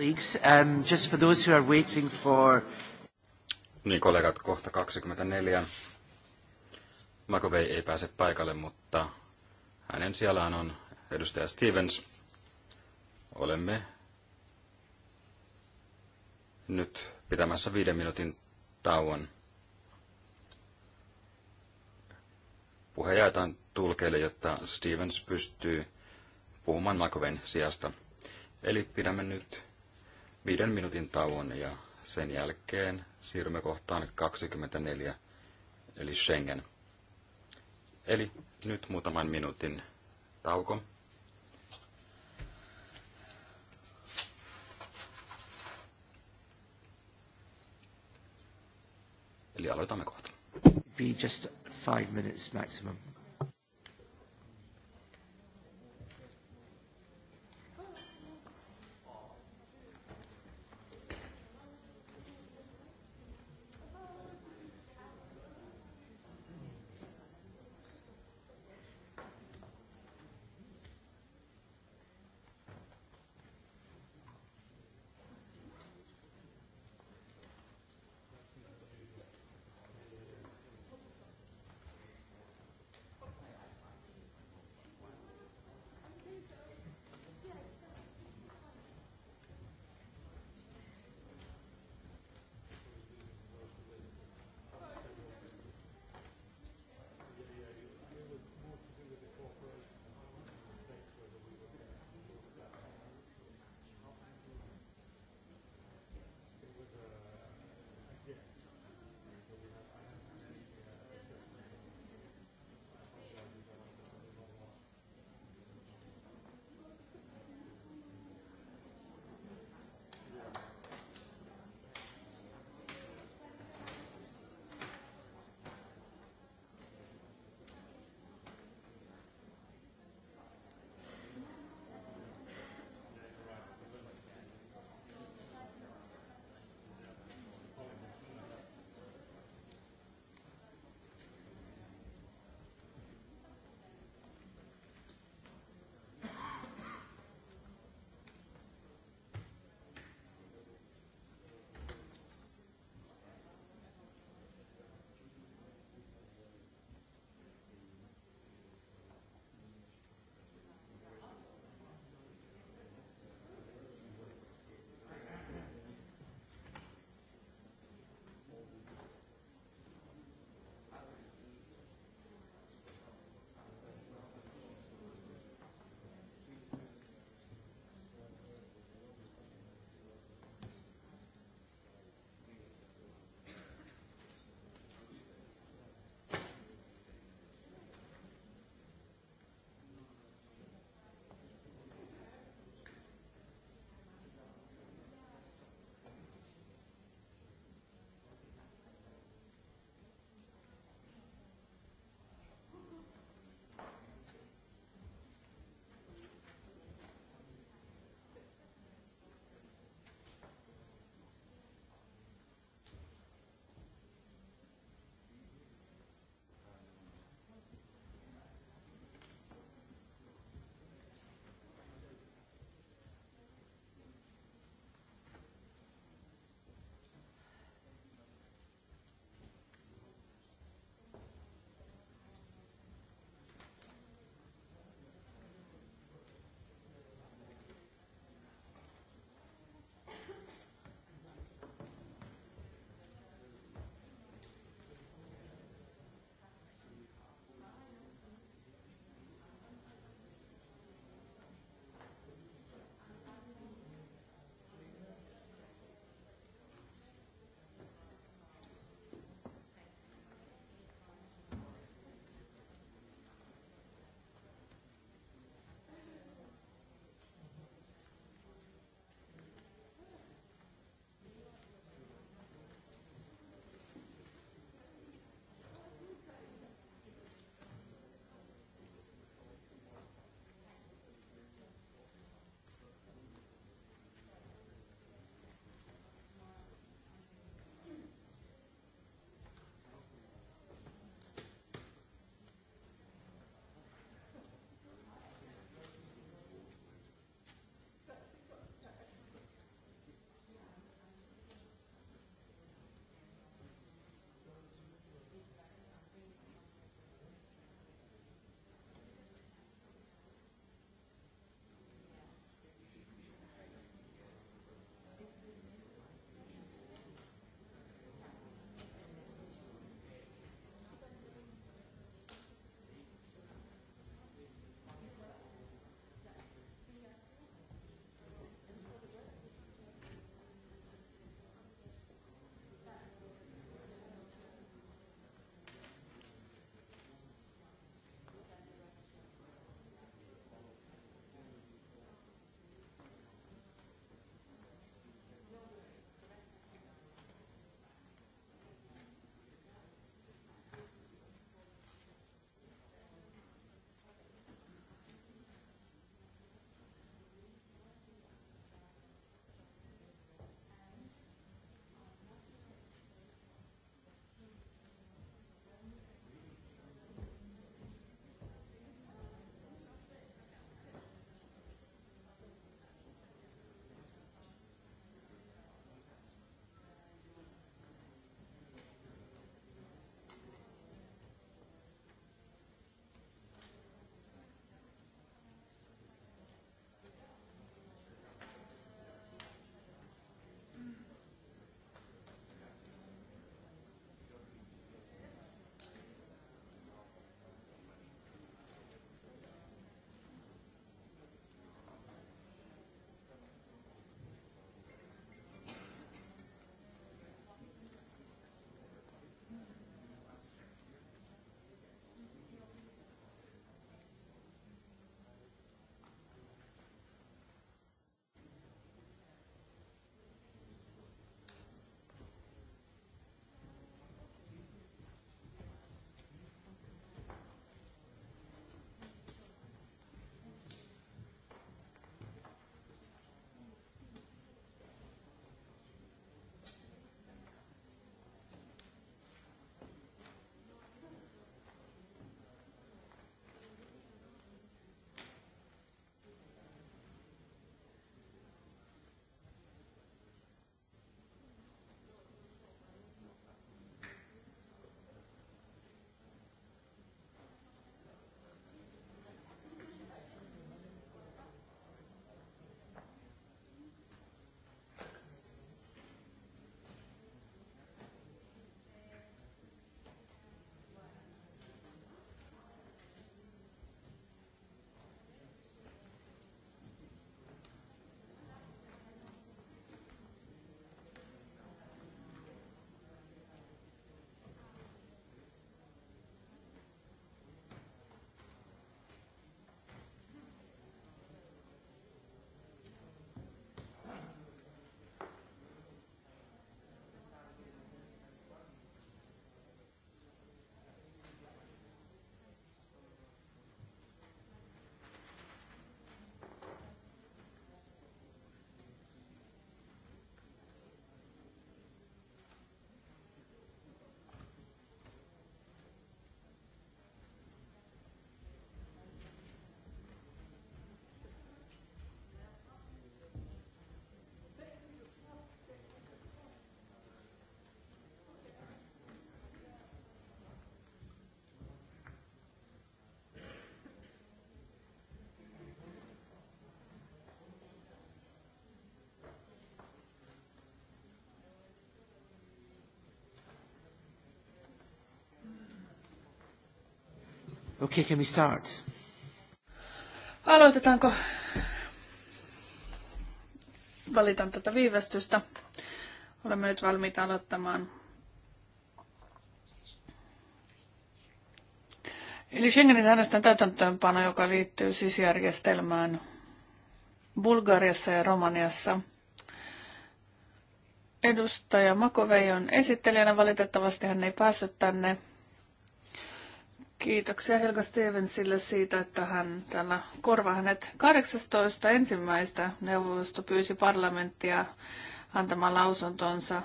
colleagues, um, just for those who are waiting for... Niin, kollegat, kohta 24. Makovei ei pääse paikalle, mutta hänen sijallaan on edustaja Stevens. Olemme nyt pitämässä viiden minuutin tauon. Puhe jaetaan tulkeille, jotta Stevens pystyy puhumaan Makoven sijasta. Eli pidämme nyt viiden minuutin tauon ja sen jälkeen siirrymme kohtaan 24, eli Schengen. Eli nyt muutaman minuutin tauko. Eli aloitamme kohta. Be just five minutes maximum. Okay, can we start? Aloitetaanko? Valitan tätä viivästystä. Olemme nyt valmiita aloittamaan. Eli Schengenin säännösten täytäntöönpano, joka liittyy siis järjestelmään Bulgariassa ja Romaniassa. Edustaja Makovei on esittelijänä. Valitettavasti hän ei päässyt tänne Kiitoksia Helga Stevensille siitä, että hän täällä korvaa hänet 18. ensimmäistä neuvosto pyysi parlamenttia antamaan lausuntonsa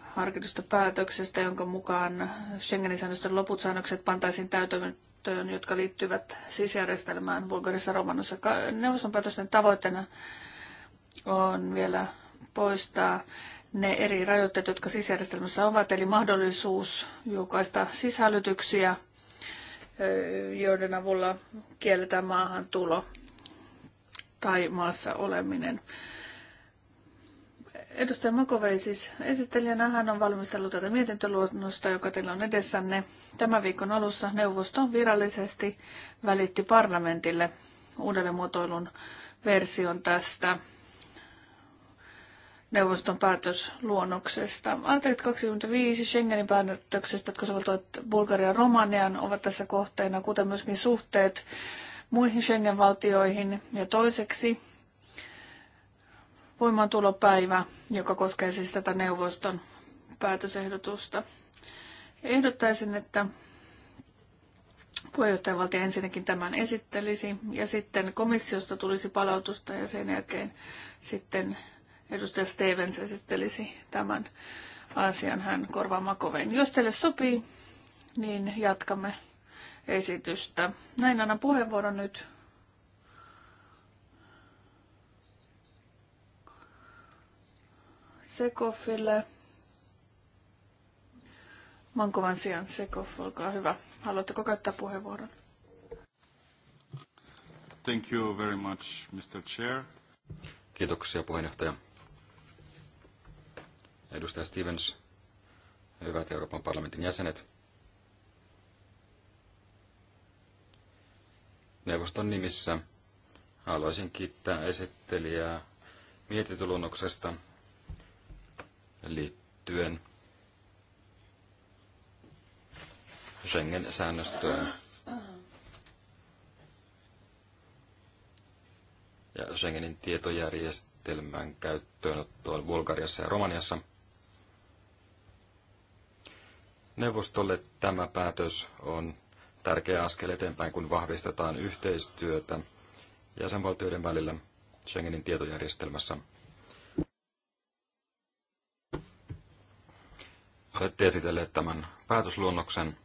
harkitusta päätöksestä, jonka mukaan Schengenin säännösten loput säännökset pantaisiin täytäntöön, jotka liittyvät sisjärjestelmään Bulgarissa Romanossa. Neuvoston päätösten tavoitteena on vielä poistaa ne eri rajoitteet, jotka sisjärjestelmässä ovat, eli mahdollisuus julkaista sisällytyksiä, joiden avulla kielletään maahan tulo tai maassa oleminen. Edustaja Makovei siis esittelijänä. Hän on valmistellut tätä mietintöluonnosta, joka teillä on edessänne. Tämän viikon alussa neuvosto virallisesti välitti parlamentille uudelleenmuotoilun version tästä neuvoston päätösluonnoksesta. Artiklit 25 Schengenin päätöksestä, jotka soveltuvat Bulgarian Romanian, ovat tässä kohteena, kuten myöskin suhteet muihin Schengen-valtioihin. Ja toiseksi voimaantulopäivä, joka koskee siis tätä neuvoston päätösehdotusta. Ehdottaisin, että puheenjohtajavaltio ensinnäkin tämän esittelisi ja sitten komissiosta tulisi palautusta ja sen jälkeen sitten edustaja Stevens esittelisi tämän asian hän korvaa makoveen. Jos teille sopii, niin jatkamme esitystä. Näin annan puheenvuoron nyt Sekoffille. Mankovan sijaan Sekoff, olkaa hyvä. Haluatteko käyttää puheenvuoron? Thank you very much, Mr. Chair. Kiitoksia puheenjohtaja edustaja Stevens, hyvät Euroopan parlamentin jäsenet. Neuvoston nimissä haluaisin kiittää esittelijää mietityluonnoksesta liittyen Schengen-säännöstöön ja Schengenin tietojärjestelmän käyttöönottoon Bulgariassa ja Romaniassa – Neuvostolle tämä päätös on tärkeä askel eteenpäin, kun vahvistetaan yhteistyötä jäsenvaltioiden välillä Schengenin tietojärjestelmässä. Olette esitelleet tämän päätösluonnoksen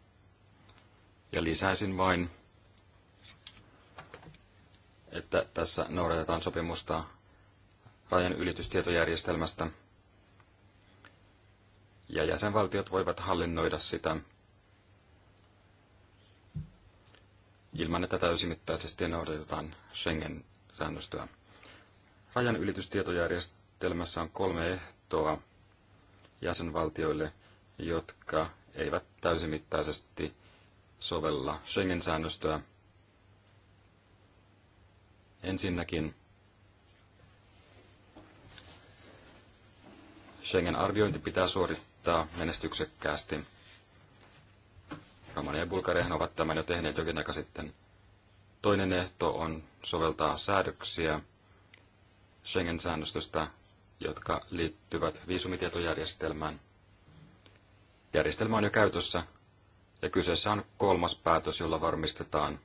ja lisäisin vain, että tässä noudatetaan sopimusta rajan ylitystietojärjestelmästä – ja jäsenvaltiot voivat hallinnoida sitä ilman, että täysimittaisesti noudatetaan Schengen-säännöstöä. Rajan ylitystietojärjestelmässä on kolme ehtoa jäsenvaltioille, jotka eivät täysimittaisesti sovella Schengen-säännöstöä. Ensinnäkin Schengen-arviointi pitää suorittaa johtaa menestyksekkäästi. Romania ja Bulgariahan ovat tämän jo tehneet jokin aika sitten. Toinen ehto on soveltaa säädöksiä Schengen-säännöstöstä, jotka liittyvät viisumitietojärjestelmään. Järjestelmä on jo käytössä ja kyseessä on kolmas päätös, jolla varmistetaan,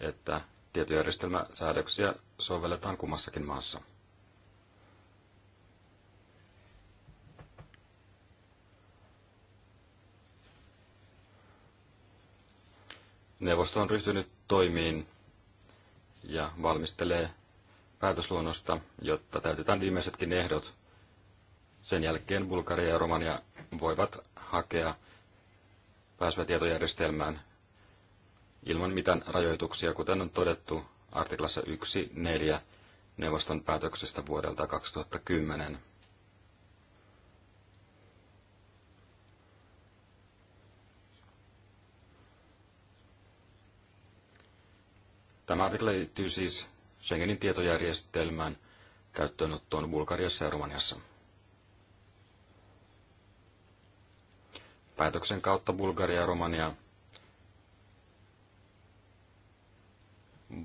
että tietojärjestelmäsäädöksiä sovelletaan kummassakin maassa. neuvosto on ryhtynyt toimiin ja valmistelee päätösluonnosta, jotta täytetään viimeisetkin ehdot. Sen jälkeen Bulgaria ja Romania voivat hakea pääsyä tietojärjestelmään ilman mitään rajoituksia, kuten on todettu artiklassa 1.4 neuvoston päätöksestä vuodelta 2010 Tämä artikla liittyy siis Schengenin tietojärjestelmään käyttöönottoon Bulgariassa ja Romaniassa. Päätöksen kautta Bulgaria ja Romania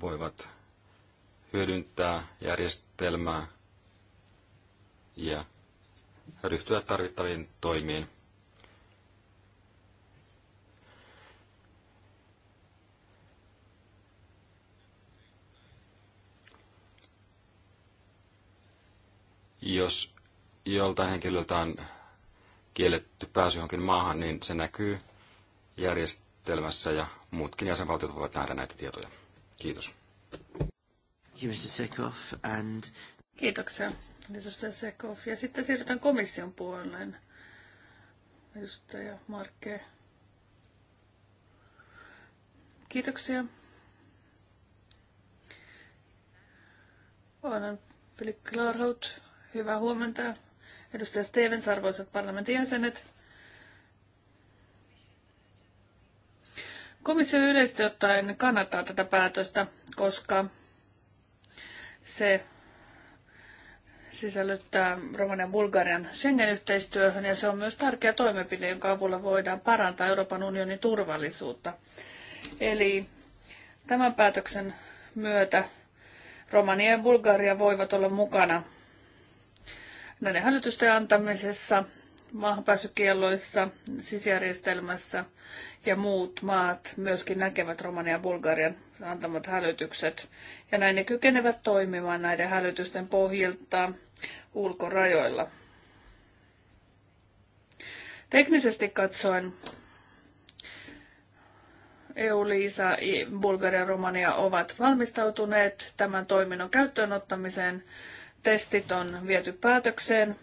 voivat hyödyntää järjestelmää ja ryhtyä tarvittaviin toimiin Jos joltain henkilöltä on kielletty pääsy johonkin maahan, niin se näkyy järjestelmässä ja muutkin jäsenvaltiot voivat nähdä näitä tietoja. Kiitos. Kiitoksia, edustaja Sekov. Ja sitten siirrytään komission puoleen. Edustaja Markke. Kiitoksia. Olen Philip Klarhout Hyvää huomenta. Edustaja Stevens, arvoisat parlamentin jäsenet. Komissio yleisesti ottaen kannattaa tätä päätöstä, koska se sisällyttää Romanian ja Bulgarian Schengen-yhteistyöhön ja se on myös tärkeä toimenpide, jonka avulla voidaan parantaa Euroopan unionin turvallisuutta. Eli tämän päätöksen myötä Romania ja Bulgaria voivat olla mukana näiden hälytysten antamisessa, maahanpääsykielloissa, sisjärjestelmässä ja muut maat myöskin näkevät Romania ja Bulgarian antamat hälytykset. Ja näin ne kykenevät toimimaan näiden hälytysten pohjilta ulkorajoilla. Teknisesti katsoen EU-Liisa, Bulgaria ja Romania ovat valmistautuneet tämän toiminnon käyttöönottamiseen testit on viety päätökseen.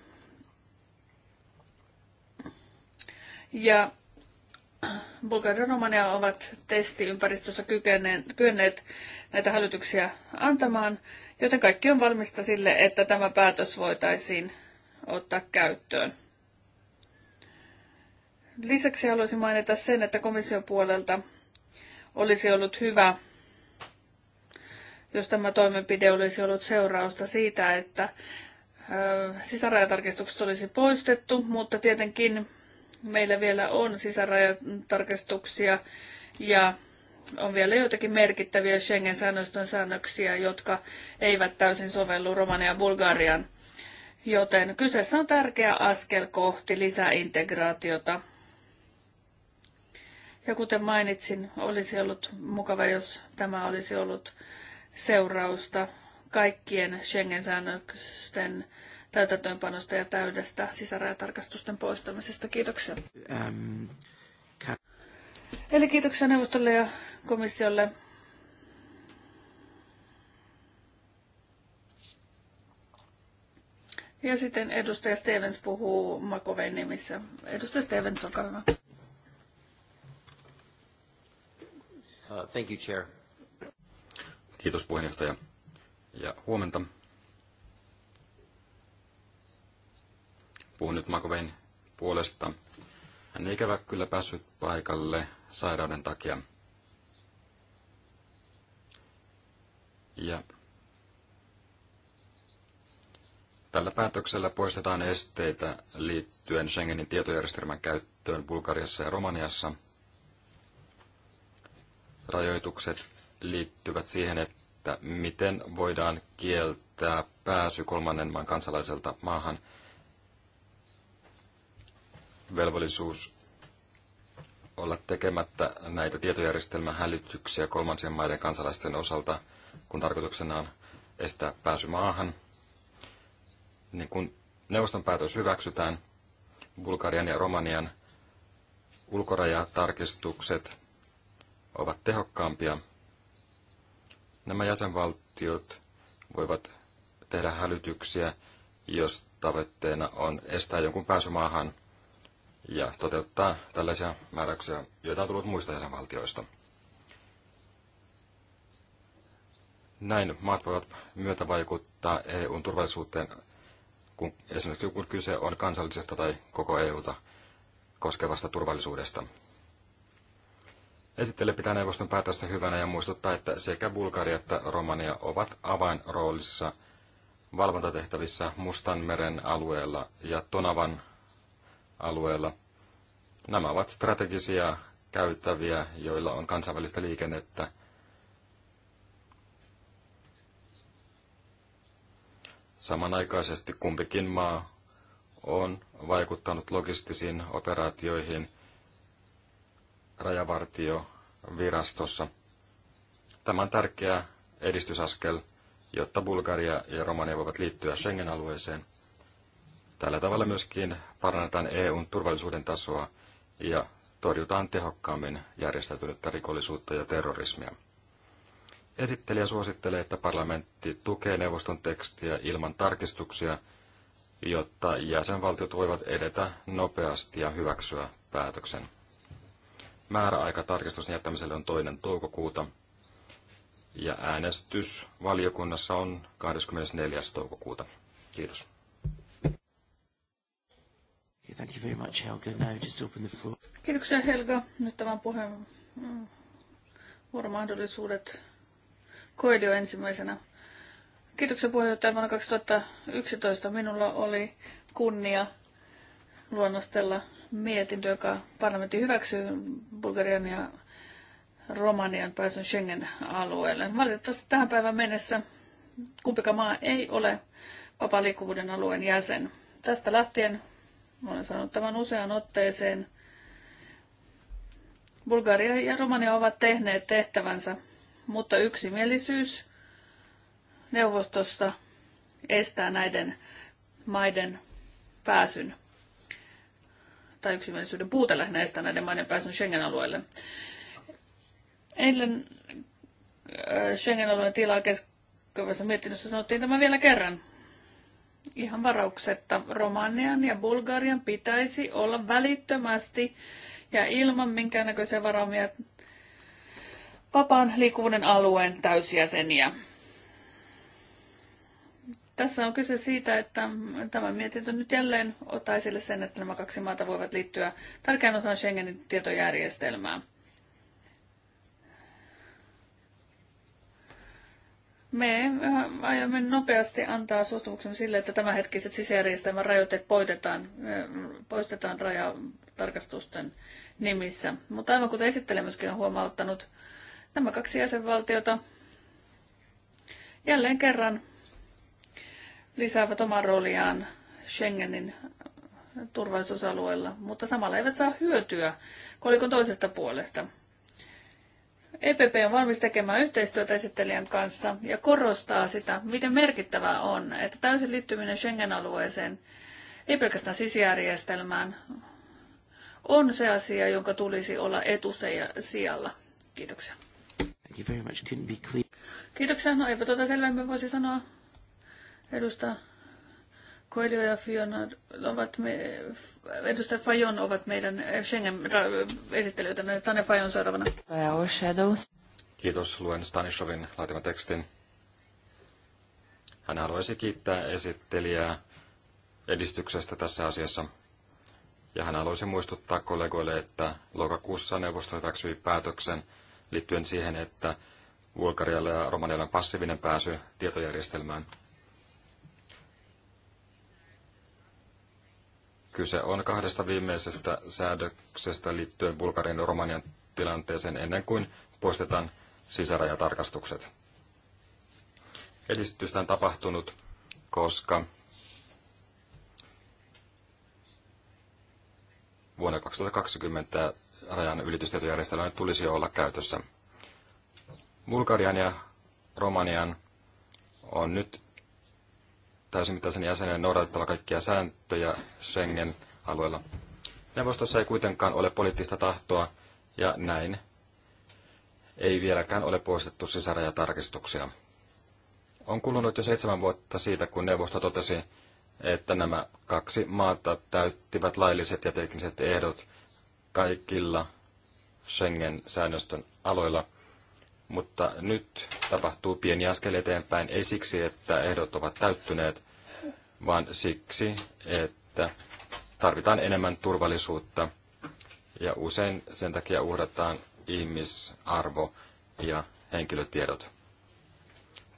Ja Bulgarian ja Romania ovat testiympäristössä kyenneet näitä hälytyksiä antamaan, joten kaikki on valmista sille, että tämä päätös voitaisiin ottaa käyttöön. Lisäksi haluaisin mainita sen, että komission puolelta olisi ollut hyvä jos tämä toimenpide olisi ollut seurausta siitä, että sisärajatarkistukset olisi poistettu, mutta tietenkin meillä vielä on sisärajatarkistuksia ja on vielä joitakin merkittäviä Schengen-säännöstön säännöksiä, jotka eivät täysin sovellu Romania ja Bulgarian. Joten kyseessä on tärkeä askel kohti lisäintegraatiota. Ja kuten mainitsin, olisi ollut mukava, jos tämä olisi ollut seurausta kaikkien Schengen-säännösten täytäntöönpanosta ja täydestä sisärajatarkastusten poistamisesta. Kiitoksia. Ähm, Eli kiitoksia neuvostolle ja komissiolle. Ja sitten edustaja Stevens puhuu Makoven nimissä. Edustaja Stevens, olkaa hyvä. Uh, thank you, Chair. Kiitos puheenjohtaja ja huomenta. Puhun nyt Makovein puolesta. Hän ei ikävä kyllä päässyt paikalle sairauden takia. Ja Tällä päätöksellä poistetaan esteitä liittyen Schengenin tietojärjestelmän käyttöön Bulgariassa ja Romaniassa. Rajoitukset liittyvät siihen, että miten voidaan kieltää pääsy kolmannen maan kansalaiselta maahan. Velvollisuus olla tekemättä näitä tietojärjestelmän hälytyksiä kolmansien maiden kansalaisten osalta, kun tarkoituksena on estää pääsy maahan. Niin kun neuvoston päätös hyväksytään, Bulgarian ja Romanian ulkorajatarkistukset ovat tehokkaampia – Nämä jäsenvaltiot voivat tehdä hälytyksiä, jos tavoitteena on estää jonkun pääsymaahan ja toteuttaa tällaisia määräyksiä, joita on tullut muista jäsenvaltioista. Näin maat voivat myötä vaikuttaa EUn turvallisuuteen, kun esimerkiksi kun kyse on kansallisesta tai koko EUta koskevasta turvallisuudesta esittelee pitää neuvoston päätöstä hyvänä ja muistuttaa, että sekä Bulgaria että Romania ovat avainroolissa valvontatehtävissä Mustanmeren alueella ja Tonavan alueella. Nämä ovat strategisia käyttäviä, joilla on kansainvälistä liikennettä. Samanaikaisesti kumpikin maa on vaikuttanut logistisiin operaatioihin – rajavartio virastossa. Tämä on tärkeä edistysaskel, jotta Bulgaria ja Romania voivat liittyä Schengen-alueeseen. Tällä tavalla myöskin parannetaan EUn turvallisuuden tasoa ja torjutaan tehokkaammin järjestäytynyttä rikollisuutta ja terrorismia. Esittelijä suosittelee, että parlamentti tukee neuvoston tekstiä ilman tarkistuksia, jotta jäsenvaltiot voivat edetä nopeasti ja hyväksyä päätöksen määräaika tarkistuksen jättämiselle on toinen toukokuuta. Ja äänestys valiokunnassa on 24. toukokuuta. Kiitos. Thank you very much, Helga. Now just open the floor. Kiitoksia Helga. Nyt tämän puheen vuoromahdollisuudet. Koidio ensimmäisenä. Kiitoksia puheenjohtaja. Vuonna 2011 minulla oli kunnia luonnostella mietintö, joka parlamentti hyväksyy Bulgarian ja Romanian pääsyn Schengen-alueelle. Valitettavasti tähän päivään mennessä kumpikaan maa ei ole vapaa liikkuvuuden alueen jäsen. Tästä lähtien, olen sanonut tämän useaan otteeseen, Bulgaria ja Romania ovat tehneet tehtävänsä, mutta yksimielisyys neuvostossa estää näiden maiden pääsyn tai yksimielisyyden puute lähinnä estää näiden maiden pääsyn Schengen-alueelle. Eilen äh, Schengen-alueen tilaa keskivässä mietinnössä sanottiin tämä vielä kerran. Ihan varauksetta Romanian ja Bulgarian pitäisi olla välittömästi ja ilman minkäännäköisiä varaumia vapaan liikkuvuuden alueen täysjäseniä. Tässä on kyse siitä, että tämä mietintö nyt jälleen ottaa esille sen, että nämä kaksi maata voivat liittyä tärkeän osan Schengenin tietojärjestelmään. Me äh, aiomme nopeasti antaa suostumuksen sille, että tämänhetkiset sisäjärjestelmän rajoitteet poistetaan, äh, poistetaan rajatarkastusten nimissä. Mutta aivan kuten myöskin on huomauttanut, nämä kaksi jäsenvaltiota jälleen kerran lisäävät oman rooliaan Schengenin turvallisuusalueella, mutta samalla eivät saa hyötyä kolikon toisesta puolesta. EPP on valmis tekemään yhteistyötä esittelijän kanssa ja korostaa sitä, miten merkittävää on, että täysin liittyminen Schengen-alueeseen, ei pelkästään sisijärjestelmään, on se asia, jonka tulisi olla etusijalla. Kiitoksia. Thank you very much. Couldn't be clear. Kiitoksia. No eipä tuota selvemmin voisi sanoa. Edusta Coelho ja Fiona ovat me, edustaja Fajon ovat meidän eh, schengen esittelyitä. Tane Fajon seuraavana. Kiitos, luen Stanishovin laatiman tekstin. Hän haluaisi kiittää esittelijää edistyksestä tässä asiassa. Ja hän haluaisi muistuttaa kollegoille, että lokakuussa neuvosto hyväksyi päätöksen liittyen siihen, että Bulgarialla ja Romanialle on passiivinen pääsy tietojärjestelmään – Kyse on kahdesta viimeisestä säädöksestä liittyen bulgarin ja Romanian tilanteeseen ennen kuin poistetaan sisärajatarkastukset. Edistystä on tapahtunut, koska vuonna 2020 rajan ylitystietojärjestelmän tulisi olla käytössä. Bulgarian ja Romanian on nyt täysimittaisen jäsenen noudatettava kaikkia sääntöjä Schengen-alueella. Neuvostossa ei kuitenkaan ole poliittista tahtoa ja näin ei vieläkään ole poistettu sisärajatarkistuksia. On kulunut jo seitsemän vuotta siitä, kun neuvosto totesi, että nämä kaksi maata täyttivät lailliset ja tekniset ehdot kaikilla Schengen-säännöstön aloilla, mutta nyt tapahtuu pieni askel eteenpäin, ei siksi, että ehdot ovat täyttyneet, vaan siksi, että tarvitaan enemmän turvallisuutta ja usein sen takia uhrataan ihmisarvo ja henkilötiedot.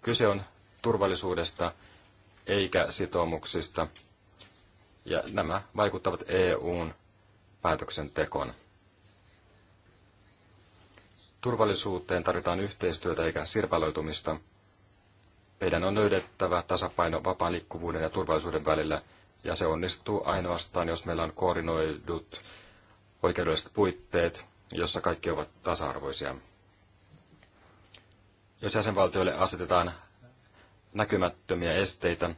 Kyse on turvallisuudesta eikä sitoumuksista, ja nämä vaikuttavat EUn päätöksentekoon. Turvallisuuteen tarvitaan yhteistyötä eikä sirpaloitumista. Meidän on löydettävä tasapaino vapaan liikkuvuuden ja turvallisuuden välillä, ja se onnistuu ainoastaan, jos meillä on koordinoidut oikeudelliset puitteet, jossa kaikki ovat tasa-arvoisia. Jos jäsenvaltioille asetetaan näkymättömiä esteitä,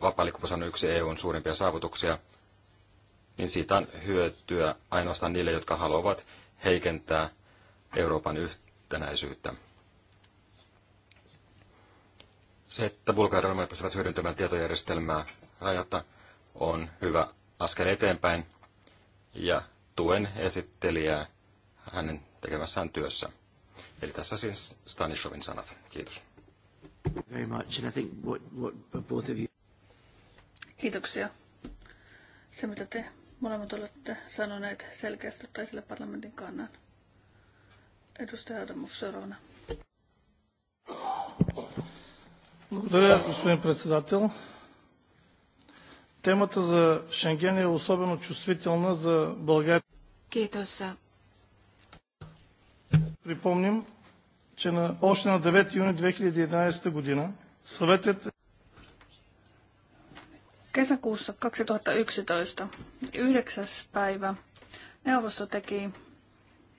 vapaa liikkuvuus on yksi EUn suurimpia saavutuksia, niin siitä on hyötyä ainoastaan niille, jotka haluavat heikentää Euroopan yhtenäisyyttä. Se, että Bulgarian pystyvät hyödyntämään tietojärjestelmää rajatta, on hyvä askel eteenpäin ja tuen esittelijää hänen tekemässään työssä. Eli tässä siis Stanishovin sanat. Kiitos. Very much, and I think what, what both of you... Kiitoksia. Se, mitä te Molemmat olette sanoneet selkeästi ottaisille parlamentin kannan. Edustaja Adamus, seuraavana. Благодаря, господин председател. Темата за Шенген е особено чувствителна за България. Китос. Припомним, че на, още на 9 юни 2011 година Съветът Kesäkuussa 2011, 9. päivä, neuvosto teki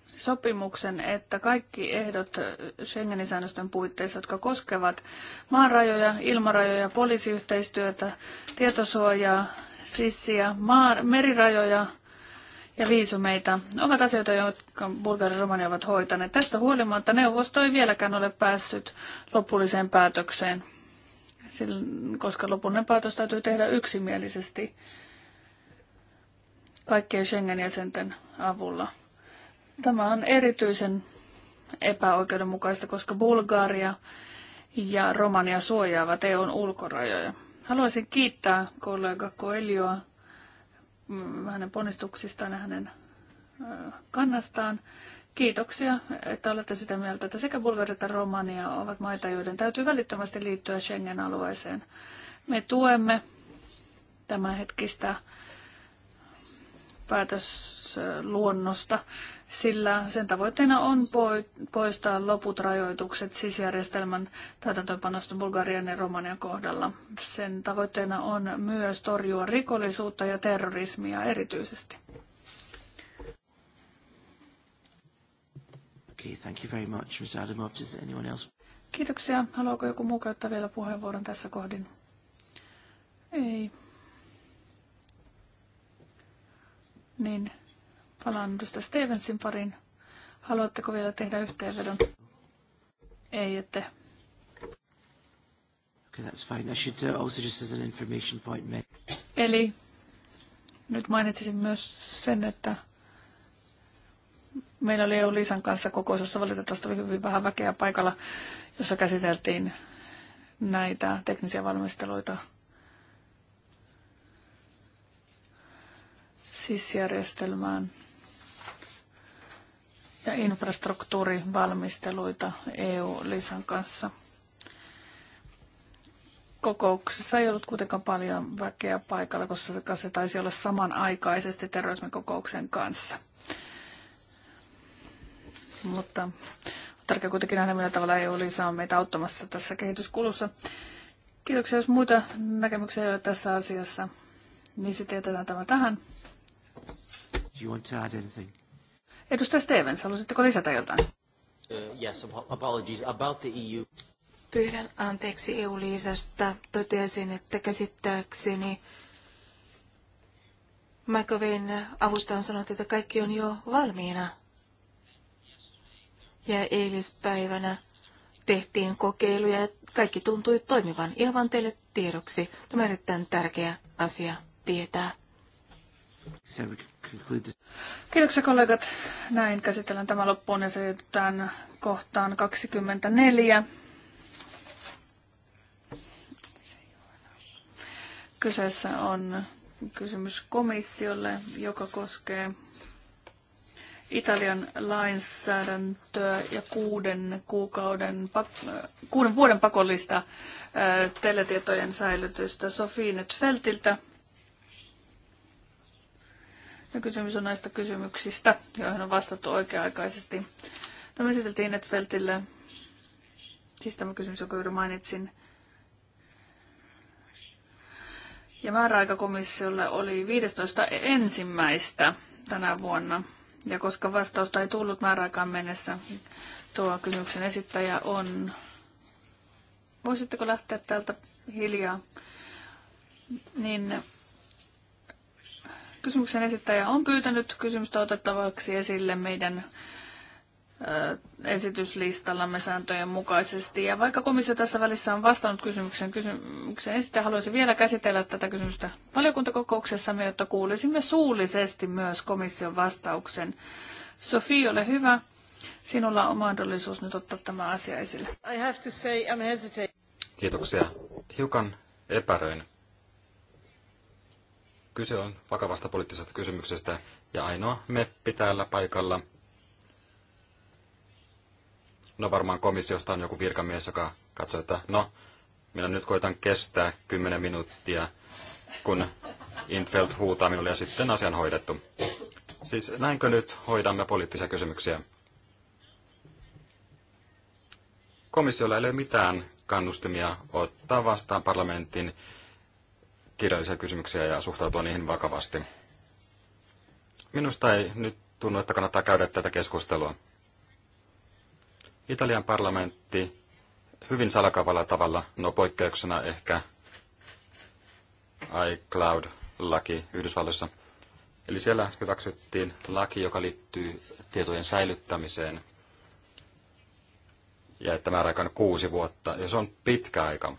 sopimuksen, että kaikki ehdot Schengenin säännösten puitteissa, jotka koskevat maanrajoja, ilmarajoja, poliisiyhteistyötä, tietosuojaa, sissiä, maa, merirajoja ja viisumeita, ovat asioita, jotka Bulgaria ja Romania ovat hoitaneet. Tästä huolimatta neuvosto ei vieläkään ole päässyt lopulliseen päätökseen koska lopullinen päätös täytyy tehdä yksimielisesti kaikkien Schengen-jäsenten avulla. Tämä on erityisen epäoikeudenmukaista, koska Bulgaria ja Romania suojaavat EUn ulkorajoja. Haluaisin kiittää kollega Koelioa mm, hänen ponnistuksistaan ja hänen kannastaan Kiitoksia, että olette sitä mieltä, että sekä Bulgaria että Romania ovat maita, joiden täytyy välittömästi liittyä Schengen-alueeseen. Me tuemme tämänhetkistä päätösluonnosta, sillä sen tavoitteena on poistaa loput rajoitukset sisjärjestelmän täytäntöönpanosta Bulgarian ja Romanian kohdalla. Sen tavoitteena on myös torjua rikollisuutta ja terrorismia erityisesti. Okay, thank you very much, Ms. Adamov. Does anyone else? Kiitoksia. Haluaako joku muu käyttää vielä puheenvuoron tässä kohdin? Ei. Niin, palaan edustaja Stevensin parin. Haluatteko vielä tehdä yhteenvedon? Ei, ette. Okay, that's fine. I should uh, also just as an information point make. Eli nyt mainitsisin myös sen, että Meillä oli EU Liisan kanssa kokous, valitettavasti oli hyvin vähän väkeä paikalla, jossa käsiteltiin näitä teknisiä valmisteluita SIS-järjestelmään ja infrastruktuurivalmisteluita EU-lisän kanssa. Kokouksessa ei ollut kuitenkaan paljon väkeä paikalla, koska se taisi olla samanaikaisesti terrorismikokouksen kanssa mutta on tärkeää kuitenkin nähdä, millä tavalla EU lisää on meitä auttamassa tässä kehityskulussa. Kiitoksia, jos muita näkemyksiä ei ole tässä asiassa, niin sitten jätetään tämä tähän. you want to add anything? Edustaja Stevens, haluaisitteko lisätä jotain? Uh, yes, apologies about the EU. Pyydän anteeksi EU-liisasta. Totesin, että käsittääkseni Wayne avusta on sanonut, että kaikki on jo valmiina ja eilispäivänä tehtiin kokeiluja ja kaikki tuntui toimivan. Ihan teille tiedoksi. Tämä on erittäin tärkeä asia tietää. Kiitoksia kollegat. Näin käsitellään tämä loppuun ja siirrytään kohtaan 24. Kyseessä on kysymys komissiolle, joka koskee Italian lainsäädäntöä ja kuuden, kuukauden, kuuden vuoden pakollista teletietojen säilytystä Sofiine Feltiltä. Ja kysymys on näistä kysymyksistä, joihin on vastattu oikea-aikaisesti. Tämä esiteltiin Netfeltille, siis tämä kysymys, jonka juuri mainitsin. Ja määräaikakomissiolle oli 15.1. tänä vuonna. Ja koska vastausta ei tullut määräaikaan mennessä, tuo kysymyksen esittäjä on... Voisitteko lähteä täältä hiljaa? Niin kysymyksen esittäjä on pyytänyt kysymystä otettavaksi esille meidän esityslistallamme sääntöjen mukaisesti. Ja vaikka komissio tässä välissä on vastannut kysymykseen, kysymykseen niin sitten haluaisin vielä käsitellä tätä kysymystä valiokuntakokouksessamme, jotta kuulisimme suullisesti myös komission vastauksen. Sofi, ole hyvä. Sinulla on mahdollisuus nyt ottaa tämä asia esille. I have to say I'm hesitating. Kiitoksia. Hiukan epäröin. Kyse on vakavasta poliittisesta kysymyksestä ja ainoa meppi täällä paikalla – No varmaan komissiosta on joku virkamies, joka katsoo, että no, minä nyt koitan kestää 10 minuuttia, kun Infeld huutaa minulle ja sitten asian hoidettu. Siis näinkö nyt hoidamme poliittisia kysymyksiä? Komissiolla ei ole mitään kannustimia ottaa vastaan parlamentin kirjallisia kysymyksiä ja suhtautua niihin vakavasti. Minusta ei nyt tunnu, että kannattaa käydä tätä keskustelua. Italian parlamentti hyvin salakavalla tavalla, no poikkeuksena ehkä iCloud-laki Yhdysvalloissa. Eli siellä hyväksyttiin laki, joka liittyy tietojen säilyttämiseen ja että määräaika on kuusi vuotta, ja se on pitkä aika.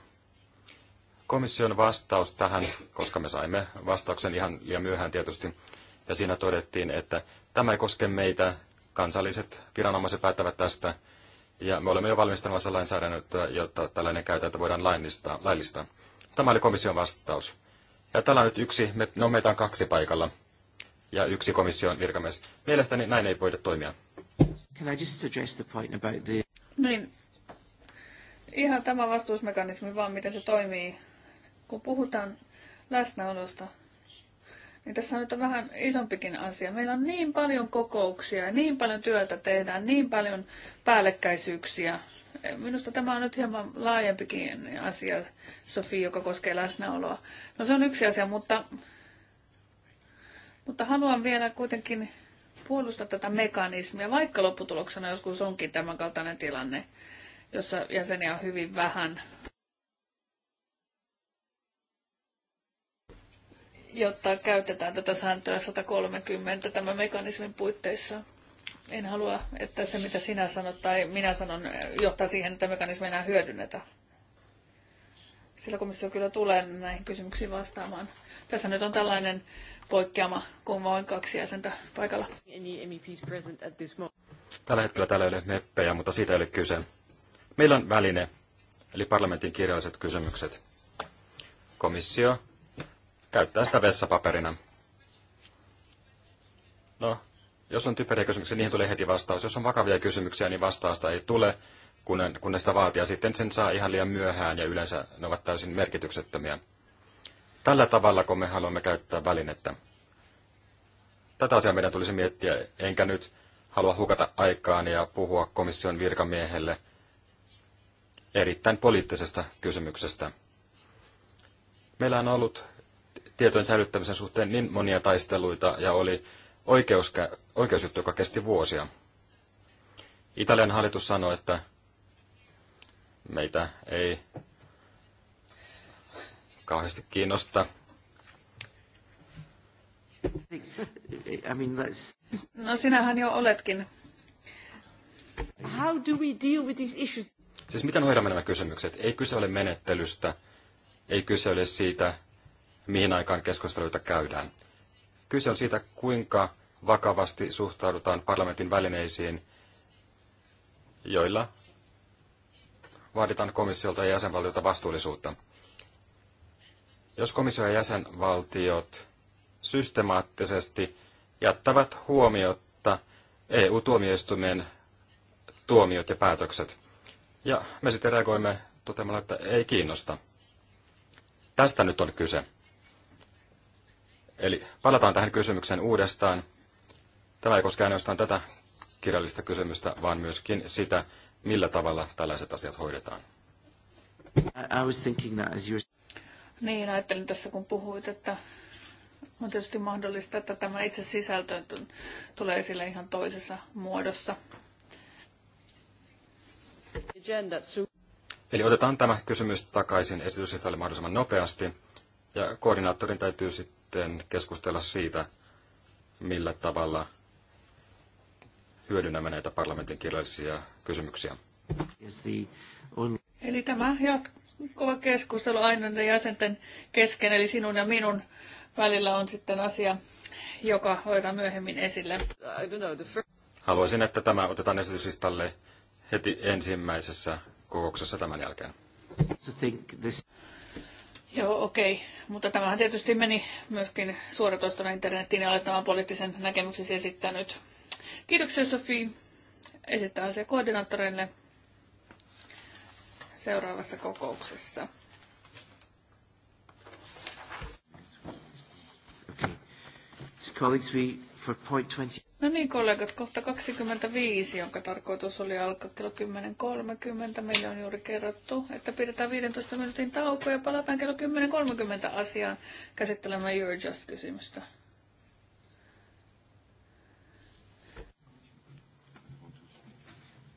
Komission vastaus tähän, koska me saimme vastauksen ihan liian myöhään tietysti, ja siinä todettiin, että tämä ei koske meitä, kansalliset viranomaiset päättävät tästä, ja me olemme jo valmistamassa lainsäädännötä, jotta tällainen käytäntö voidaan laillistaa. laillistaa. Tämä oli komission vastaus. Ja täällä on nyt yksi, me, no meitä on kaksi paikalla ja yksi komission virkamies. Mielestäni näin ei voida toimia. Can I just the point about the... No niin. Ihan tämä vastuusmekanismi vaan, miten se toimii, kun puhutaan läsnäolosta niin tässä nyt on vähän isompikin asia. Meillä on niin paljon kokouksia ja niin paljon työtä tehdään, niin paljon päällekkäisyyksiä. Minusta tämä on nyt hieman laajempikin asia, Sofi, joka koskee läsnäoloa. No se on yksi asia, mutta, mutta haluan vielä kuitenkin puolustaa tätä mekanismia, vaikka lopputuloksena joskus onkin tämänkaltainen tilanne, jossa jäseniä on hyvin vähän, jotta käytetään tätä sääntöä 130 tämän mekanismin puitteissa. En halua, että se mitä sinä sanot tai minä sanon johtaa siihen, että mekanismia enää hyödynnetä. Sillä komissio kyllä tulee näihin kysymyksiin vastaamaan. Tässä nyt on tällainen poikkeama, kun vain kaksi jäsentä paikalla. E Tällä hetkellä täällä ei ole meppejä, mutta siitä ei ole kyse. Meillä on väline, eli parlamentin kirjalliset kysymykset. Komissio käyttää sitä vessapaperina. No, jos on typeriä kysymyksiä, niihin tulee heti vastaus. Jos on vakavia kysymyksiä, niin vastausta ei tule, kun, kun ne sitä vaatii. Ja sitten sen saa ihan liian myöhään ja yleensä ne ovat täysin merkityksettömiä. Tällä tavalla, kun me haluamme käyttää välinettä. Tätä asiaa meidän tulisi miettiä, enkä nyt halua hukata aikaan ja puhua komission virkamiehelle erittäin poliittisesta kysymyksestä. Meillä on ollut tietojen säilyttämisen suhteen niin monia taisteluita ja oli oikeuskä, oikeusjuttu, joka kesti vuosia. Italian hallitus sanoi, että meitä ei kauheasti kiinnosta. No sinähän jo oletkin. How do we deal with these issues? Siis miten hoidamme nämä kysymykset? Ei kyse ole menettelystä, ei kyse ole siitä, mihin aikaan keskusteluita käydään. Kyse on siitä, kuinka vakavasti suhtaudutaan parlamentin välineisiin, joilla vaaditaan komissiolta ja jäsenvaltiota vastuullisuutta. Jos komissio ja jäsenvaltiot systemaattisesti jättävät huomiotta EU-tuomioistuimen tuomiot ja päätökset, ja me sitten reagoimme toteamalla, että ei kiinnosta. Tästä nyt on kyse. Eli palataan tähän kysymykseen uudestaan. Tämä ei koske ainoastaan tätä kirjallista kysymystä, vaan myöskin sitä, millä tavalla tällaiset asiat hoidetaan. I, was thinking that as you Niin, ajattelin tässä kun puhuit, että on tietysti mahdollista, että tämä itse sisältö tulee esille ihan toisessa muodossa. Eli otetaan tämä kysymys takaisin esityslistalle mahdollisimman nopeasti, ja koordinaattorin täytyy sitten sitten keskustella siitä, millä tavalla hyödynnämme näitä parlamentin kirjallisia kysymyksiä. Eli tämä jatkuva keskustelu ainoiden jäsenten kesken, eli sinun ja minun välillä on sitten asia, joka hoitaa myöhemmin esille. Haluaisin, että tämä otetaan esityslistalle heti ensimmäisessä kokouksessa tämän jälkeen. Joo, okei. Okay. Mutta tämähän tietysti meni myöskin suoratoistona internettiin ja olettamaan poliittisen näkemyksesi esittänyt. Kiitoksia Sofi. Esittää asia koordinaattoreille seuraavassa kokouksessa. Okay. So colleagues, we, for point 20... No niin kollegat, kohta 25, jonka tarkoitus oli alkaa kello 10.30. Meille on juuri kerrottu, että pidetään 15 minuutin tauko ja palataan kello 10.30 asiaan käsittelemään Eurojust-kysymystä.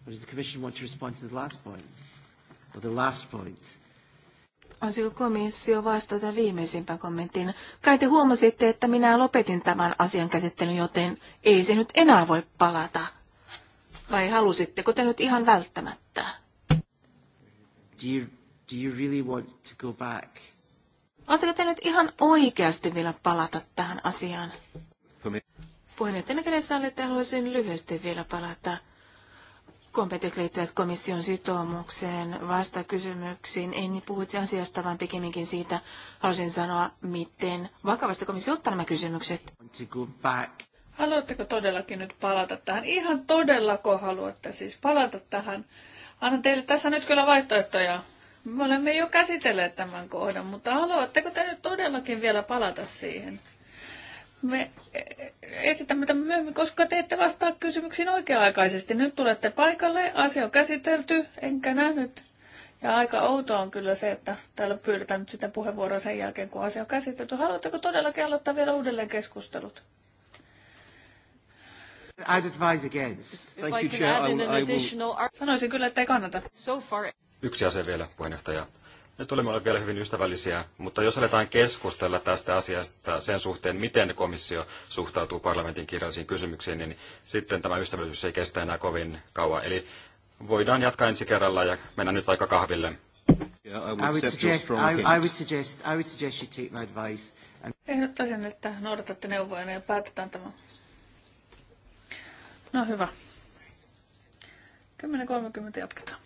does the Commission want to respond to the last point? Or the last point? Voisiko komissio vastata viimeisimpään kommenttiin? Kai te huomasitte, että minä lopetin tämän asian käsittelyn, joten ei se nyt enää voi palata. Vai halusitteko te nyt ihan välttämättä? Do you, do you really want to go back? Oletteko te nyt ihan oikeasti vielä palata tähän asiaan? Puheenjohtajana kädessä olette, haluaisin lyhyesti vielä palata kompetit komission sitoumukseen kysymyksiin. En puhuisi asiasta, vaan pikemminkin siitä halusin sanoa, miten vakavasti komissio ottaa nämä kysymykset. Haluatteko todellakin nyt palata tähän? Ihan todellako haluatte siis palata tähän? Annan teille tässä nyt kyllä vaihtoehtoja. Me olemme jo käsitelleet tämän kohdan, mutta haluatteko te nyt todellakin vielä palata siihen? me esitämme tämän myöhemmin, koska te ette vastaa kysymyksiin oikea-aikaisesti. Nyt tulette paikalle, asia on käsitelty, enkä nähnyt. Ja aika outoa on kyllä se, että täällä pyydetään nyt sitä puheenvuoroa sen jälkeen, kun asia on käsitelty. Haluatteko todellakin aloittaa vielä uudelleen keskustelut? I'd advise against. Thank you, Chair. I will, I will... Sanoisin kyllä, että ei kannata. So far... Yksi asia vielä, puheenjohtaja me tulemme olemaan vielä hyvin ystävällisiä, mutta jos aletaan keskustella tästä asiasta sen suhteen, miten komissio suhtautuu parlamentin kirjallisiin kysymyksiin, niin sitten tämä ystävällisyys ei kestä enää kovin kauan. Eli voidaan jatkaa ensi kerralla ja mennä nyt vaikka kahville. Ehdottaisin, että noudatatte neuvoja ja päätetään tämä. No hyvä. 10.30 jatketaan.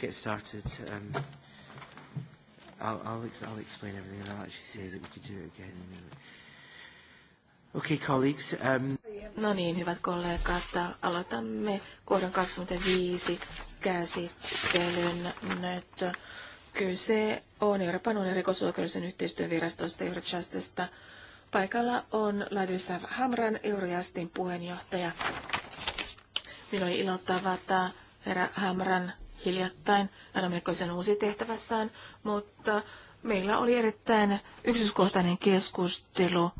get started, um, I'll, I'll, ex I'll explain everything and I'll actually say that we could do it again Okay, colleagues. Um... No niin, hyvät kollegat, aloitamme kohdan 25 käsittelyn nyt. Kyse on Euroopan unionin rikosoikeudellisen yhteistyön virastosta Eurojustista. Paikalla on Ladislav Hamran, Eurojustin puheenjohtaja. Minulla oli ilo tavata herra Hamran hiljattain Anna Melkoisen uusi tehtävässään, mutta meillä oli erittäin yksityiskohtainen keskustelu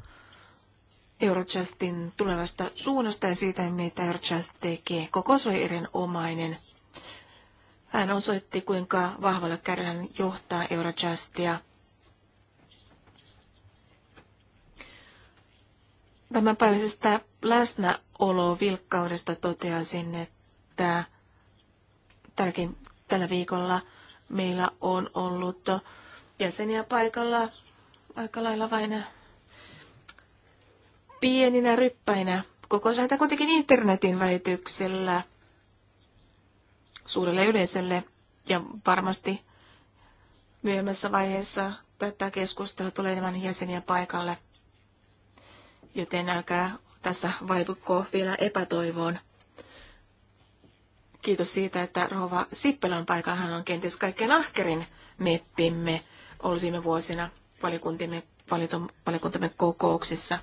Eurojustin tulevasta suunnasta ja siitä, mitä Eurojust tekee. se oli erinomainen. Hän osoitti, kuinka vahvalla kädellä hän johtaa Eurojustia. Tämänpäiväisestä läsnäolo vilkkaudesta toteaisin, että Tälläkin, tällä viikolla meillä on ollut jäseniä paikalla aika lailla vain pieninä ryppäinä. Koko sieltä kuitenkin internetin välityksellä suurelle yleisölle ja varmasti myöhemmässä vaiheessa tätä keskustelua tulee enemmän jäseniä paikalle. Joten älkää tässä vaipukko vielä epätoivoon. Kiitos siitä, että Rova Sippelä paikalla. Hän on kenties kaikkein ahkerin meppimme ollut viime vuosina valikuntimme, valikuntamme kokouksissa.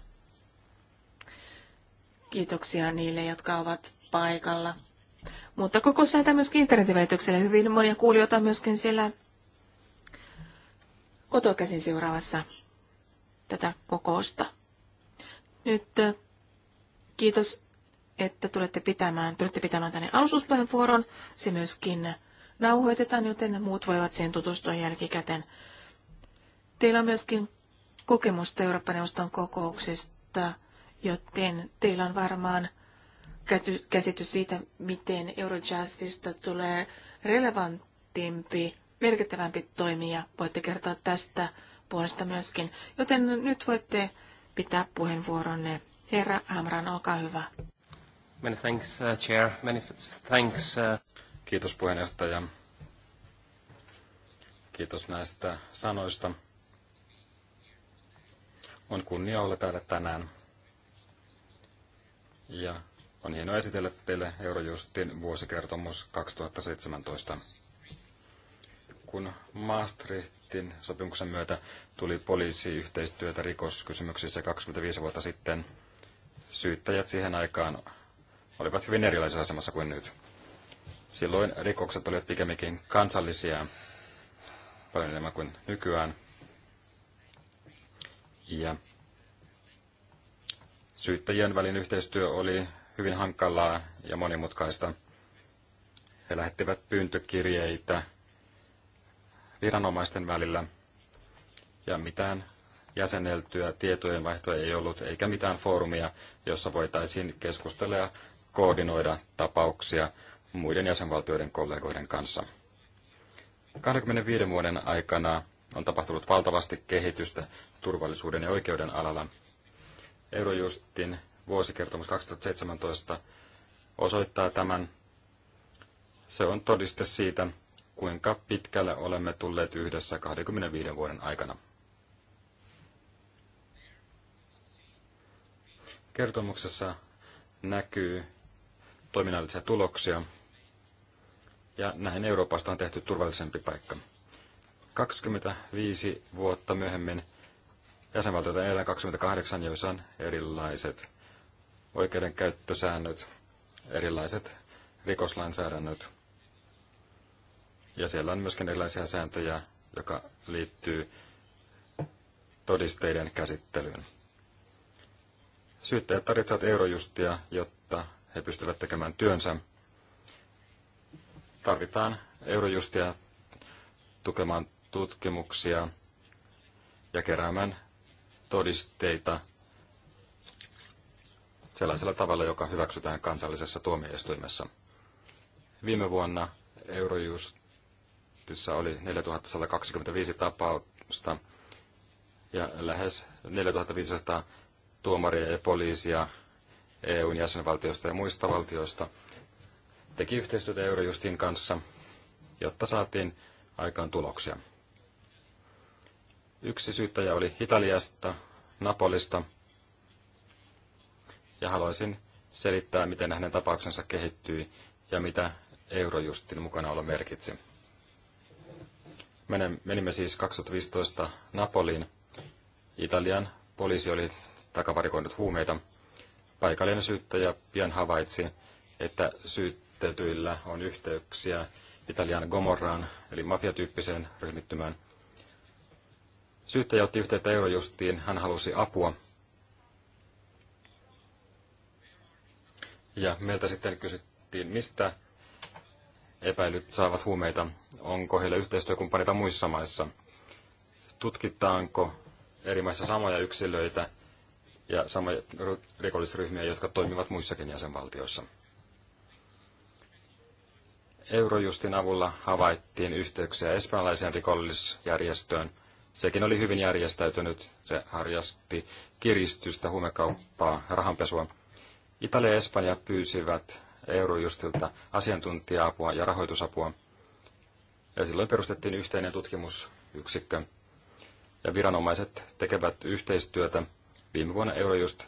Kiitoksia niille, jotka ovat paikalla. Mutta koko näitä myöskin internetin välityksellä. Hyvin monia kuulijoita myöskin siellä kotokäsin seuraavassa tätä kokousta. Nyt äh, kiitos että tulette pitämään, tulette pitämään tänne alustuspuheenvuoron. Se myöskin nauhoitetaan, joten muut voivat siihen tutustua jälkikäteen. Teillä on myöskin kokemusta Eurooppa-neuvoston kokouksista, joten teillä on varmaan käsitys siitä, miten Eurojustista tulee relevantimpi, merkittävämpi toimija. Voitte kertoa tästä puolesta myöskin. Joten nyt voitte pitää puheenvuoronne. Herra Hamran, olkaa hyvä. Many thanks, uh, Chair. Many thanks. Uh... Kiitos puheenjohtaja. Kiitos näistä sanoista. On kunnia olla täällä tänään. Ja on hienoa esitellä teille Eurojustin vuosikertomus 2017. Kun Maastrichtin sopimuksen myötä tuli poliisiyhteistyötä rikoskysymyksissä 25 vuotta sitten, syyttäjät siihen aikaan olivat hyvin erilaisessa asemassa kuin nyt. Silloin rikokset olivat pikemminkin kansallisia paljon enemmän kuin nykyään. Ja syyttäjien välin yhteistyö oli hyvin hankalaa ja monimutkaista. He lähettivät pyyntökirjeitä viranomaisten välillä ja mitään jäseneltyä tietojenvaihtoa ei ollut, eikä mitään foorumia, jossa voitaisiin keskustella ja koordinoida tapauksia muiden jäsenvaltioiden kollegoiden kanssa. 25 vuoden aikana on tapahtunut valtavasti kehitystä turvallisuuden ja oikeuden alalla. Eurojustin vuosikertomus 2017 osoittaa tämän. Se on todiste siitä, kuinka pitkälle olemme tulleet yhdessä 25 vuoden aikana. Kertomuksessa näkyy toiminnallisia tuloksia. Ja näin Euroopasta on tehty turvallisempi paikka. 25 vuotta myöhemmin jäsenvaltioita elää 28, joissa on erilaiset oikeudenkäyttösäännöt, erilaiset rikoslainsäädännöt. Ja siellä on myöskin erilaisia sääntöjä, joka liittyy todisteiden käsittelyyn. Syyttäjät tarvitsevat eurojustia, jotta he pystyvät tekemään työnsä. Tarvitaan eurojustia tukemaan tutkimuksia ja keräämään todisteita sellaisella tavalla, joka hyväksytään kansallisessa tuomioistuimessa. Viime vuonna Eurojustissa oli 4125 tapausta ja lähes 4500 tuomaria ja poliisia EUn jäsenvaltioista ja muista valtioista, teki yhteistyötä Eurojustin kanssa, jotta saatiin aikaan tuloksia. Yksi syyttäjä oli Italiasta, Napolista, ja haluaisin selittää, miten hänen tapauksensa kehittyi ja mitä Eurojustin mukana olla merkitsi. Menimme siis 2015 Napoliin. Italian poliisi oli takavarikoinut huumeita Paikallinen syyttäjä pian havaitsi, että syytetyillä on yhteyksiä Italian Gomorraan, eli mafiatyyppiseen ryhmittymään. Syyttäjä otti yhteyttä Eurojustiin, hän halusi apua. Ja meiltä sitten kysyttiin, mistä epäilyt saavat huumeita, onko heillä yhteistyökumppaneita muissa maissa, tutkitaanko eri maissa samoja yksilöitä ja samoja rikollisryhmiä, jotka toimivat muissakin jäsenvaltioissa. Eurojustin avulla havaittiin yhteyksiä espanjalaiseen rikollisjärjestöön. Sekin oli hyvin järjestäytynyt. Se harjasti kiristystä, huumekauppaa, rahanpesua. Italia ja Espanja pyysivät Eurojustilta asiantuntija-apua ja rahoitusapua. Ja silloin perustettiin yhteinen tutkimusyksikkö. Ja viranomaiset tekevät yhteistyötä Viime vuonna Eurojust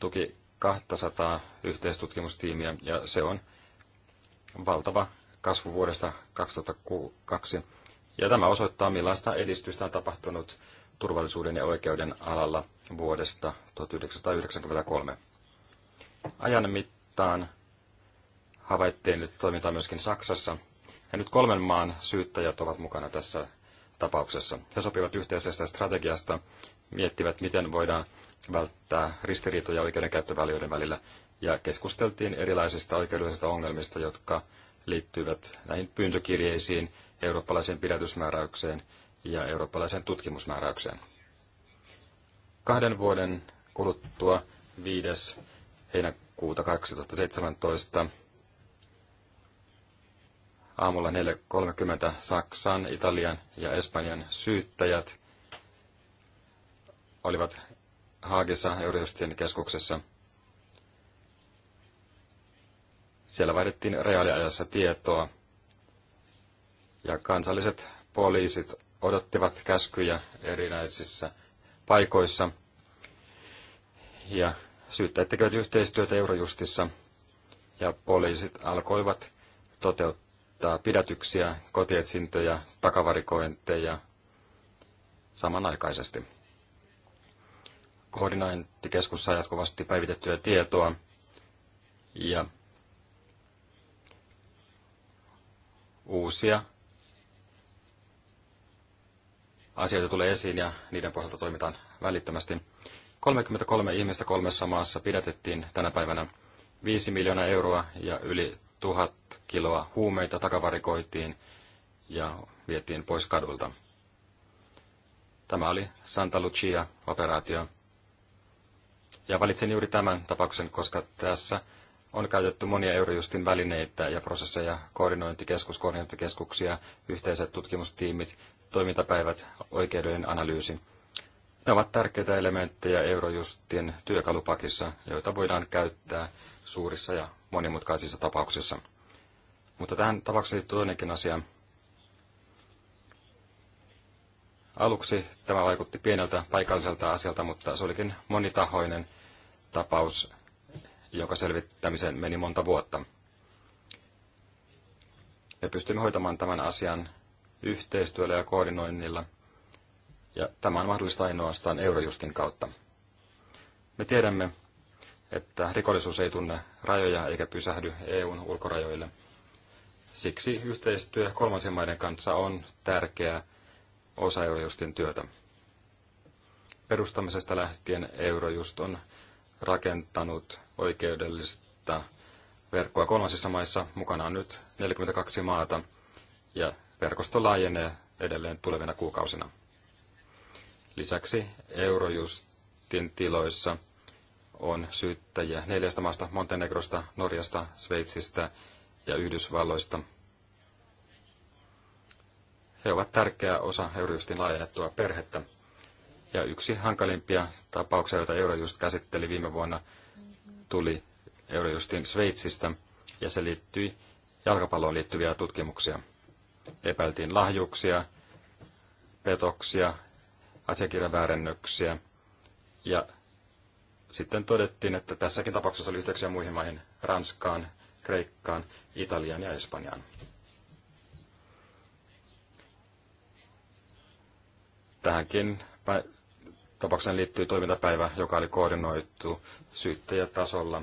tuki 200 yhteistutkimustiimiä ja se on valtava kasvu vuodesta 2002. Ja tämä osoittaa, millaista edistystä on tapahtunut turvallisuuden ja oikeuden alalla vuodesta 1993. Ajan mittaan havaittiin että toimintaa myöskin Saksassa. Ja nyt kolmen maan syyttäjät ovat mukana tässä tapauksessa. He sopivat yhteisestä strategiasta, miettivät, miten voidaan välttää ristiriitoja oikeudenkäyttövälioiden välillä, ja keskusteltiin erilaisista oikeudellisista ongelmista, jotka liittyvät näihin pyyntökirjeisiin, eurooppalaiseen pidätysmääräykseen ja eurooppalaiseen tutkimusmääräykseen. Kahden vuoden kuluttua 5. heinäkuuta 2017 aamulla 4.30 Saksan, Italian ja Espanjan syyttäjät olivat Haagissa yritysten keskuksessa. Siellä vaihdettiin reaaliajassa tietoa ja kansalliset poliisit odottivat käskyjä erinäisissä paikoissa ja syyttäjät tekevät yhteistyötä Eurojustissa ja poliisit alkoivat toteuttaa pidätyksiä, kotietsintöjä, takavarikointeja samanaikaisesti koordinointikeskus saa jatkuvasti päivitettyä tietoa ja uusia asioita tulee esiin ja niiden pohjalta toimitaan välittömästi. 33 ihmistä kolmessa maassa pidätettiin tänä päivänä 5 miljoonaa euroa ja yli 1000 kiloa huumeita takavarikoitiin ja vietiin pois kadulta. Tämä oli Santa Lucia-operaatio, ja valitsin juuri tämän tapauksen, koska tässä on käytetty monia Eurojustin välineitä ja prosesseja, koordinointikeskus, koordinointikeskuksia, yhteiset tutkimustiimit, toimintapäivät, oikeudellinen analyysi. Ne ovat tärkeitä elementtejä Eurojustin työkalupakissa, joita voidaan käyttää suurissa ja monimutkaisissa tapauksissa. Mutta tähän tapaukseen liittyy toinenkin asia. Aluksi tämä vaikutti pieneltä paikalliselta asialta, mutta se olikin monitahoinen tapaus, joka selvittämiseen meni monta vuotta. Me pystymme hoitamaan tämän asian yhteistyöllä ja koordinoinnilla, ja tämä on mahdollista ainoastaan Eurojustin kautta. Me tiedämme, että rikollisuus ei tunne rajoja eikä pysähdy EUn ulkorajoille. Siksi yhteistyö kolmansien maiden kanssa on tärkeä osa Eurojustin työtä. Perustamisesta lähtien Eurojust on rakentanut oikeudellista verkkoa kolmansissa maissa. Mukana on nyt 42 maata ja verkosto laajenee edelleen tulevina kuukausina. Lisäksi Eurojustin tiloissa on syyttäjiä neljästä maasta, Montenegrosta, Norjasta, Sveitsistä ja Yhdysvalloista. He ovat tärkeä osa Eurojustin laajennettua perhettä. Ja yksi hankalimpia tapauksia, joita Eurojust käsitteli viime vuonna, tuli Eurojustin Sveitsistä, ja se liittyi jalkapalloon liittyviä tutkimuksia. Epäiltiin lahjuuksia, petoksia, asiakirjaväärennöksiä, ja sitten todettiin, että tässäkin tapauksessa oli yhteyksiä muihin maihin, Ranskaan, Kreikkaan, Italiaan ja Espanjaan. Tähänkin tapaukseen liittyy toimintapäivä, joka oli koordinoitu syyttäjätasolla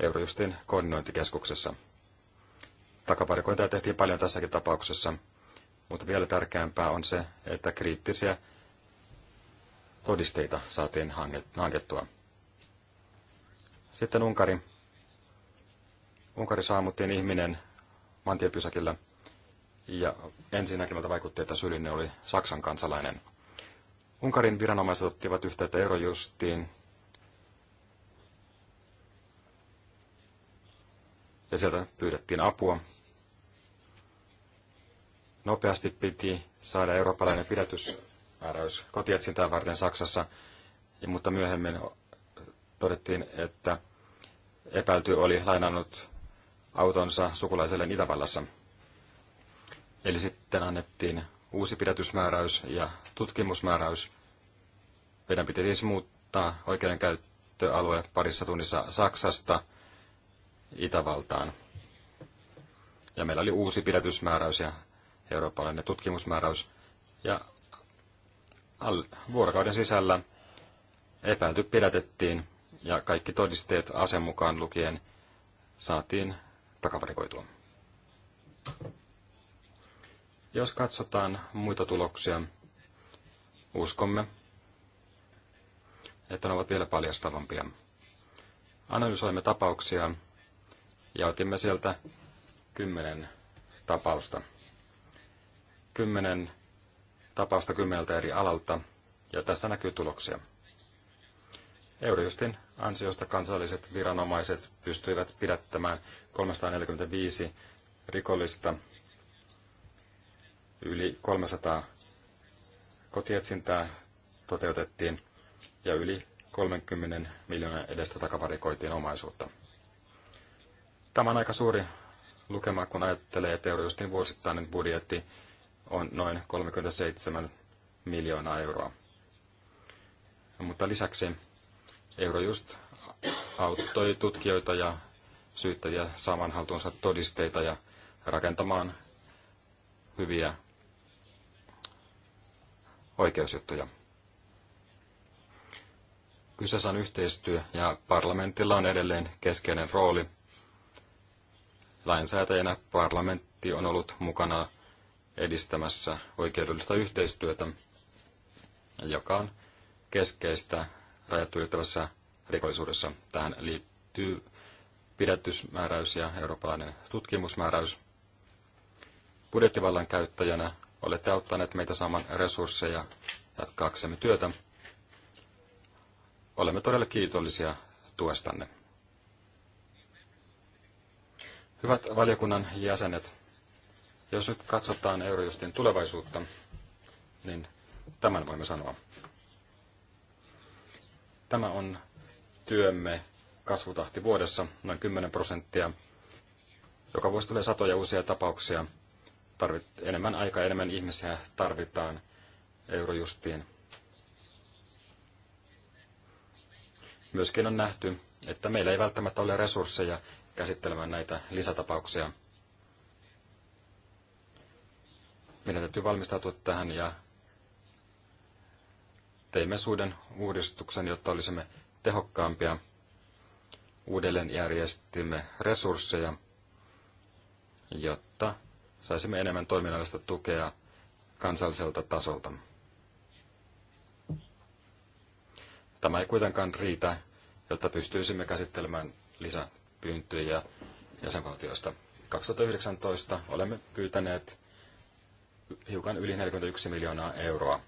Eurojustin koordinointikeskuksessa. Takavarikointia tehtiin paljon tässäkin tapauksessa, mutta vielä tärkeämpää on se, että kriittisiä todisteita saatiin hankettua. Sitten Unkari. Unkari saamuttiin ihminen mantiepysäkillä ja ensinnäkin vaikutti, että syyllinen oli Saksan kansalainen – Unkarin viranomaiset ottivat yhteyttä Eurojustiin. Ja sieltä pyydettiin apua. Nopeasti piti saada eurooppalainen pidätysmääräys kotietsintään varten Saksassa, mutta myöhemmin todettiin, että epäilty oli lainannut autonsa sukulaiselleen Itävallassa. Eli sitten annettiin uusi pidätysmääräys ja tutkimusmääräys. Meidän piti siis muuttaa oikeudenkäyttöalue parissa tunnissa Saksasta Itävaltaan. Ja meillä oli uusi pidätysmääräys ja eurooppalainen tutkimusmääräys. Ja vuorokauden sisällä epäilty pidätettiin ja kaikki todisteet asen mukaan lukien saatiin takavarikoitua. Jos katsotaan muita tuloksia, uskomme, että ne ovat vielä paljastavampia. Analysoimme tapauksia ja otimme sieltä kymmenen tapausta. Kymmenen tapausta kymmeneltä eri alalta, ja tässä näkyy tuloksia. Eurojustin ansiosta kansalliset viranomaiset pystyivät pidättämään 345 rikollista Yli 300 kotietsintää toteutettiin ja yli 30 miljoonan edestä takavarikoitiin omaisuutta. Tämä on aika suuri lukema, kun ajattelee, että Eurojustin vuosittainen budjetti on noin 37 miljoonaa euroa. Mutta lisäksi Eurojust auttoi tutkijoita ja syyttäjiä saamaan haltuunsa todisteita ja rakentamaan hyviä oikeusjuttuja. Kyseessä on yhteistyö ja parlamentilla on edelleen keskeinen rooli. Lainsäätäjänä parlamentti on ollut mukana edistämässä oikeudellista yhteistyötä, joka on keskeistä rajat ylittävässä rikollisuudessa. Tähän liittyy pidätysmääräys ja eurooppalainen tutkimusmääräys. Budjettivallan käyttäjänä Olette auttaneet meitä saamaan resursseja jatkaaksemme työtä. Olemme todella kiitollisia tuestanne. Hyvät valiokunnan jäsenet, jos nyt katsotaan Eurojustin tulevaisuutta, niin tämän voimme sanoa. Tämä on työmme kasvutahti vuodessa, noin 10 prosenttia. Joka vuosi tulee satoja uusia tapauksia, tarvit, enemmän aikaa, enemmän ihmisiä tarvitaan eurojustiin. Myöskin on nähty, että meillä ei välttämättä ole resursseja käsittelemään näitä lisätapauksia. Meidän täytyy valmistautua tähän ja teimme suuden uudistuksen, jotta olisimme tehokkaampia. Uudelleen järjestimme resursseja, jotta saisimme enemmän toiminnallista tukea kansalliselta tasolta. Tämä ei kuitenkaan riitä, jotta pystyisimme käsittelemään lisäpyyntöjä jäsenvaltioista. 2019 olemme pyytäneet hiukan yli 41 miljoonaa euroa.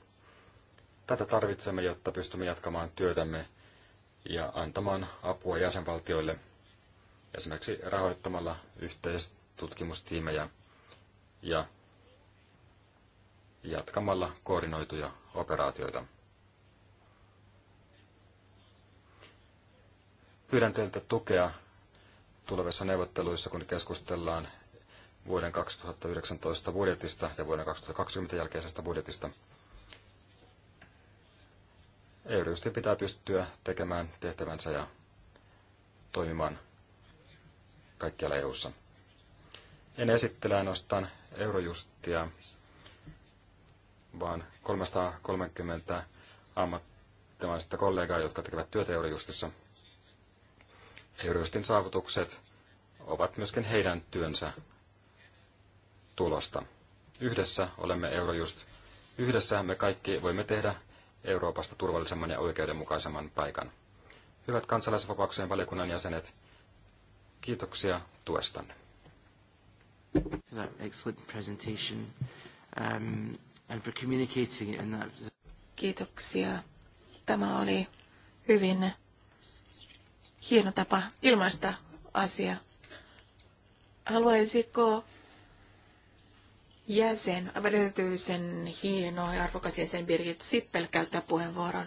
Tätä tarvitsemme, jotta pystymme jatkamaan työtämme ja antamaan apua jäsenvaltioille, esimerkiksi rahoittamalla yhteistutkimustiimejä ja jatkamalla koordinoituja operaatioita. Pyydän teiltä tukea tulevissa neuvotteluissa, kun keskustellaan vuoden 2019 budjetista ja vuoden 2020 jälkeisestä budjetista. Eurojusti pitää pystyä tekemään tehtävänsä ja toimimaan kaikkialla EU:ssa. En esittele ainoastaan Eurojustia, vaan 330 ammattimaista kollegaa, jotka tekevät työtä Eurojustissa. Eurojustin saavutukset ovat myöskin heidän työnsä tulosta. Yhdessä olemme Eurojust. Yhdessä me kaikki voimme tehdä Euroopasta turvallisemman ja oikeudenmukaisemman paikan. Hyvät kansalaisvapauksien valiokunnan jäsenet, kiitoksia tuestanne. Kiitoksia. Tämä oli hyvin hieno tapa ilmaista asia. Haluaisiko jäsen, aivan erityisen hieno ja arvokas jäsen Birgit Sippel käyttää puheenvuoron?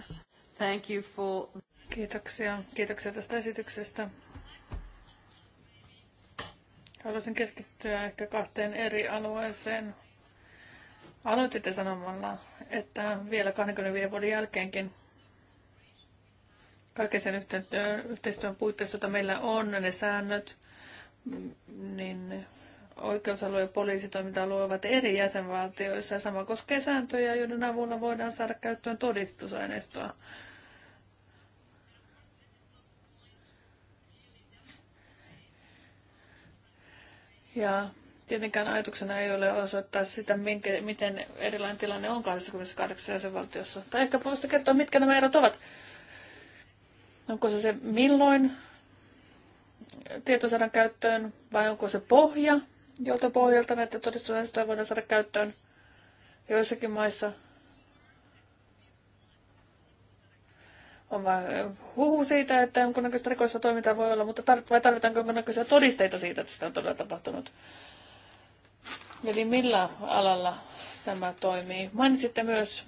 Thank you for... Kiitoksia. Kiitoksia tästä esityksestä. Haluaisin keskittyä ehkä kahteen eri alueeseen. Aloititte sanomalla, että vielä 25 vuoden jälkeenkin kaiken sen yhteistyön puitteissa, jota meillä on, ne säännöt, niin oikeusalue ja poliisitoiminta ovat eri jäsenvaltioissa. Sama koskee sääntöjä, joiden avulla voidaan saada käyttöön todistusaineistoa Ja tietenkään ajatuksena ei ole osoittaa sitä, minkä, miten erilainen tilanne on 28 jäsenvaltiossa. Tai ehkä voisi kertoa, mitkä nämä erot ovat. Onko se se milloin tietosadan käyttöön vai onko se pohja, jolta pohjalta näitä todistusaineistoja voidaan saada käyttöön joissakin maissa – on vain huhu siitä, että jonkunnäköistä rikoista toimintaa voi olla, mutta tar- vai tarvitaanko jonkunnäköisiä todisteita siitä, että sitä on todella tapahtunut? Eli millä alalla tämä toimii? Mainitsitte myös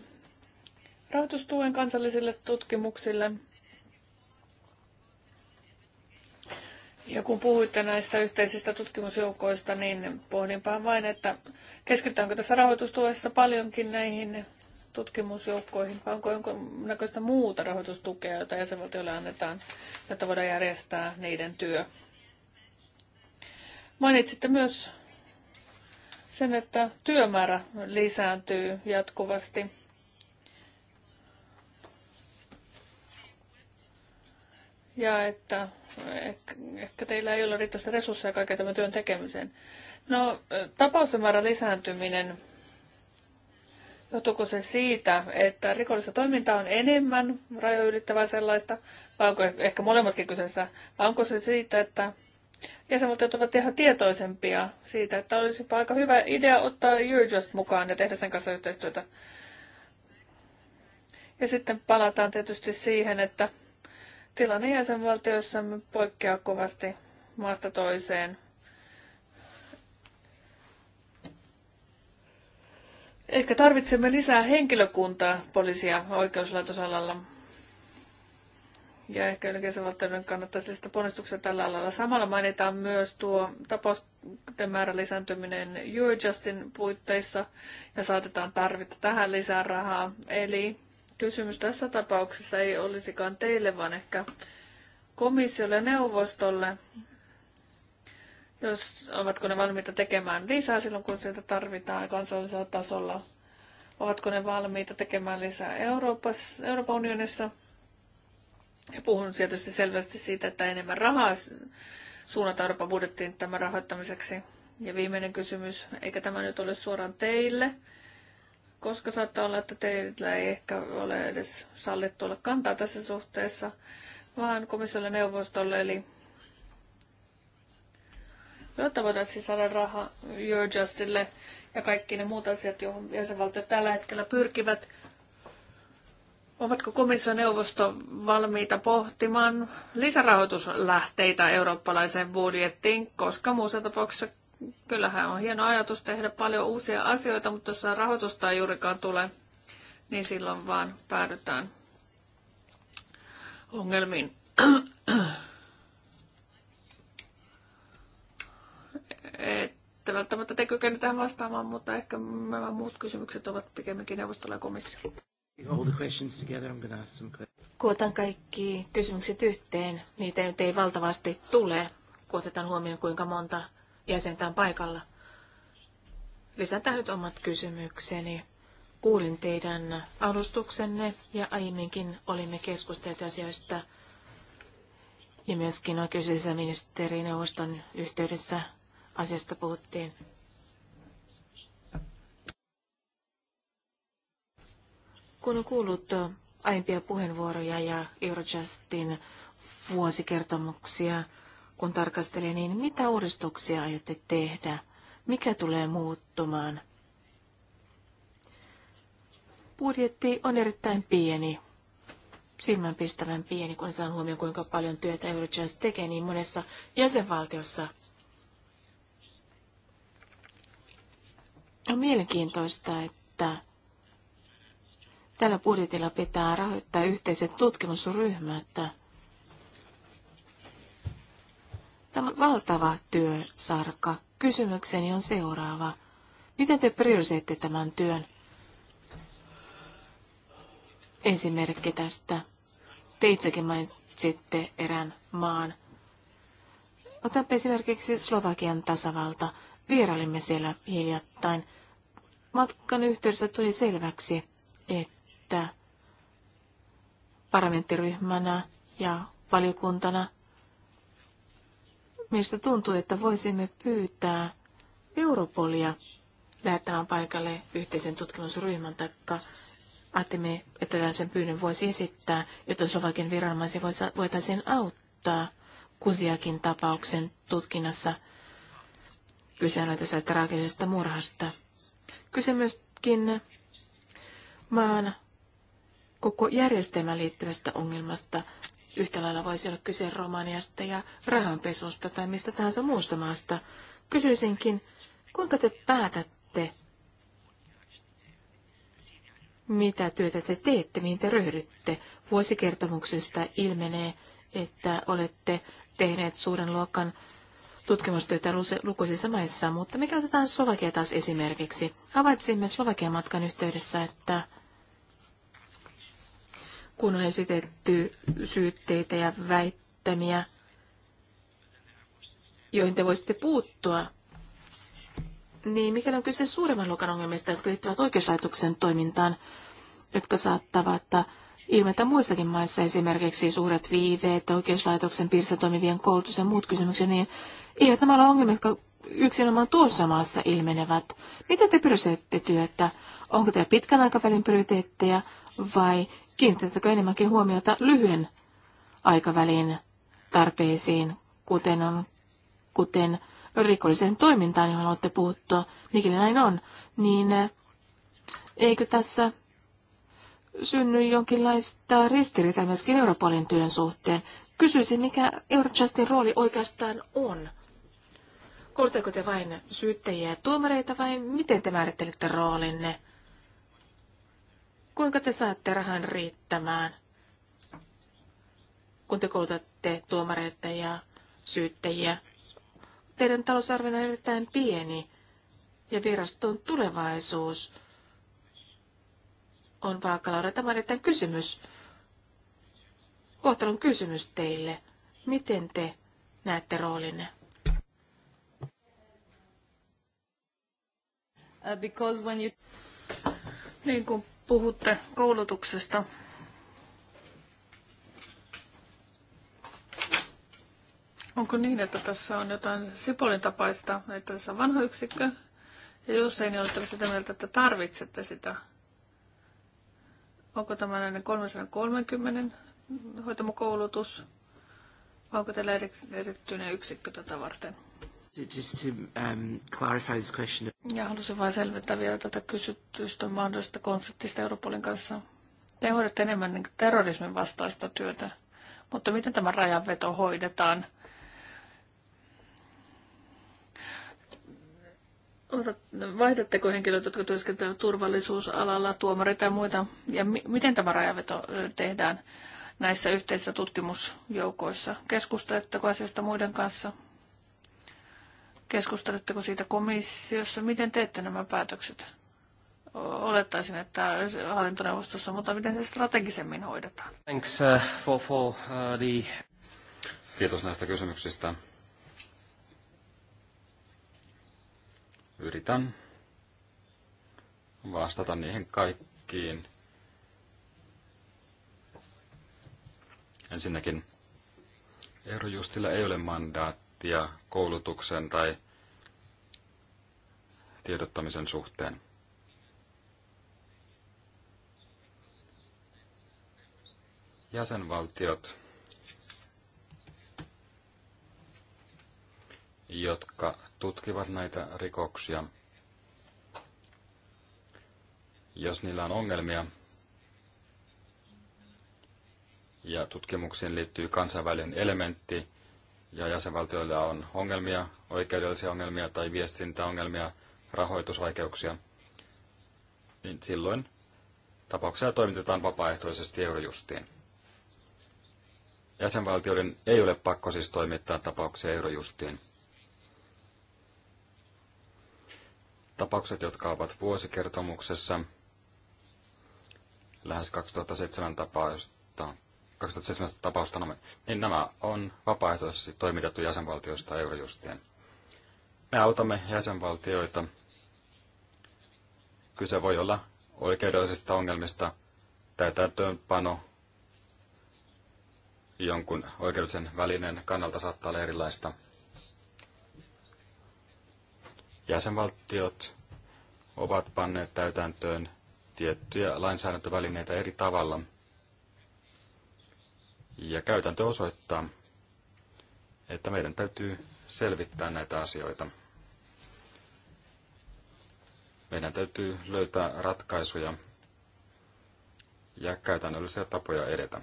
rahoitustuen kansallisille tutkimuksille. Ja kun puhuitte näistä yhteisistä tutkimusjoukoista, niin pohdinpa vain, että keskitytäänkö tässä rahoitustuessa paljonkin näihin tutkimusjoukkoihin, vai onko jonkinnäköistä muuta rahoitustukea, jota jäsenvaltioille annetaan, jotta voidaan järjestää niiden työ? Mainitsitte myös sen, että työmäärä lisääntyy jatkuvasti. Ja että ehkä, ehkä teillä ei ole riittävästi resursseja kaiken tämän työn tekemiseen. No, tapausten määrän lisääntyminen Johtuuko se siitä, että rikollista toimintaa on enemmän rajo ylittävää sellaista, vai onko ehkä molemmatkin kyseessä, vai onko se siitä, että jäsenvaltiot ovat ihan tietoisempia siitä, että olisi aika hyvä idea ottaa Eurojust mukaan ja tehdä sen kanssa yhteistyötä. Ja sitten palataan tietysti siihen, että tilanne jäsenvaltioissa poikkeaa kovasti maasta toiseen – Ehkä tarvitsemme lisää henkilökuntaa poliisia oikeuslaitosalalla. Ja ehkä ylikesävaltioiden kannattaisi sitä ponnistuksia tällä alalla. Samalla mainitaan myös tuo tapausten määrän lisääntyminen Eurojustin puitteissa ja saatetaan tarvita tähän lisää rahaa. Eli kysymys tässä tapauksessa ei olisikaan teille, vaan ehkä komissiolle ja neuvostolle jos ovatko ne valmiita tekemään lisää silloin, kun sitä tarvitaan kansallisella tasolla, ovatko ne valmiita tekemään lisää Euroopassa, Euroopan unionissa. Ja puhun tietysti selvästi siitä, että enemmän rahaa suunnataan Euroopan budjettiin tämän rahoittamiseksi. Ja viimeinen kysymys, eikä tämä nyt ole suoraan teille, koska saattaa olla, että teillä ei ehkä ole edes sallittu olla kantaa tässä suhteessa, vaan komissiolle neuvostolle, eli jotta voitaisiin saada raha Eurojustille ja kaikki ne muut asiat, joihin jäsenvaltiot tällä hetkellä pyrkivät. Ovatko komission neuvosto valmiita pohtimaan lisärahoituslähteitä eurooppalaiseen budjettiin, koska muussa tapauksessa kyllähän on hieno ajatus tehdä paljon uusia asioita, mutta jos rahoitusta ei juurikaan tule, niin silloin vaan päädytään ongelmiin. sitten välttämättä te kykene vastaamaan, mutta ehkä nämä muut kysymykset ovat pikemminkin neuvostolla ja komissiolla. Kuotan kaikki kysymykset yhteen. Niitä nyt ei valtavasti tule, kun huomioon, kuinka monta jäsentä on paikalla. Lisätään nyt omat kysymykseni. Kuulin teidän alustuksenne ja aiemminkin olimme keskustelleet asioista ja myöskin oikeusministerineuvoston yhteydessä asiasta puhuttiin. Kun on kuullut aiempia puheenvuoroja ja Eurojustin vuosikertomuksia, kun tarkastelee, niin mitä uudistuksia aiotte tehdä? Mikä tulee muuttumaan? Budjetti on erittäin pieni, silmänpistävän pieni, kun otetaan huomioon, kuinka paljon työtä Eurojust tekee niin monessa jäsenvaltiossa – On mielenkiintoista, että tällä budjetilla pitää rahoittaa yhteiset tutkimusryhmät. Tämä on valtava työsarka. Kysymykseni on seuraava. Miten te priorisoitte tämän työn? Esimerkki tästä. Te itsekin mainitsitte erään maan. Otan esimerkiksi Slovakian tasavalta. Vierailimme siellä hiljattain – Matkan yhteydessä tuli selväksi, että parlamenttiryhmänä ja valiokuntana meistä tuntuu, että voisimme pyytää Europolia lähettämään paikalle yhteisen tutkimusryhmän taikka ajattelimme, että tällaisen pyynnön voisi esittää, jotta Slovakian viranomaisia voitaisiin auttaa kusiakin tapauksen tutkinnassa kyse on tästä traagisesta murhasta kysymyskin myöskin maan koko järjestelmään liittyvästä ongelmasta. Yhtä lailla voisi olla kyse Romaniasta ja rahanpesusta tai mistä tahansa muusta maasta. Kysyisinkin, kuinka te päätätte, mitä työtä te teette, mihin te ryhdytte. Vuosikertomuksesta ilmenee, että olette tehneet suuren luokan tutkimustyötä lukuisissa maissa, mutta mikä otetaan Slovakia taas esimerkiksi. Havaitsimme Slovakian matkan yhteydessä, että kun on esitetty syytteitä ja väittämiä, joihin te voisitte puuttua, niin mikä on kyse suuremman luokan ongelmista, jotka liittyvät oikeuslaitoksen toimintaan, jotka saattavat ilmetä muissakin maissa esimerkiksi suuret viiveet, oikeuslaitoksen piirissä toimivien koulutus ja muut kysymykset, niin eivät nämä ole ongelmia, jotka yksinomaan tuossa maassa ilmenevät. Miten te pyrsette työtä? Onko tämä pitkän aikavälin prioriteetteja vai kiinnitettekö enemmänkin huomiota lyhyen aikavälin tarpeisiin, kuten, on, kuten rikolliseen toimintaan, johon olette puuttua, mikäli näin on, niin eh, eikö tässä synny jonkinlaista ristiriitaa myöskin Europolin työn suhteen? Kysyisin, mikä Eurojustin rooli oikeastaan on Kuuletteko te vain syyttäjiä ja tuomareita vai miten te määrittelette roolinne? Kuinka te saatte rahan riittämään, kun te koulutatte tuomareita ja syyttäjiä? Teidän talousarvio on erittäin pieni ja viraston tulevaisuus on vaakalaudella. Tämä on erittäin kysymys, kohtalon kysymys teille. Miten te näette roolinne? Uh, because when you... Niin kuin puhutte koulutuksesta, Onko niin, että tässä on jotain Sipolin tapaista, että tässä on vanha yksikkö, ja jos ei, niin olette sitä mieltä, että tarvitsette sitä. Onko tämä näiden 330 hoitamokoulutus, vai onko teillä erittyinen yksikkö tätä varten? Just to, um, clarify this question. Ja halusin vain selvittää vielä tätä kysytystä mahdollisesta konfliktista Europolin kanssa. Te hoidatte enemmän niin terrorismin vastaista työtä, mutta miten tämä rajanveto hoidetaan? Vaihdatteko henkilöt, jotka työskentelevät turvallisuusalalla, tuomareita ja muita? Ja mi- miten tämä rajaveto tehdään näissä yhteisissä tutkimusjoukoissa? Keskusteletteko asiasta muiden kanssa? Keskusteletteko siitä komissiossa? Miten teette nämä päätökset? Olettaisin, että hallintoneuvostossa, mutta miten se strategisemmin hoidetaan? Thanks uh, for, for uh, the... Kiitos näistä kysymyksistä. Yritän vastata niihin kaikkiin. Ensinnäkin Eurojustilla ei ole mandaattia prosenttia koulutuksen tai tiedottamisen suhteen. Jäsenvaltiot, jotka tutkivat näitä rikoksia, jos niillä on ongelmia, ja tutkimuksiin liittyy kansainvälinen elementti, ja jäsenvaltioilla on ongelmia, oikeudellisia ongelmia tai viestintäongelmia, rahoitusvaikeuksia, niin silloin tapauksia toimitetaan vapaaehtoisesti eurojustiin. Jäsenvaltioiden ei ole pakko siis toimittaa tapauksia eurojustiin. Tapaukset, jotka ovat vuosikertomuksessa, lähes 2007 tapausta 2017 tapausta, niin nämä on vapaaehtoisesti toimitettu jäsenvaltioista Eurojustien. Me autamme jäsenvaltioita. Kyse voi olla oikeudellisista ongelmista, täytäntöönpano, jonkun oikeudellisen välinen kannalta saattaa olla erilaista. Jäsenvaltiot ovat panneet täytäntöön tiettyjä lainsäädäntövälineitä eri tavalla – ja käytäntö osoittaa, että meidän täytyy selvittää näitä asioita. Meidän täytyy löytää ratkaisuja ja käytännöllisiä tapoja edetä.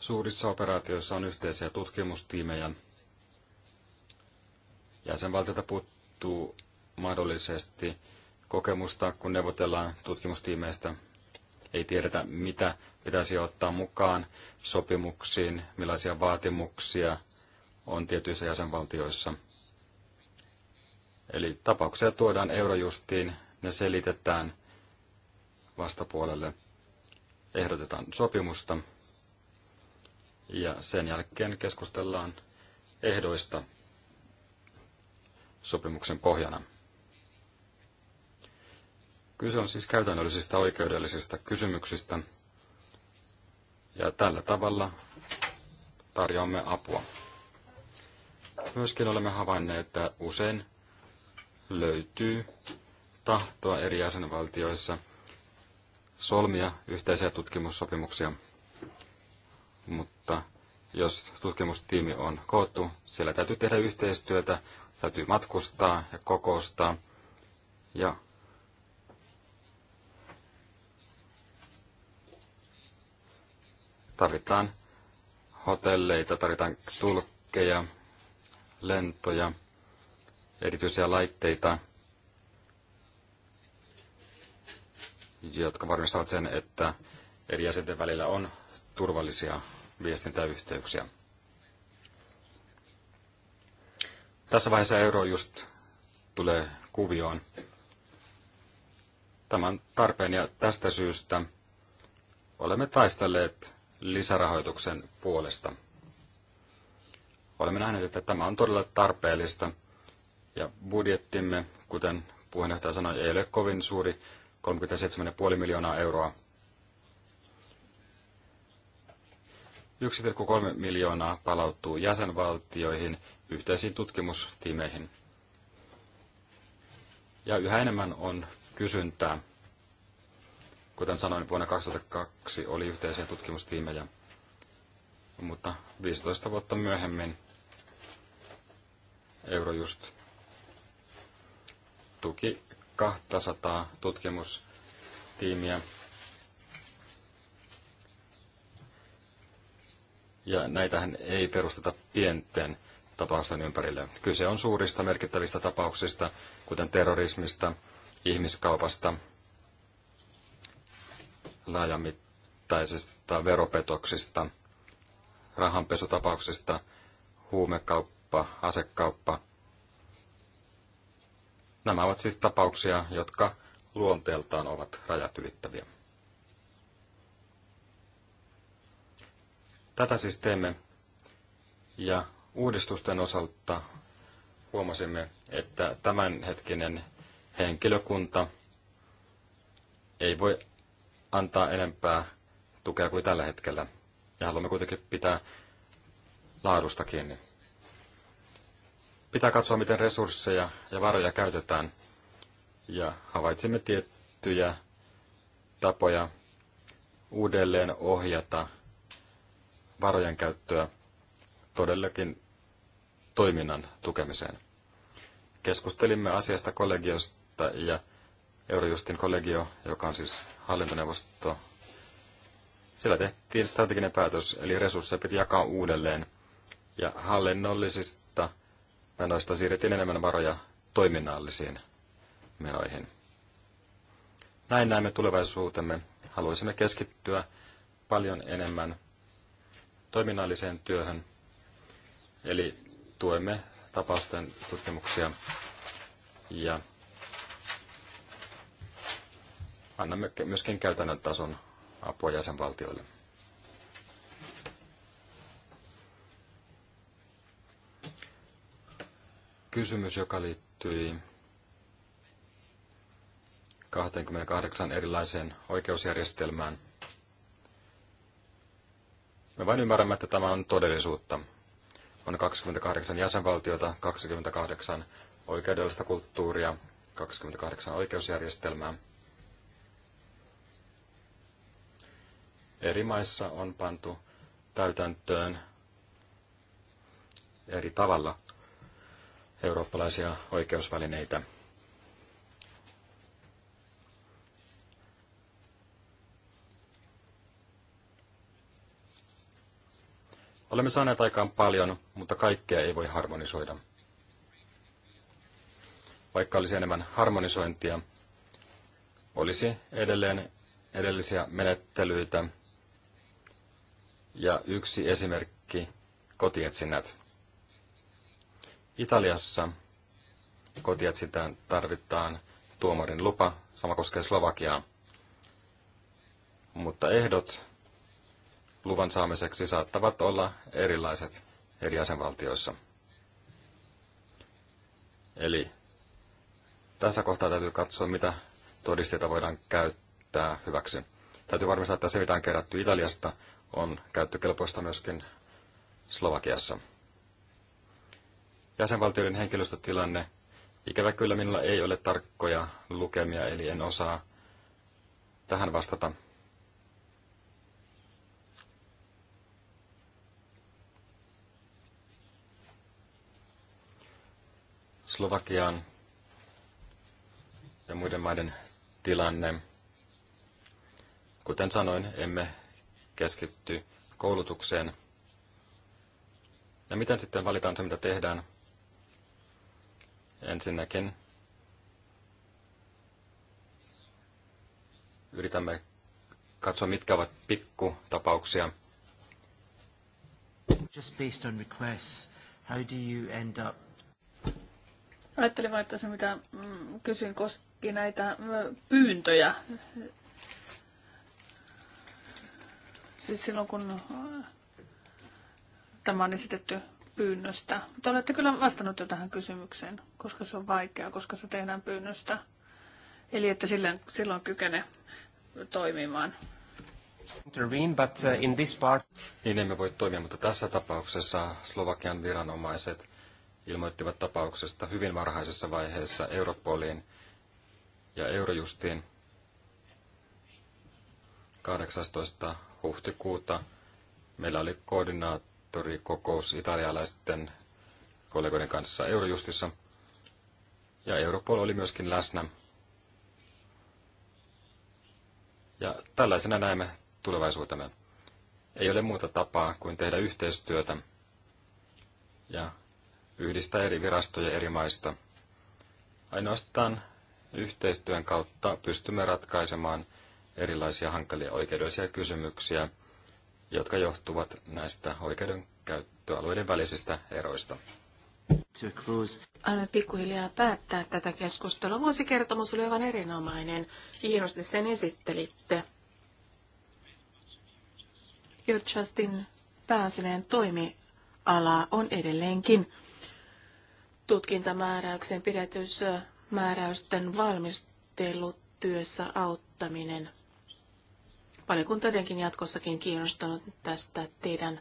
Suurissa operaatioissa on yhteisiä tutkimustiimejä. Jäsenvaltiota puuttuu mahdollisesti kokemusta, kun neuvotellaan tutkimustiimeistä. Ei tiedetä, mitä pitäisi ottaa mukaan sopimuksiin, millaisia vaatimuksia on tietyissä jäsenvaltioissa. Eli tapauksia tuodaan eurojustiin, ne selitetään vastapuolelle, ehdotetaan sopimusta ja sen jälkeen keskustellaan ehdoista sopimuksen pohjana. Kyse on siis käytännöllisistä oikeudellisista kysymyksistä, ja tällä tavalla tarjoamme apua. Myöskin olemme havainneet, että usein löytyy tahtoa eri jäsenvaltioissa solmia yhteisiä tutkimussopimuksia, mutta jos tutkimustiimi on koottu, siellä täytyy tehdä yhteistyötä, täytyy matkustaa ja kokoustaa ja Tarvitaan hotelleita, tarvitaan tulkkeja, lentoja, erityisiä laitteita, jotka varmistavat sen, että eri jäsenten välillä on turvallisia viestintäyhteyksiä. Tässä vaiheessa euro just tulee kuvioon. Tämän tarpeen ja tästä syystä olemme taistelleet lisärahoituksen puolesta. Olemme nähneet, että tämä on todella tarpeellista ja budjettimme, kuten puheenjohtaja sanoi, ei ole kovin suuri, 37,5 miljoonaa euroa. 1,3 miljoonaa palautuu jäsenvaltioihin, yhteisiin tutkimustiimeihin. Ja yhä enemmän on kysyntää Kuten sanoin, vuonna 2002 oli yhteisiä tutkimustiimejä, mutta 15 vuotta myöhemmin Eurojust tuki 200 tutkimustiimiä. Ja näitähän ei perusteta pienten tapausten ympärille. Kyse on suurista merkittävistä tapauksista, kuten terrorismista, ihmiskaupasta, laajamittaisista veropetoksista, rahanpesutapauksista, huumekauppa, asekauppa. Nämä ovat siis tapauksia, jotka luonteeltaan ovat rajat ylittäviä. Tätä siis teemme ja uudistusten osalta huomasimme, että tämänhetkinen henkilökunta ei voi antaa enempää tukea kuin tällä hetkellä. Ja haluamme kuitenkin pitää laadusta kiinni. Pitää katsoa, miten resursseja ja varoja käytetään. Ja havaitsimme tiettyjä tapoja uudelleen ohjata varojen käyttöä todellakin toiminnan tukemiseen. Keskustelimme asiasta kollegiosta ja Eurojustin kollegio, joka on siis hallintoneuvosto, siellä tehtiin strateginen päätös, eli resursseja piti jakaa uudelleen. Ja hallinnollisista menoista siirrettiin enemmän varoja toiminnallisiin menoihin. Näin näemme tulevaisuutemme. Haluaisimme keskittyä paljon enemmän toiminnalliseen työhön, eli tuemme tapausten tutkimuksia ja annamme myöskin käytännön tason apua jäsenvaltioille. Kysymys, joka liittyi 28 erilaiseen oikeusjärjestelmään. Me vain ymmärrämme, että tämä on todellisuutta. On 28 jäsenvaltiota, 28 oikeudellista kulttuuria, 28 oikeusjärjestelmää – eri maissa on pantu täytäntöön eri tavalla eurooppalaisia oikeusvälineitä. Olemme saaneet aikaan paljon, mutta kaikkea ei voi harmonisoida. Vaikka olisi enemmän harmonisointia, olisi edelleen edellisiä menettelyitä, ja yksi esimerkki, kotietsinnät. Italiassa kotietsintään tarvitaan tuomarin lupa, sama koskee Slovakiaa. Mutta ehdot luvan saamiseksi saattavat olla erilaiset eri jäsenvaltioissa. Eli tässä kohtaa täytyy katsoa, mitä todisteita voidaan käyttää hyväksi. Täytyy varmistaa, että se, mitä on kerätty Italiasta, on käyttökelpoista myöskin Slovakiassa. Jäsenvaltioiden henkilöstötilanne. Ikävä kyllä minulla ei ole tarkkoja lukemia, eli en osaa tähän vastata. Slovakian ja muiden maiden tilanne. Kuten sanoin, emme Keskitty koulutukseen. Ja miten sitten valitaan se, mitä tehdään? Ensinnäkin yritämme katsoa, mitkä ovat pikkutapauksia. Just based on requests, how do you end up Ajattelin vain, että se mitä mm, kysyin koski näitä pyyntöjä siis silloin kun äh, tämä on esitetty pyynnöstä. Mutta olette kyllä vastannut jo tähän kysymykseen, koska se on vaikeaa, koska se tehdään pyynnöstä. Eli että silloin, silloin kykene toimimaan. Intervene, but uh, in this part... Niin emme voi toimia, mutta tässä tapauksessa Slovakian viranomaiset ilmoittivat tapauksesta hyvin varhaisessa vaiheessa Europoliin ja Eurojustiin 18 huhtikuuta meillä oli koordinaattorikokous italialaisten kollegoiden kanssa Eurojustissa. Ja Europol oli myöskin läsnä. Ja tällaisena näemme tulevaisuutemme. Ei ole muuta tapaa kuin tehdä yhteistyötä ja yhdistää eri virastoja eri maista. Ainoastaan yhteistyön kautta pystymme ratkaisemaan – erilaisia hankalia oikeudellisia kysymyksiä, jotka johtuvat näistä oikeudenkäyttöalueiden välisistä eroista. Aina pikkuhiljaa päättää tätä keskustelua. Vuosikertomus oli aivan erinomainen. Hienosti sen esittelitte. Jyrtsästin pääsineen toimiala on edelleenkin tutkintamääräyksen pidätysmääräysten valmistelutyössä auttaminen valiokunta jotenkin jatkossakin kiinnostunut tästä teidän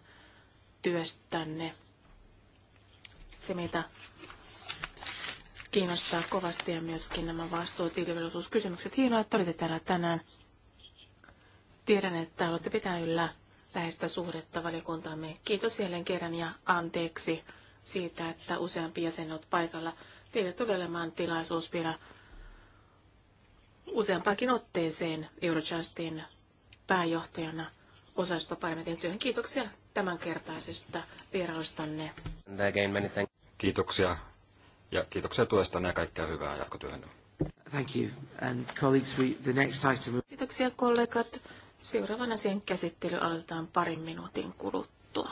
työstänne. Se, mitä kiinnostaa kovasti ja myöskin nämä vastuutilvellisuuskysymykset. Hienoa, että olitte täällä tänään. Tiedän, että haluatte pitää yllä läheistä suhdetta valiokuntaamme. Kiitos jälleen kerran ja anteeksi siitä, että useampi jäsen on paikalla. Teille tulee olemaan tilaisuus vielä useampaakin otteeseen Eurojustin pääjohtajana osastoparlamentin työhön. Kiitoksia tämänkertaisesta vierailustanne. Kiitoksia ja kiitoksia tuesta ja kaikkea hyvää jatkotyöhön. Thank you. And colleagues, we, the next item... Kiitoksia kollegat. Seuraavan asian käsittely aloitetaan parin minuutin kuluttua.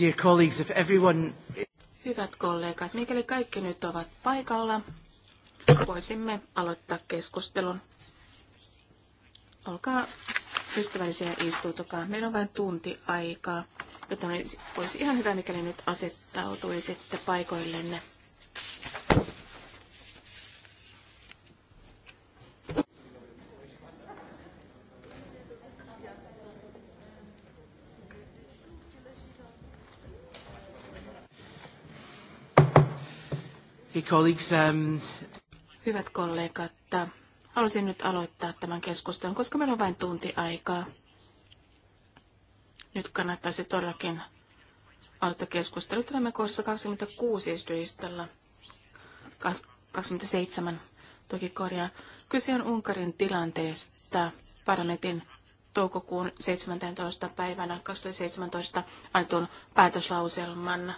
Dear colleagues, if everyone... Hyvät kollegat, mikäli kaikki nyt ovat paikalla, voisimme aloittaa keskustelun. Olkaa ystävällisiä istuutukaa. Meillä on vain tunti aikaa, joten olisi ihan hyvä, mikäli nyt asettautuisitte paikoillenne. Um, Hyvät kollegat, haluaisin nyt aloittaa tämän keskustelun, koska meillä on vain tunti aikaa. Nyt kannattaisi todellakin aloittaa keskustelu. Tulemme kohdassa 26 istujistalla. 27 toki korjaa. Kyse on Unkarin tilanteesta parlamentin toukokuun 17. päivänä 2017 annetun päätöslauselman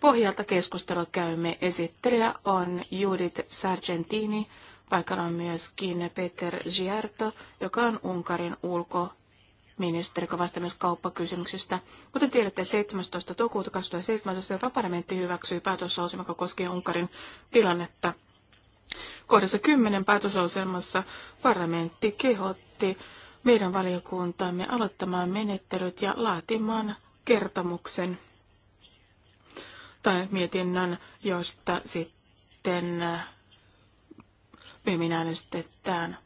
pohjalta keskustelu käymme. Esittelijä on Judith Sargentini, paikalla on myöskin Peter Giarto, joka on Unkarin ulko ministeri, joka vastaa myös kauppakysymyksistä. Kuten tiedätte, 17. toukokuuta 2017 Euroopan parlamentti hyväksyi päätöslauselma, joka koskee Unkarin tilannetta. Kohdassa 10 päätöslauselmassa parlamentti kehotti meidän valiokuntamme aloittamaan menettelyt ja laatimaan kertomuksen tai mietinnön, josta sitten äh, myöhemmin äänestetään.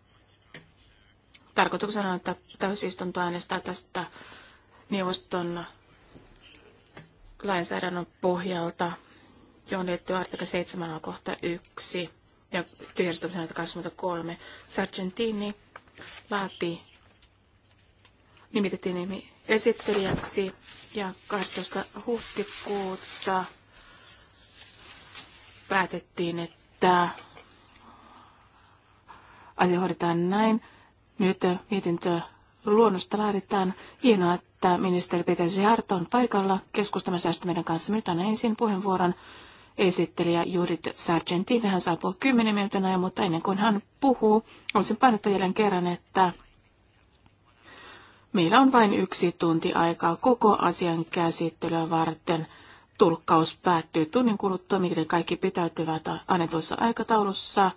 Tarkoituksena on, että täysistunto äänestää tästä neuvoston lainsäädännön pohjalta, johon liittyy artikla 7 kohta 1 ja työjärjestyksen 23. Sargentini laati, nimitettiin nimi esittelijäksi ja 12. huhtikuuta päätettiin, että asia hoidetaan näin. Nyt mietintö luonnosta laaditaan. Hienoa, että ministeri Petäsi Harto on paikalla keskustamassa tästä meidän kanssa. Nyt annan ensin puheenvuoron esittelijä Judith Sargentin. Hän saapuu 10 minuutin ajan, mutta ennen kuin hän puhuu, olisin painottaa jälleen kerran, että meillä on vain yksi tunti aikaa koko asian käsittelyä varten – Tulkkaus päättyy tunnin kuluttua, mikäli kaikki pitäytyvät annetussa aikataulussa.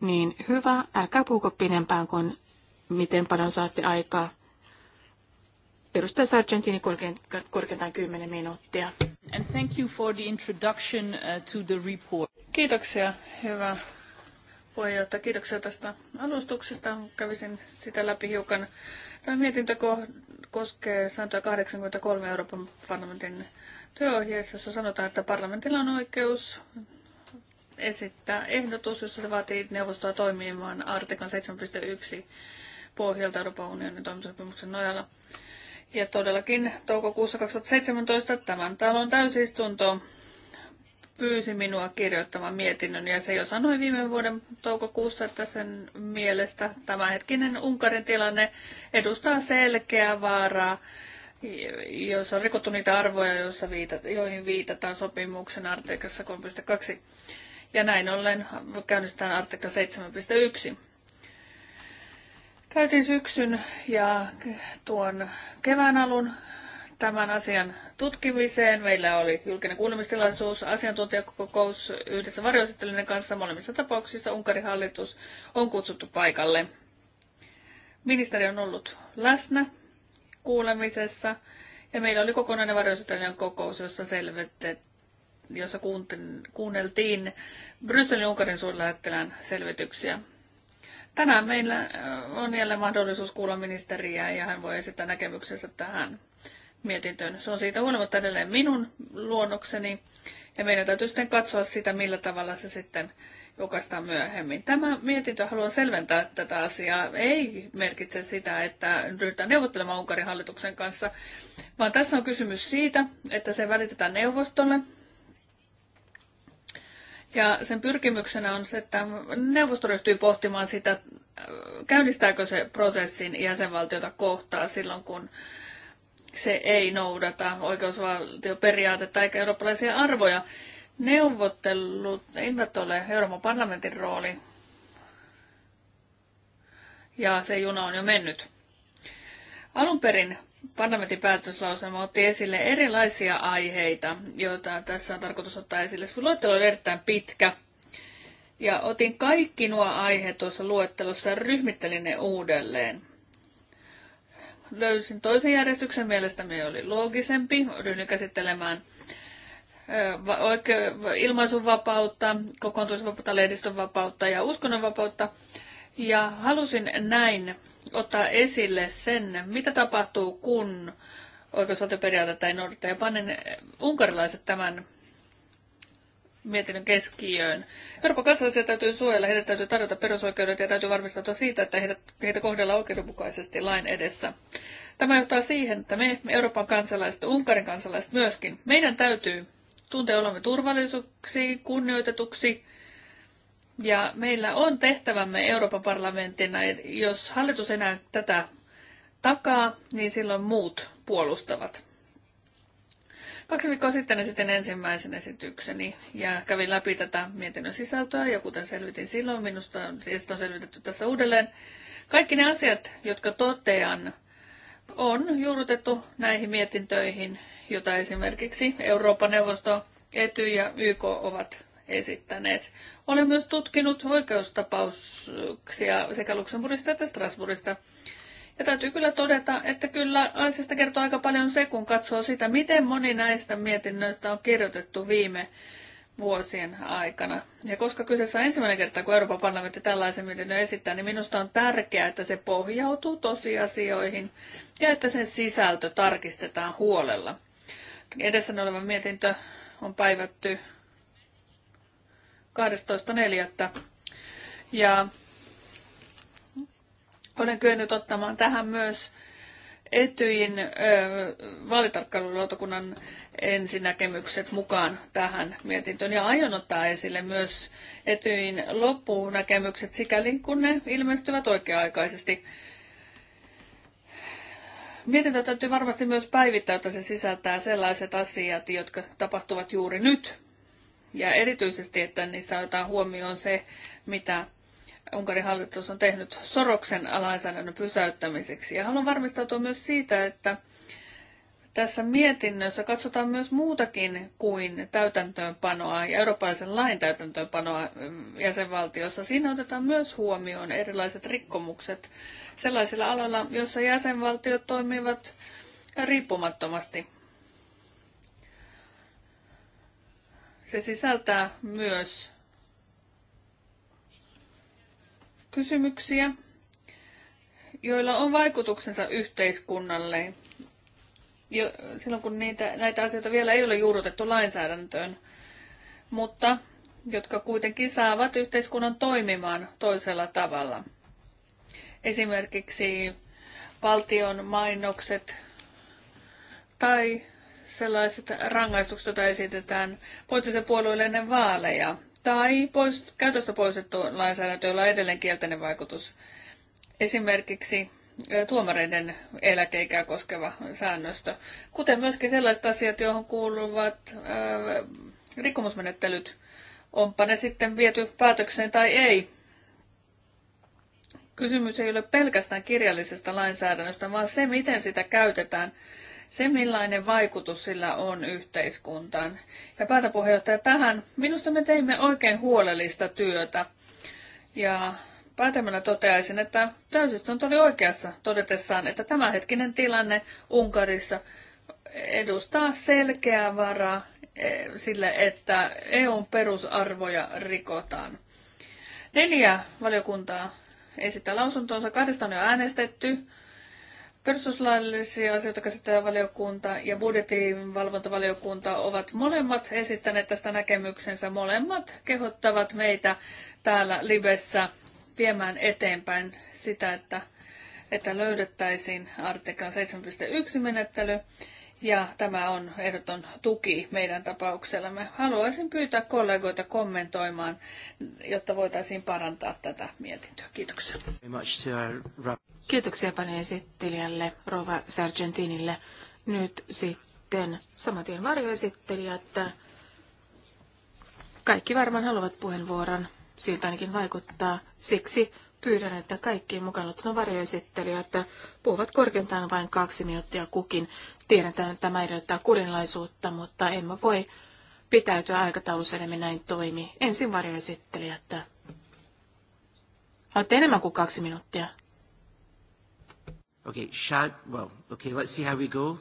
Niin hyvä, älkää puhuko pidempään kuin miten paljon saatte aikaa. Perustaja Sargentini korkeintaan 10 minuuttia. And thank you for the introduction uh, to the report. Kiitoksia, hyvä puheenjohtaja. Kiitoksia tästä alustuksesta. Kävisin sitä läpi hiukan. Tämä mietintö koskee 183 Euroopan parlamentin työohjeessa, jossa sanotaan, että parlamentilla on oikeus esittää ehdotus, jossa se vaatii neuvostoa toimimaan artiklan 7.1 pohjalta Euroopan unionin toimintasopimuksen nojalla. Ja todellakin toukokuussa 2017 tämän talon täysistunto pyysi minua kirjoittamaan mietinnön ja se jo sanoi viime vuoden toukokuussa, että sen mielestä tämänhetkinen Unkarin tilanne edustaa selkeää vaaraa jos on rikottu niitä arvoja, joissa viitat, joihin viitataan sopimuksen artiklassa 3.2. Ja näin ollen käynnistetään artikla 7.1. Käytin syksyn ja tuon kevään alun tämän asian tutkimiseen. Meillä oli julkinen kuulemistilaisuus, asiantuntijakokous yhdessä varjoesittelyiden kanssa. Molemmissa tapauksissa Unkarin hallitus on kutsuttu paikalle. Ministeri on ollut läsnä kuulemisessa. Ja meillä oli kokonainen varjoisetelinen kokous, jossa selvitettiin jossa kuunneltiin Brysselin Unkarin suurlähettilään selvityksiä. Tänään meillä äh, on jälleen mahdollisuus kuulla ministeriä ja hän voi esittää näkemyksensä tähän mietintöön. Se on siitä huolimatta edelleen minun luonnokseni ja meidän täytyy sitten katsoa sitä, millä tavalla se sitten julkaistaan myöhemmin. Tämä mietintö, haluan selventää tätä asiaa, ei merkitse sitä, että ryhdytään neuvottelemaan Unkarin hallituksen kanssa, vaan tässä on kysymys siitä, että se välitetään neuvostolle. Ja sen pyrkimyksenä on se, että neuvosto ryhtyy pohtimaan sitä, käynnistääkö se prosessin jäsenvaltiota kohtaa silloin, kun se ei noudata oikeusvaltioperiaatetta eikä eurooppalaisia arvoja. Neuvottelut eivät ole Euroopan parlamentin rooli. Ja se juna on jo mennyt. Alun perin parlamentin päätöslauselma otti esille erilaisia aiheita, joita tässä on tarkoitus ottaa esille. Luettelo on erittäin pitkä. Ja otin kaikki nuo aiheet tuossa luettelossa ja ryhmittelin ne uudelleen. Löysin toisen järjestyksen, mielestäni oli loogisempi. Ryhdyin käsittelemään ilmaisunvapautta, kokoontumisvapautta, lehdistönvapautta ja uskonnonvapautta. Ja halusin näin ottaa esille sen, mitä tapahtuu, kun oikeusvaltioperiaatetta ei noudata. Ja panen unkarilaiset tämän mietinnön keskiöön. Euroopan kansalaisia täytyy suojella, heidän täytyy tarjota perusoikeudet ja täytyy varmistautua siitä, että heidät, heitä kohdellaan oikeudenmukaisesti lain edessä. Tämä johtaa siihen, että me Euroopan kansalaiset, Unkarin kansalaiset myöskin, meidän täytyy tuntee olemme turvallisuksi, kunnioitetuksi. Ja meillä on tehtävämme Euroopan parlamenttina, jos hallitus enää tätä takaa, niin silloin muut puolustavat. Kaksi viikkoa sitten esitin ensimmäisen esitykseni ja kävin läpi tätä mietinnön sisältöä ja kuten selvitin silloin, minusta on, siis on selvitetty tässä uudelleen. Kaikki ne asiat, jotka totean, on juurrutettu näihin mietintöihin jota esimerkiksi Euroopan neuvosto, Ety ja YK ovat esittäneet. Olen myös tutkinut oikeustapauksia sekä Luxemburgista että Strasbourgista. Ja täytyy kyllä todeta, että kyllä asiasta kertoo aika paljon se, kun katsoo sitä, miten moni näistä mietinnöistä on kirjoitettu viime vuosien aikana. Ja koska kyseessä on ensimmäinen kerta, kun Euroopan parlamentti tällaisen mietinnön esittää, niin minusta on tärkeää, että se pohjautuu tosiasioihin ja että sen sisältö tarkistetaan huolella. Edessä oleva mietintö on päivätty 12.4. Ja olen kyennyt ottamaan tähän myös Etyin vaalitarkkailulautakunnan ensinäkemykset mukaan tähän mietintöön. Ja aion ottaa esille myös Etyin loppunäkemykset, sikäli kun ne ilmestyvät oikea-aikaisesti. Mietintö täytyy varmasti myös päivittää, että se sisältää sellaiset asiat, jotka tapahtuvat juuri nyt. Ja erityisesti, että niissä otetaan huomioon se, mitä Unkarin hallitus on tehnyt Soroksen lainsäädännön pysäyttämiseksi. Ja haluan varmistautua myös siitä, että tässä mietinnössä katsotaan myös muutakin kuin täytäntöönpanoa ja eurooppalaisen lain täytäntöönpanoa mm, jäsenvaltiossa. Siinä otetaan myös huomioon erilaiset rikkomukset sellaisilla aloilla, joissa jäsenvaltiot toimivat riippumattomasti. Se sisältää myös kysymyksiä, joilla on vaikutuksensa yhteiskunnalle jo, silloin kun niitä, näitä asioita vielä ei ole juurrutettu lainsäädäntöön, mutta jotka kuitenkin saavat yhteiskunnan toimimaan toisella tavalla. Esimerkiksi valtion mainokset tai sellaiset rangaistukset, joita esitetään poliittisen puolueille ennen vaaleja, tai pois, käytöstä poistettu lainsäädäntö, jolla on edelleen kielteinen vaikutus. Esimerkiksi tuomareiden eläkeikää koskeva säännöstö, kuten myöskin sellaiset asiat, johon kuuluvat rikkomusmenettelyt, onpa ne sitten viety päätökseen tai ei. Kysymys ei ole pelkästään kirjallisesta lainsäädännöstä, vaan se, miten sitä käytetään, se millainen vaikutus sillä on yhteiskuntaan. Ja päätäpuheenjohtaja tähän, minusta me teimme oikein huolellista työtä. Ja Päätämällä toteaisin, että täysistunto oli oikeassa todetessaan, että tämänhetkinen tilanne Unkarissa edustaa selkeää varaa eh, sille, että EUn perusarvoja rikotaan. Neljä valiokuntaa esittää lausuntonsa. Kahdesta on jo äänestetty. Perustuslaillisia asioita käsittelevä valiokunta ja budjetin valvontavaliokunta ovat molemmat esittäneet tästä näkemyksensä. Molemmat kehottavat meitä täällä Libessä viemään eteenpäin sitä, että, että löydettäisiin artiklan 7.1 menettely. Ja tämä on ehdoton tuki meidän tapauksellamme. Haluaisin pyytää kollegoita kommentoimaan, jotta voitaisiin parantaa tätä mietintöä. Kiitoksia. Kiitoksia paljon esittelijälle, Rova Sargentinille. Nyt sitten samatien varjoesittelijä, että kaikki varmaan haluavat puheenvuoron siltä ainakin vaikuttaa. Siksi pyydän, että kaikki mukaan ottuna varjoesittelijät puhuvat korkeintaan vain kaksi minuuttia kukin. Tiedän, että tämä edellyttää kurinlaisuutta, mutta en voi pitäytyä aikataulussa, enemmän näin toimi. Ensin varjoesittelijät. Olette enemmän kuin kaksi minuuttia? Okay, shot. well, okay, let's see how we go.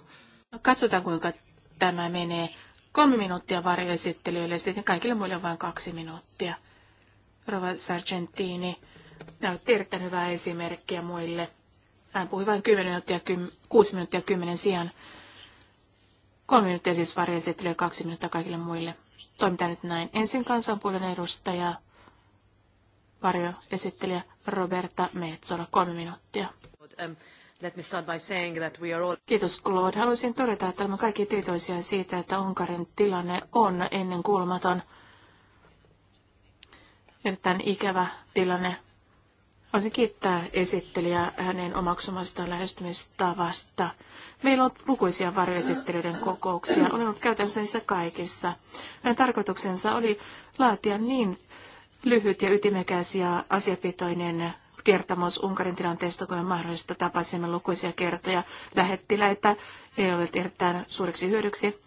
No, katsotaan, kuinka tämä menee. Kolme minuuttia ja sitten kaikille muille vain kaksi minuuttia. Rova Sargentini näytti erittäin hyvää esimerkkiä muille. Hän puhui vain 10 minuuttia, 10, 6 minuuttia 10 sijaan. 3 minuuttia siis varjoesittely ja 2 minuuttia kaikille muille. Toimitaan nyt näin. Ensin kansanpuolen edustaja, varjoesittelijä Roberta Metsola, 3 minuuttia. Let me start by saying that we are all... Kiitos Claude. Haluaisin todeta, että olemme kaikki tietoisia siitä, että Unkarin tilanne on ennen kuulumaton. Erittäin ikävä tilanne. Haluaisin kiittää esittelijää hänen omaksumasta lähestymistavasta. Meillä on lukuisia varjoesittelyiden kokouksia. Olen ollut käytännössä niissä kaikissa. Hänen tarkoituksensa oli laatia niin lyhyt ja ytimekäs ja asiapitoinen kertomus Unkarin tilanteesta, kun mahdollista tapasimme lukuisia kertoja lähettiläitä. He olivat erittäin suureksi hyödyksi.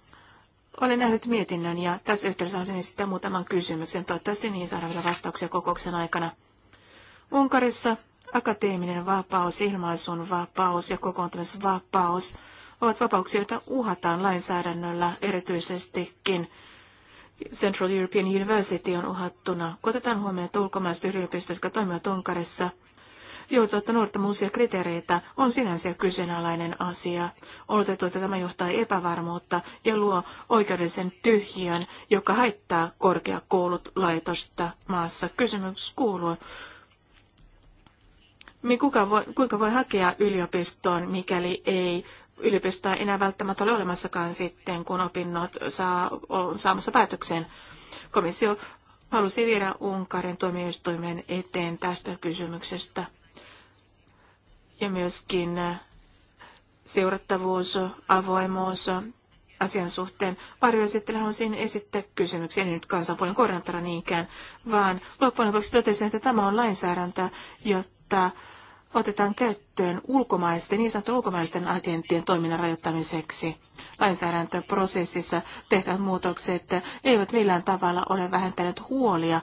Olen nähnyt mietinnön ja tässä yhteydessä on sen muutaman kysymyksen. Toivottavasti niihin saadaan vielä vastauksia kokouksen aikana. Unkarissa akateeminen vapaus, ilmaisun vapaus ja kokoontumisvapaus ovat vapauksia, joita uhataan lainsäädännöllä erityisestikin. Central European University on uhattuna. otetaan huomioon, että ulkomaiset yliopistot, jotka toimivat Unkarissa – että nuorten uusia kriteereitä on sinänsä kyseenalainen asia. Oletettu, että tämä johtaa epävarmuutta ja luo oikeudellisen tyhjiön, joka haittaa korkeakoulut maassa. Kysymys kuuluu, kuka voi, kuinka voi hakea yliopistoon, mikäli ei yliopistoa enää välttämättä ole olemassakaan sitten, kun opinnot saa, on saamassa päätöksen. Komissio halusi viedä Unkarin tuomioistuimen eteen tästä kysymyksestä ja myöskin äh, seurattavuus, avoimuus äh, asian suhteen. Varjoesittelijä haluaisin esittää kysymyksiä, en nyt kansanpuolen koordinaattora niinkään, vaan loppujen lopuksi totesin, että tämä on lainsäädäntö, jotta otetaan käyttöön ulkomaisten, niin sanottu ulkomaisten agenttien toiminnan rajoittamiseksi. Lainsäädäntöprosessissa tehtävät muutokset eivät millään tavalla ole vähentäneet huolia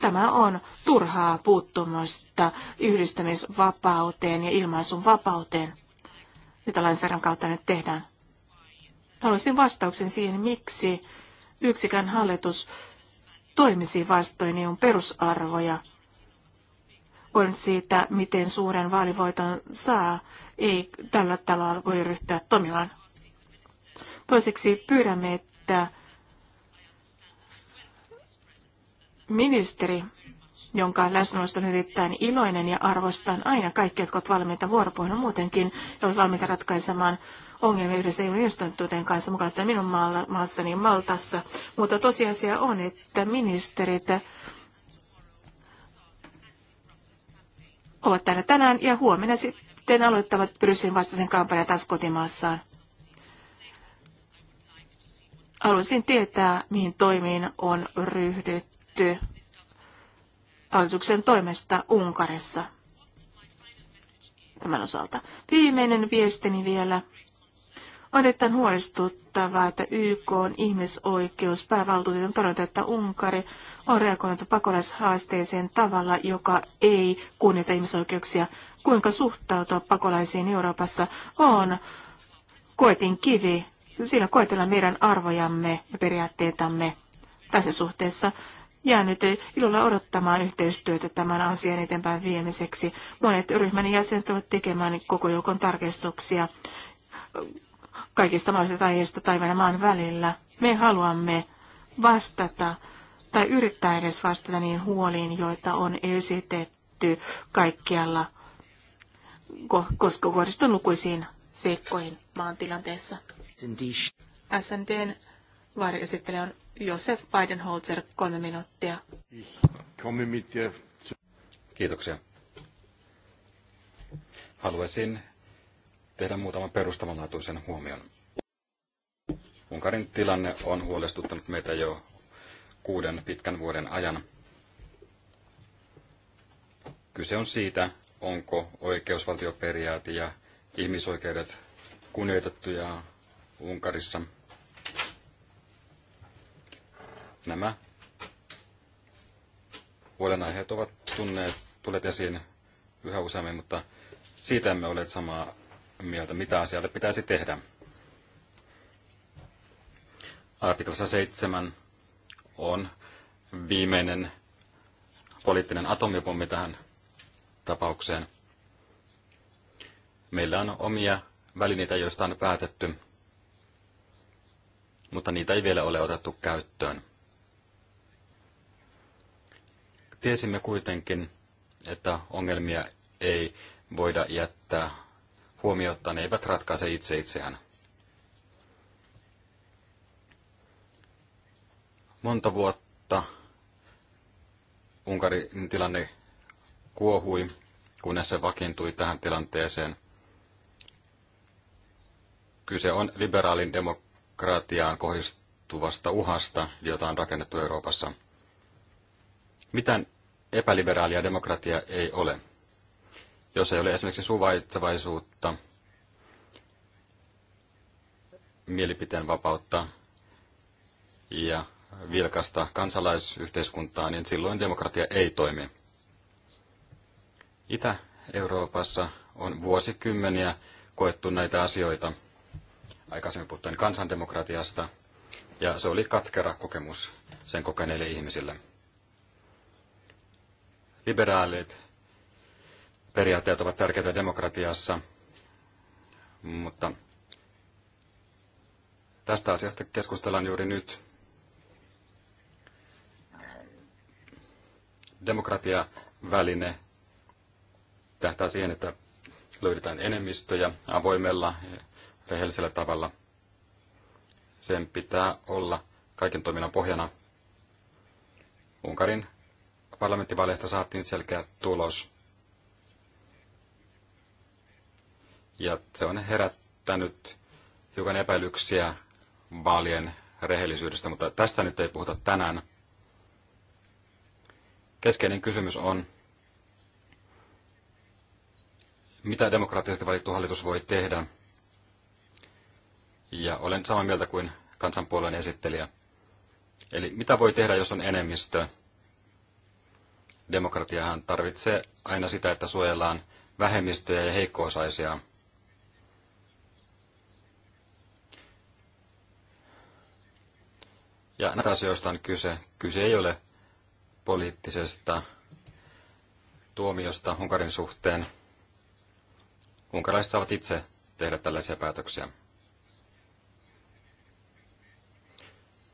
Tämä on turhaa puuttumista yhdistämisvapauteen ja ilmaisun vapauteen, mitä lainsäädännön kautta nyt tehdään. Haluaisin vastauksen siihen, miksi yksikään hallitus toimisi vastoin EUn perusarvoja. On siitä, miten suuren vaalivoiton saa, ei tällä tavalla voi ryhtyä toimimaan. Toiseksi pyydämme, että ministeri, jonka läsnäolosta on erittäin iloinen ja arvostan aina kaikki, jotka ovat valmiita vuoropuhelun muutenkin ja ovat valmiita ratkaisemaan ongelmia yhdessä EU-instituutioiden kanssa, mukana että minun maalla, maassani Maltassa. Mutta tosiasia on, että ministerit ovat täällä tänään ja huomenna sitten aloittavat Brysselin vastaisen kampanjan taas kotimaassaan. Haluaisin tietää, mihin toimiin on ryhdytty tehty hallituksen toimesta Unkarissa tämän osalta. Viimeinen viestini vielä. On erittäin huolestuttavaa, että YK on ihmisoikeuspäävaltuutetun todeta, että Unkari on reagoinut pakolaishaasteeseen tavalla, joka ei kunnioita ihmisoikeuksia. Kuinka suhtautua pakolaisiin Euroopassa on koetin kivi. Siinä koetellaan meidän arvojamme ja periaatteetamme Tässä suhteessa nyt ilolla odottamaan yhteistyötä tämän asian eteenpäin viemiseksi. Monet ryhmän jäsenet ovat tekemään koko joukon tarkistuksia kaikista mahdollisista aiheista taivaan maan välillä. Me haluamme vastata tai yrittää edes vastata niin huoliin, joita on esitetty kaikkialla, koska kohdistun lukuisiin seikkoihin maan tilanteessa. SNDn varjoesittelijä on Josef Weidenholzer, kolme minuuttia. Kiitoksia. Haluaisin tehdä muutaman perustavanlaatuisen huomion. Unkarin tilanne on huolestuttanut meitä jo kuuden pitkän vuoden ajan. Kyse on siitä, onko oikeusvaltioperiaate ja ihmisoikeudet kunnioitettuja Unkarissa – nämä huolenaiheet ovat tunneet, tulleet esiin yhä useammin, mutta siitä emme ole samaa mieltä, mitä asialle pitäisi tehdä. Artiklassa 7 on viimeinen poliittinen atomipommi tähän tapaukseen. Meillä on omia välineitä, joista on päätetty, mutta niitä ei vielä ole otettu käyttöön. Tiesimme kuitenkin, että ongelmia ei voida jättää huomiota, ne eivät ratkaise itse itseään. Monta vuotta Unkarin tilanne kuohui, kunnes se vakiintui tähän tilanteeseen. Kyse on liberaalin demokratiaan kohdistuvasta uhasta, jota on rakennettu Euroopassa – mitään epäliberaalia demokratia ei ole. Jos ei ole esimerkiksi suvaitsevaisuutta, mielipiteen vapautta ja vilkasta kansalaisyhteiskuntaa, niin silloin demokratia ei toimi. Itä-Euroopassa on vuosikymmeniä koettu näitä asioita. Aikaisemmin puhuttiin kansandemokratiasta, ja se oli katkera kokemus sen kokeneille ihmisille liberaalit periaatteet ovat tärkeitä demokratiassa, mutta tästä asiasta keskustellaan juuri nyt. demokratia väline tähtää siihen, että löydetään enemmistöjä avoimella ja rehellisellä tavalla. Sen pitää olla kaiken toiminnan pohjana. Unkarin parlamenttivaaleista saatiin selkeä tulos. Ja se on herättänyt hiukan epäilyksiä vaalien rehellisyydestä, mutta tästä nyt ei puhuta tänään. Keskeinen kysymys on, mitä demokraattisesti valittu hallitus voi tehdä. Ja olen samaa mieltä kuin kansanpuolueen esittelijä. Eli mitä voi tehdä, jos on enemmistö Demokratiahan tarvitsee aina sitä, että suojellaan vähemmistöjä ja heikkoosaisia. Ja näitä asioista on kyse. Kyse ei ole poliittisesta tuomiosta Unkarin suhteen. Unkaraiset saavat itse tehdä tällaisia päätöksiä.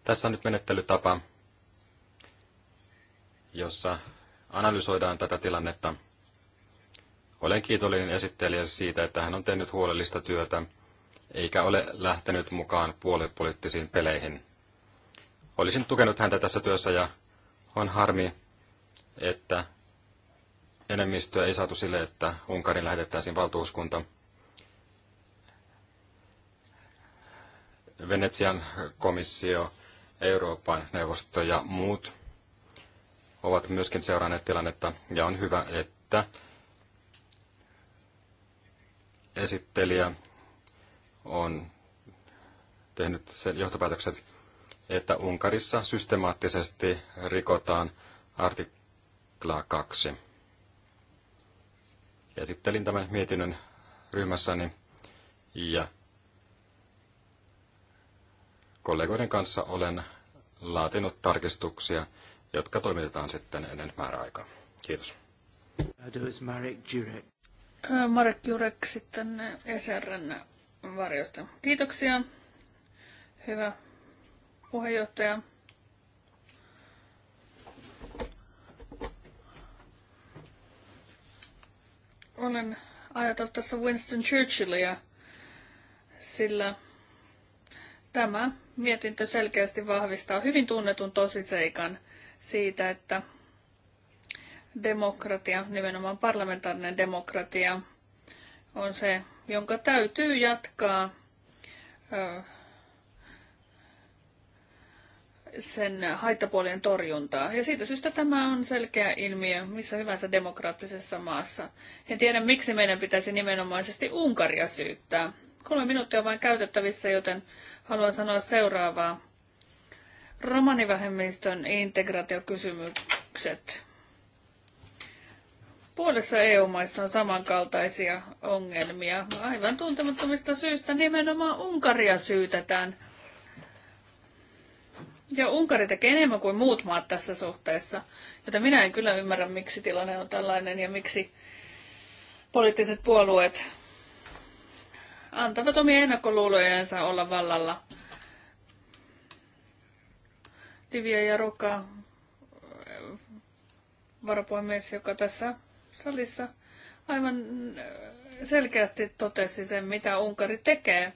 Tässä on nyt menettelytapa, jossa analysoidaan tätä tilannetta. Olen kiitollinen esittelijä siitä, että hän on tehnyt huolellista työtä, eikä ole lähtenyt mukaan puoluepoliittisiin peleihin. Olisin tukenut häntä tässä työssä ja on harmi, että enemmistöä ei saatu sille, että Unkarin lähetettäisiin valtuuskunta. Venetsian komissio, Euroopan neuvosto ja muut ovat myöskin seuranneet tilannetta ja on hyvä, että esittelijä on tehnyt sen johtopäätökset, että Unkarissa systemaattisesti rikotaan artiklaa 2. Esittelin tämän mietinnön ryhmässäni ja kollegoiden kanssa olen laatinut tarkistuksia, jotka toimitetaan sitten ennen määräaikaa. Kiitos. Marek Jurek. Marek Jurek sitten SRN e varjosta. Kiitoksia. Hyvä puheenjohtaja. Olen ajatellut tässä Winston Churchillia, sillä tämä mietintö selkeästi vahvistaa hyvin tunnetun tosiseikan – siitä, että demokratia, nimenomaan parlamentaarinen demokratia, on se, jonka täytyy jatkaa sen haittapuolien torjuntaa. Ja siitä syystä tämä on selkeä ilmiö missä hyvänsä demokraattisessa maassa. En tiedä, miksi meidän pitäisi nimenomaisesti Unkaria syyttää. Kolme minuuttia on vain käytettävissä, joten haluan sanoa seuraavaa romanivähemmistön integraatiokysymykset. Puolessa EU-maissa on samankaltaisia ongelmia. Aivan tuntemattomista syistä nimenomaan Unkaria syytetään. Ja Unkari tekee enemmän kuin muut maat tässä suhteessa. Joten minä en kyllä ymmärrä, miksi tilanne on tällainen ja miksi poliittiset puolueet antavat omien ennakkoluulojensa olla vallalla Tiviä ja Roka, äh, varapuhemies, joka tässä salissa aivan äh, selkeästi totesi sen, mitä Unkari tekee,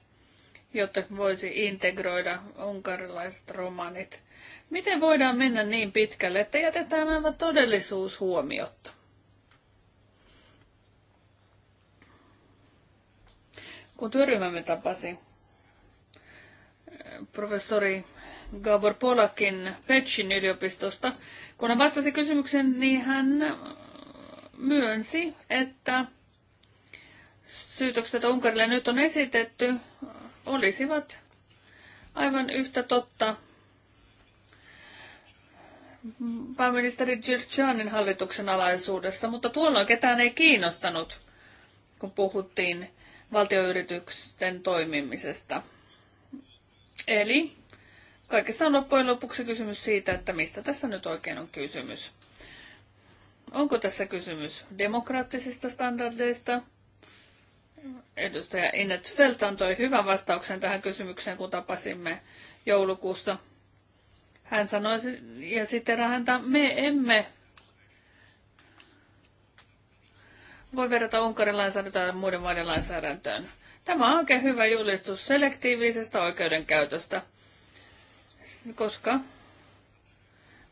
jotta voisi integroida unkarilaiset romanit. Miten voidaan mennä niin pitkälle, että jätetään aivan todellisuus huomiotta? Kun työryhmämme tapasi äh, professori Gabor Polakin Petsin yliopistosta. Kun hän vastasi kysymyksen, niin hän myönsi, että syytökset, joita Unkarille nyt on esitetty, olisivat aivan yhtä totta pääministeri Girchanin hallituksen alaisuudessa, mutta tuolloin ketään ei kiinnostanut, kun puhuttiin valtioyritysten toimimisesta. Eli Kaikessa on loppujen lopuksi kysymys siitä, että mistä tässä nyt oikein on kysymys. Onko tässä kysymys demokraattisista standardeista? Edustaja Innet Felt antoi hyvän vastauksen tähän kysymykseen, kun tapasimme joulukuussa. Hän sanoi, ja sitten häntä, me emme voi verrata Unkarin lainsäädäntöä muiden maiden lainsäädäntöön. Tämä on oikein hyvä julistus selektiivisestä oikeudenkäytöstä – koska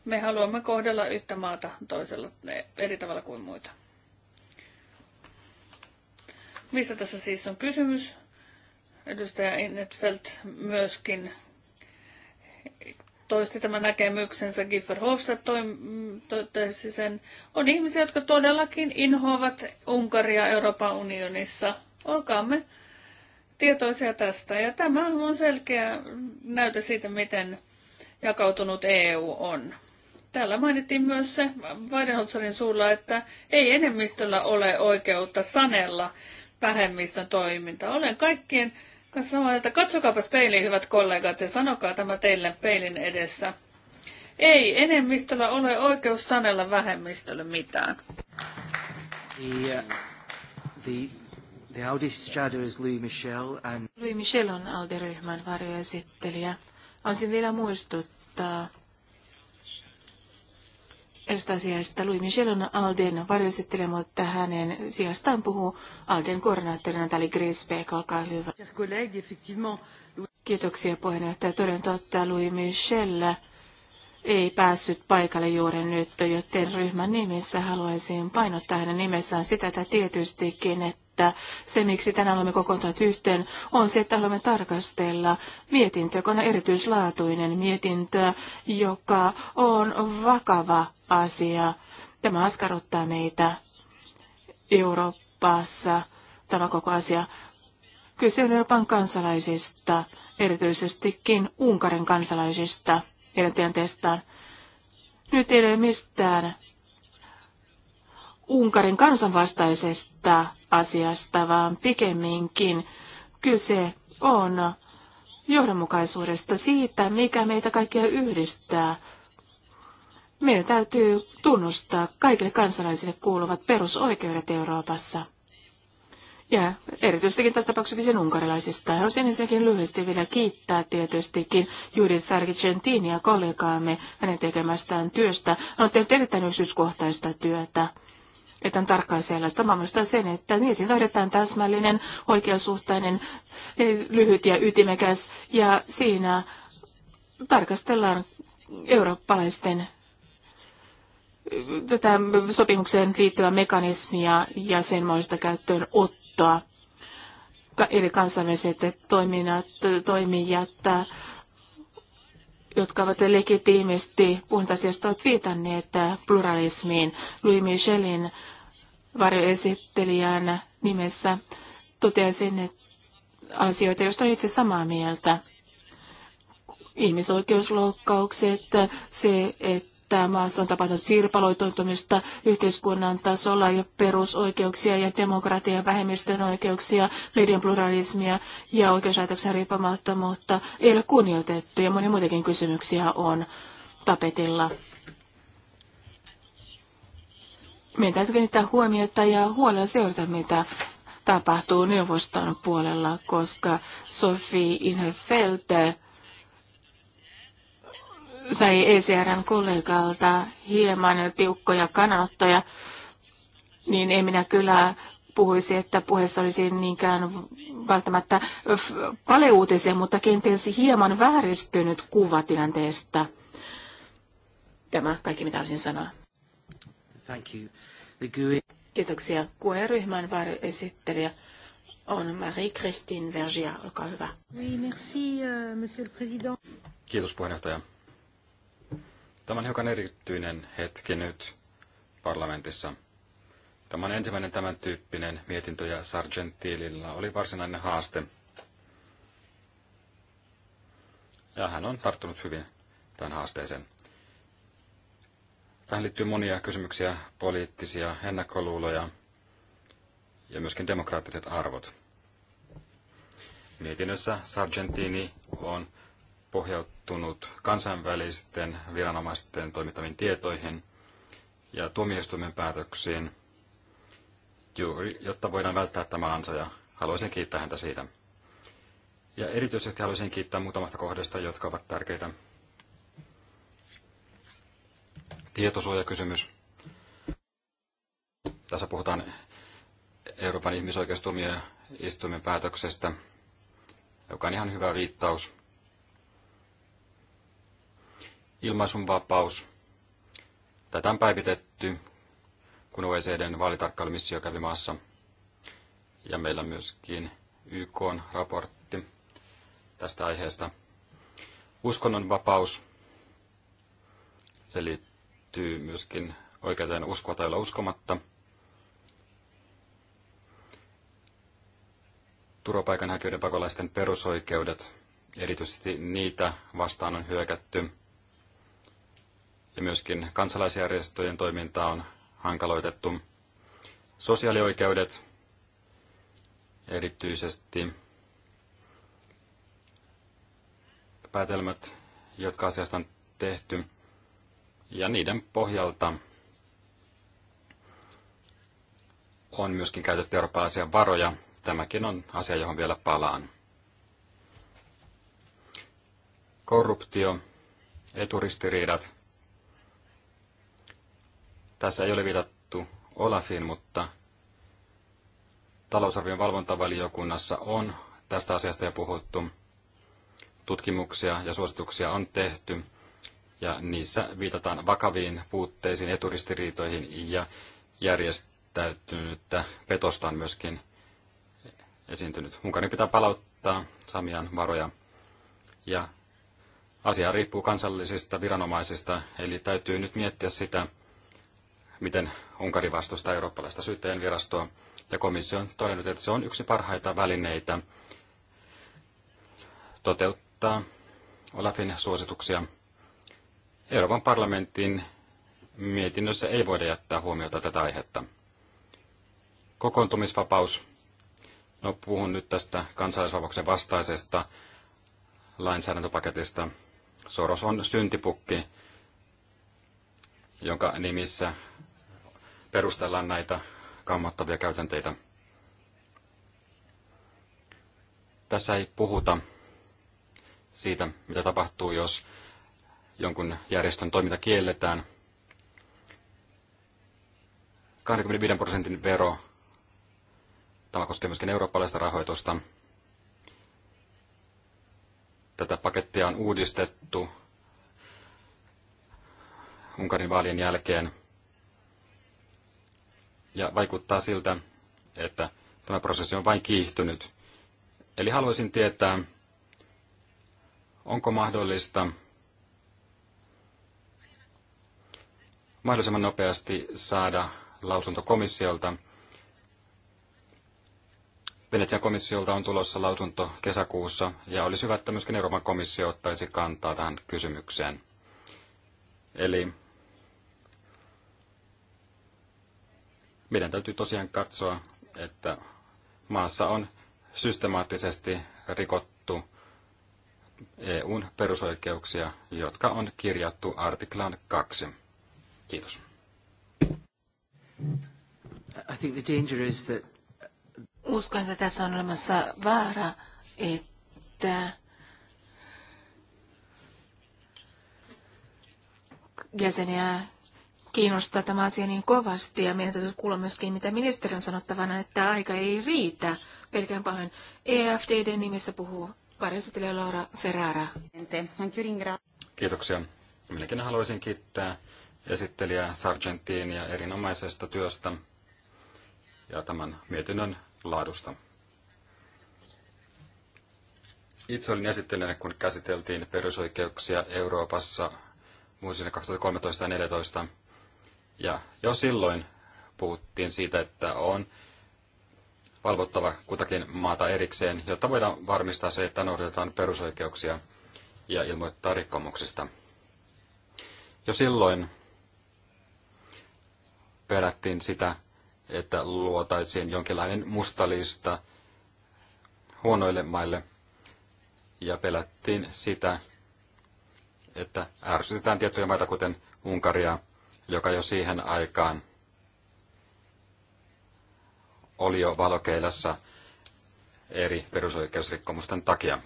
me haluamme kohdella yhtä maata toisella eri tavalla kuin muita. Mistä tässä siis on kysymys? Edustaja Innetfeld myöskin toisti tämän näkemyksensä, Giffer Hofstadt totesi sen. On ihmisiä, jotka todellakin inhoavat Unkaria Euroopan unionissa. Olkaamme tietoisia tästä. Ja tämä on selkeä näyte siitä, miten jakautunut EU on. Täällä mainittiin myös se Weidenholzerin suulla, että ei enemmistöllä ole oikeutta sanella vähemmistön toimintaa. Olen kaikkien kanssa samaa mieltä. Katsokaapas peiliin, hyvät kollegat, ja sanokaa tämä teille peilin edessä. Ei enemmistöllä ole oikeus sanella vähemmistölle mitään. The, uh, the, the Audi shadow is Louis Michel and... Louis Michel on Alderyhmän varjoesittelijä. Haluaisin vielä muistuttaa tästä asiasta. Louis Michel on Alden varjoesittelijä, että hänen sijastaan puhuu Alden koordinaattorina Natali Grisbeck. Olkaa hyvä. Kiitoksia puheenjohtaja. Toden totta Louis Michel ei päässyt paikalle juuri nyt, joten ryhmän nimissä haluaisin painottaa hänen nimessään sitä, että tietystikin, että että se, miksi tänään olemme kokoontuneet yhteen, on se, että haluamme tarkastella mietintöä, joka on erityislaatuinen mietintö, joka on vakava asia. Tämä askarruttaa meitä Euroopassa, tämä koko asia. Kyse on Euroopan kansalaisista, erityisestikin Unkarin kansalaisista heidän tilanteestaan. Nyt ei ole mistään Unkarin kansanvastaisesta asiasta, vaan pikemminkin kyse on johdonmukaisuudesta siitä, mikä meitä kaikkia yhdistää. Meidän täytyy tunnustaa kaikille kansalaisille kuuluvat perusoikeudet Euroopassa. Ja erityisesti tässä tapauksessa kyse unkarilaisista. Haluaisin ensinnäkin lyhyesti vielä kiittää tietystikin Judith ja kollegaamme hänen tekemästään työstä. Hän on tehnyt erittäin yksityiskohtaista työtä että on tarkkaan sellaista. Tämä sen, että niihin löydetään täsmällinen, oikeasuhtainen, e, lyhyt ja ytimekäs, ja siinä tarkastellaan eurooppalaisten e, tätä sopimukseen liittyvää mekanismia ja sen mahdollista ottoa, Eli kansainväliset toiminnat, toimijat jotka ovat legitiimisti puhuntasiasta ovat viitanneet pluralismiin. Louis Michelin varjoesittelijän nimessä totesin asioita, joista olen itse samaa mieltä. Ihmisoikeusloukkaukset, se, että että maassa on tapahtunut sirpaloituntumista yhteiskunnan tasolla ja perusoikeuksia ja demokratia, vähemmistön oikeuksia, median pluralismia ja oikeuslaitoksen riippumattomuutta ei ole kunnioitettu ja monia muitakin kysymyksiä on tapetilla. Meidän täytyy kiinnittää huomiota ja huolella seurata, mitä tapahtuu neuvoston puolella, koska Sophie Inhefelte sai ECRn kollegalta hieman tiukkoja kannanottoja, niin en minä kyllä puhuisi, että puheessa olisi niinkään välttämättä paleuutisia, mutta kenties hieman vääristynyt kuva tilanteesta. Tämä kaikki, mitä olisin sanoa. Thank you. The GUI... E Kiitoksia. QE-ryhmän esittelijä on Marie-Christine Vergia. Olkaa hyvä. Oui, merci, uh, Kiitos puheenjohtaja. Tämä on hiukan erityinen hetki nyt parlamentissa. Tämä on ensimmäinen tämän tyyppinen mietintö ja Sargentilillä oli varsinainen haaste. Ja hän on tarttunut hyvin tämän haasteeseen. Tähän liittyy monia kysymyksiä, poliittisia ennakkoluuloja ja myöskin demokraattiset arvot. Mietinnössä Sargentini on pohjautunut tarttunut kansainvälisten viranomaisten toimittamiin tietoihin ja tuomioistuimen päätöksiin, juuri, jotta voidaan välttää tämä ansa, ja haluaisin kiittää häntä siitä. Ja erityisesti haluaisin kiittää muutamasta kohdasta, jotka ovat tärkeitä. Tietosuojakysymys. Tässä puhutaan Euroopan ihmisoikeustuomioistuimen päätöksestä, joka on ihan hyvä viittaus ilmaisunvapaus. Tätä on päivitetty, kun OECDn vaalitarkkailumissio kävi maassa. Ja meillä on myöskin YK raportti tästä aiheesta. Uskonnonvapaus. Se liittyy myöskin oikeuteen uskoa tai olla uskomatta. Turvapaikanhakijoiden pakolaisten perusoikeudet, erityisesti niitä vastaan on hyökätty – ja myöskin kansalaisjärjestöjen toimintaa on hankaloitettu. Sosiaalioikeudet erityisesti päätelmät, jotka asiasta on tehty, ja niiden pohjalta on myöskin käytetty eurooppalaisia varoja. Tämäkin on asia, johon vielä palaan. Korruptio, eturistiriidat, tässä ei ole viitattu Olafiin, mutta talousarvion valvontavaliokunnassa on tästä asiasta jo puhuttu. Tutkimuksia ja suosituksia on tehty ja niissä viitataan vakaviin puutteisiin, eturistiriitoihin ja järjestäytynyttä petosta on myöskin esiintynyt. Unkarin pitää palauttaa Samian varoja ja asia riippuu kansallisista viranomaisista, eli täytyy nyt miettiä sitä, miten Unkari vastustaa eurooppalaista syyttäjän virastoa, ja komissio on todennut, että se on yksi parhaita välineitä toteuttaa Olafin suosituksia. Euroopan parlamentin mietinnössä ei voida jättää huomiota tätä aihetta. Kokoontumisvapaus. No, puhun nyt tästä kansallisvapauksen vastaisesta lainsäädäntöpaketista. Soros on syntipukki, jonka nimissä perustellaan näitä kammottavia käytänteitä. Tässä ei puhuta siitä, mitä tapahtuu, jos jonkun järjestön toiminta kielletään. 25 prosentin vero, tämä koskee myöskin eurooppalaista rahoitusta. Tätä pakettia on uudistettu Unkarin vaalien jälkeen ja vaikuttaa siltä, että tämä prosessi on vain kiihtynyt. Eli haluaisin tietää, onko mahdollista mahdollisimman nopeasti saada lausunto komissiolta. Venetsian komissiolta on tulossa lausunto kesäkuussa ja olisi hyvä, että myöskin Euroopan komissio ottaisi kantaa tähän kysymykseen. Eli Meidän täytyy tosiaan katsoa, että maassa on systemaattisesti rikottu EUn perusoikeuksia, jotka on kirjattu artiklan 2. Kiitos. I think the danger is that... Uh, Uskon, että tässä on olemassa vaara, että jäseniä kiinnostaa tämä asia niin kovasti ja meidän täytyy kuulla myöskin, mitä ministeri on sanottavana, että aika ei riitä. Pelkään pahoin. EFDD nimissä puhuu varjostelija Laura Ferrara. Kiitoksia. Minäkin haluaisin kiittää esittelijä ja erinomaisesta työstä ja tämän mietinnön laadusta. Itse olin esittelijänä, kun käsiteltiin perusoikeuksia Euroopassa vuosina 2013 ja 2014. Ja jo silloin puhuttiin siitä, että on valvottava kutakin maata erikseen, jotta voidaan varmistaa se, että noudatetaan perusoikeuksia ja ilmoittaa rikkomuksista. Jo silloin pelättiin sitä, että luotaisiin jonkinlainen mustalista huonoille maille ja pelättiin sitä, että ärsytetään tiettyjä maita, kuten Unkaria, joka jo siihen aikaan oli jo valokeilassa eri perusoikeusrikkomusten takia.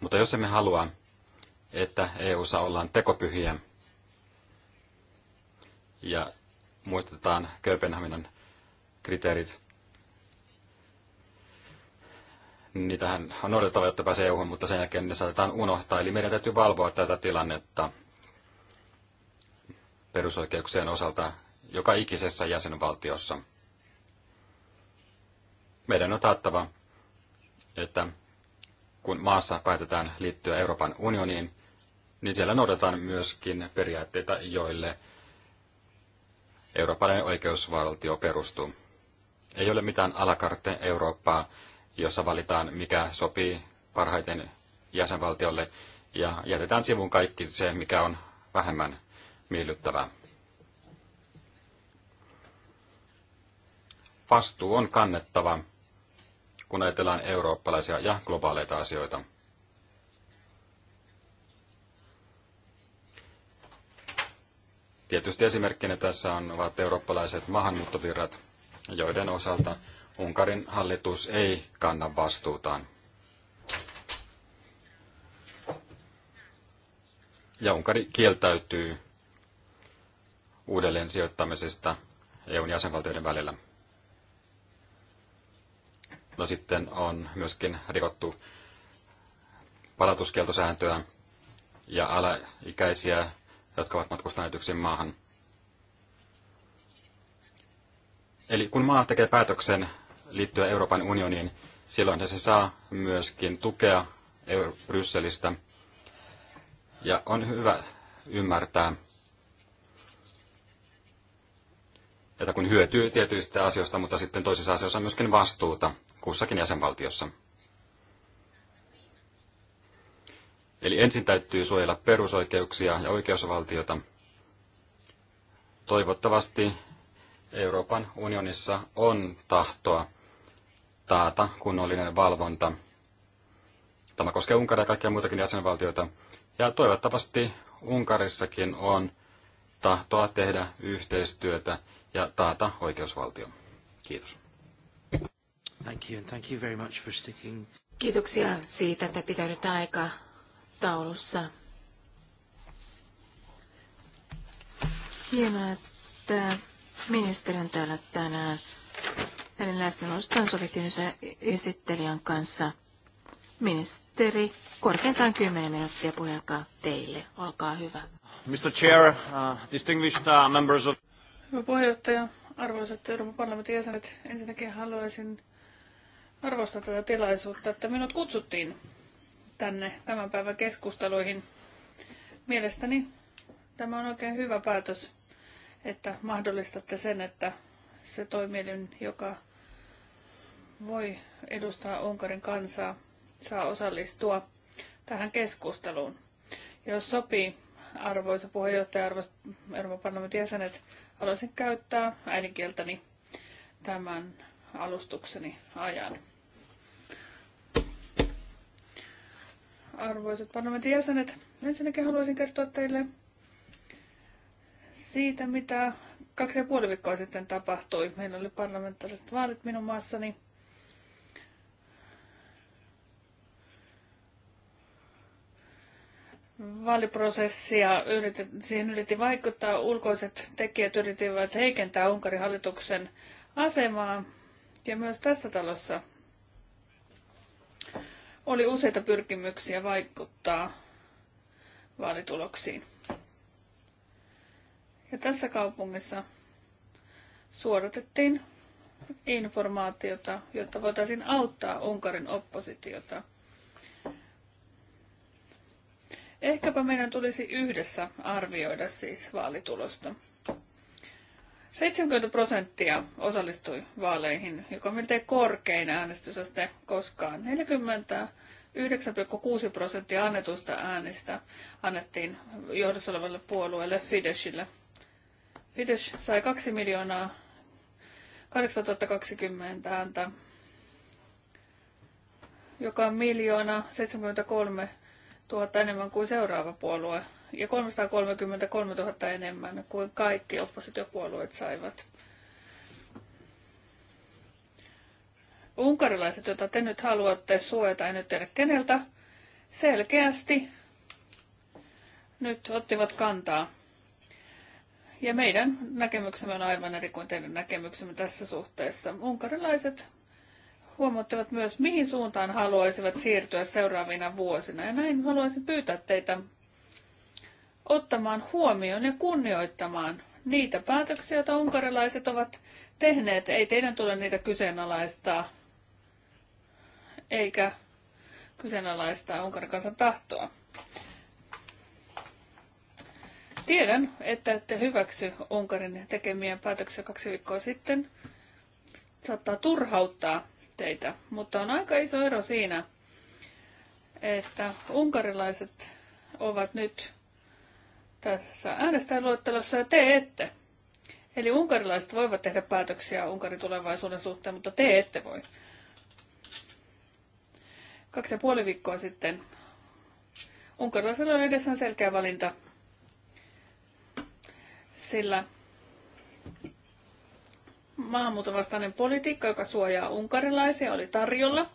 Mutta jos emme halua, että EU EU-ssa ollaan tekopyhiä ja muistetaan Kööpenhaminan kriteerit, tähän on odotettava, että pääsee EU-hun, mutta sen jälkeen ne saatetaan unohtaa. Eli meidän täytyy valvoa tätä tilannetta – perusoikeuksien osalta joka ikisessä jäsenvaltiossa. Meidän on taattava, että kun maassa päätetään liittyä Euroopan unioniin, niin siellä noudatetaan myöskin periaatteita, joille eurooppalainen oikeusvaltio perustuu. Ei ole mitään alakartte Eurooppaa, jossa valitaan, mikä sopii parhaiten jäsenvaltiolle, ja jätetään sivuun kaikki se, mikä on vähemmän miellyttävää. Vastuu on kannettava, kun ajatellaan eurooppalaisia ja globaaleita asioita. Tietysti esimerkkinä tässä on ovat eurooppalaiset maahanmuuttovirrat, joiden osalta Unkarin hallitus ei kanna vastuutaan. Ja Unkari kieltäytyy uudelleen sijoittamisesta EUn jäsenvaltioiden välillä. No sitten on myöskin rikottu palautuskieltosääntöä ja alaikäisiä, jotka ovat matkustaneet yksin maahan. Eli kun maa tekee päätöksen liittyä Euroopan unioniin, silloin se saa myöskin tukea Brysselistä. Ja on hyvä ymmärtää, että kun hyötyy tietyistä asioista, mutta sitten toisissa asioissa on myöskin vastuuta kussakin jäsenvaltiossa. Eli ensin täytyy suojella perusoikeuksia ja oikeusvaltiota. Toivottavasti Euroopan unionissa on tahtoa taata kunnollinen valvonta. Tämä koskee Unkaria ja kaikkia muitakin jäsenvaltioita. Ja toivottavasti Unkarissakin on tahtoa tehdä yhteistyötä ja taata oikeusvaltio. Kiitos. Thank you, and thank you very much for sticking. Kiitoksia siitä, että pitänyt aika taulussa. Hienoa, että ministeri on täällä tänään. Hänen läsnäolostaan sovittiin esittelijän kanssa. Ministeri, korkeintaan 10 minuuttia puheenjohtaja teille. Olkaa hyvä. Mr. Chair, uh, distinguished uh, members of... Hyvä puheenjohtaja, arvoisat Euroopan parlamentin jäsenet, ensinnäkin haluaisin arvostaa tätä tilaisuutta, että minut kutsuttiin tänne tämän päivän keskusteluihin. Mielestäni tämä on oikein hyvä päätös, että mahdollistatte sen, että se toimielin, joka voi edustaa Unkarin kansaa, saa osallistua tähän keskusteluun. Jos sopii, arvoisa puheenjohtaja, arvoisat Euroopan parlamentin jäsenet, haluaisin käyttää äidinkieltäni tämän alustukseni ajan. Arvoisat parlamentin jäsenet, ensinnäkin haluaisin kertoa teille siitä, mitä kaksi ja puoli viikkoa sitten tapahtui. Meillä oli parlamentaariset vaalit minun maassani vaaliprosessia yritet, siihen yritti vaikuttaa. Ulkoiset tekijät yrittivät heikentää Unkarin hallituksen asemaa. Ja myös tässä talossa oli useita pyrkimyksiä vaikuttaa vaalituloksiin. Ja tässä kaupungissa suodatettiin informaatiota, jotta voitaisiin auttaa Unkarin oppositiota – Ehkäpä meidän tulisi yhdessä arvioida siis vaalitulosta. 70 prosenttia osallistui vaaleihin, joka on miltei korkein äänestysaste koskaan. 49,6 prosenttia annetusta äänistä annettiin johdossa olevalle puolueelle Fideszille. Fidesz sai 2 miljoonaa 8020 ääntä, joka on miljoona 73 000 enemmän kuin seuraava puolue ja 333 000 enemmän kuin kaikki oppositiopuolueet saivat. Unkarilaiset, joita te nyt haluatte suojata, en nyt tiedä keneltä, selkeästi nyt ottivat kantaa. Ja meidän näkemyksemme on aivan eri kuin teidän näkemyksemme tässä suhteessa. Unkarilaiset huomattavat myös, mihin suuntaan haluaisivat siirtyä seuraavina vuosina. Ja näin haluaisin pyytää teitä ottamaan huomioon ja kunnioittamaan niitä päätöksiä, joita unkarilaiset ovat tehneet. Ei teidän tule niitä kyseenalaistaa, eikä kyseenalaistaa Unkarin kansan tahtoa. Tiedän, että ette hyväksy Unkarin tekemiä päätöksiä kaksi viikkoa sitten. Saattaa turhauttaa aloitteita, mutta on aika iso ero siinä, että unkarilaiset ovat nyt tässä äänestäjäluettelossa ja te ette. Eli unkarilaiset voivat tehdä päätöksiä Unkarin tulevaisuuden suhteen, mutta te ette voi. Kaksi ja puoli viikkoa sitten unkarilaisilla oli edessään selkeä valinta, sillä maahanmuutovastainen politiikka, joka suojaa unkarilaisia, oli tarjolla.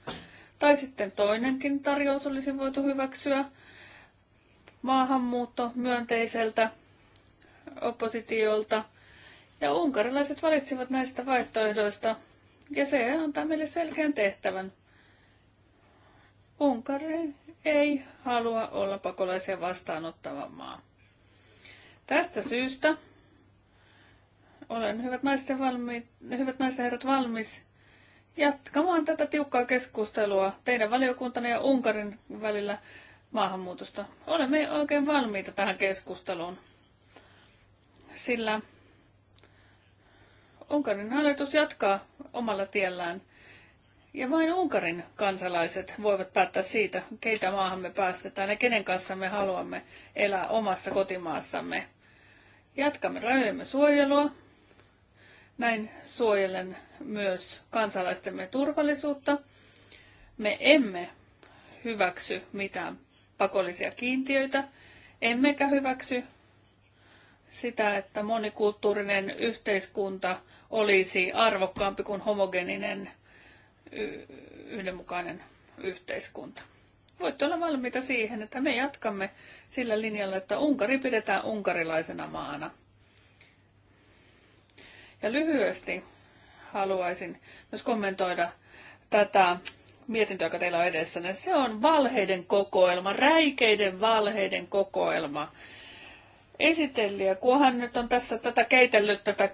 Tai sitten toinenkin tarjous olisi voitu hyväksyä maahanmuutto myönteiseltä oppositiolta. Ja unkarilaiset valitsivat näistä vaihtoehdoista. Ja se antaa meille selkeän tehtävän. Unkari ei halua olla pakolaisia vastaanottava maa. Tästä syystä olen hyvät naiset ja, valmi, hyvät naiset ja herrat valmis jatkamaan tätä tiukkaa keskustelua teidän valiokuntanne ja Unkarin välillä maahanmuutosta. Olemme oikein valmiita tähän keskusteluun, sillä Unkarin hallitus jatkaa omalla tiellään ja vain Unkarin kansalaiset voivat päättää siitä, keitä maahamme päästetään ja kenen kanssa me haluamme elää omassa kotimaassamme. Jatkamme rajojemme suojelua, näin suojelen myös kansalaistemme turvallisuutta. Me emme hyväksy mitään pakollisia kiintiöitä, emmekä hyväksy sitä, että monikulttuurinen yhteiskunta olisi arvokkaampi kuin homogeninen yhdenmukainen yhteiskunta. Voitte olla valmiita siihen, että me jatkamme sillä linjalla, että Unkari pidetään unkarilaisena maana – ja lyhyesti haluaisin myös kommentoida tätä mietintöä, joka teillä on edessänne. Se on valheiden kokoelma, räikeiden valheiden kokoelma. Esittelijä, kunhan nyt on tässä tätä keitellyt tätä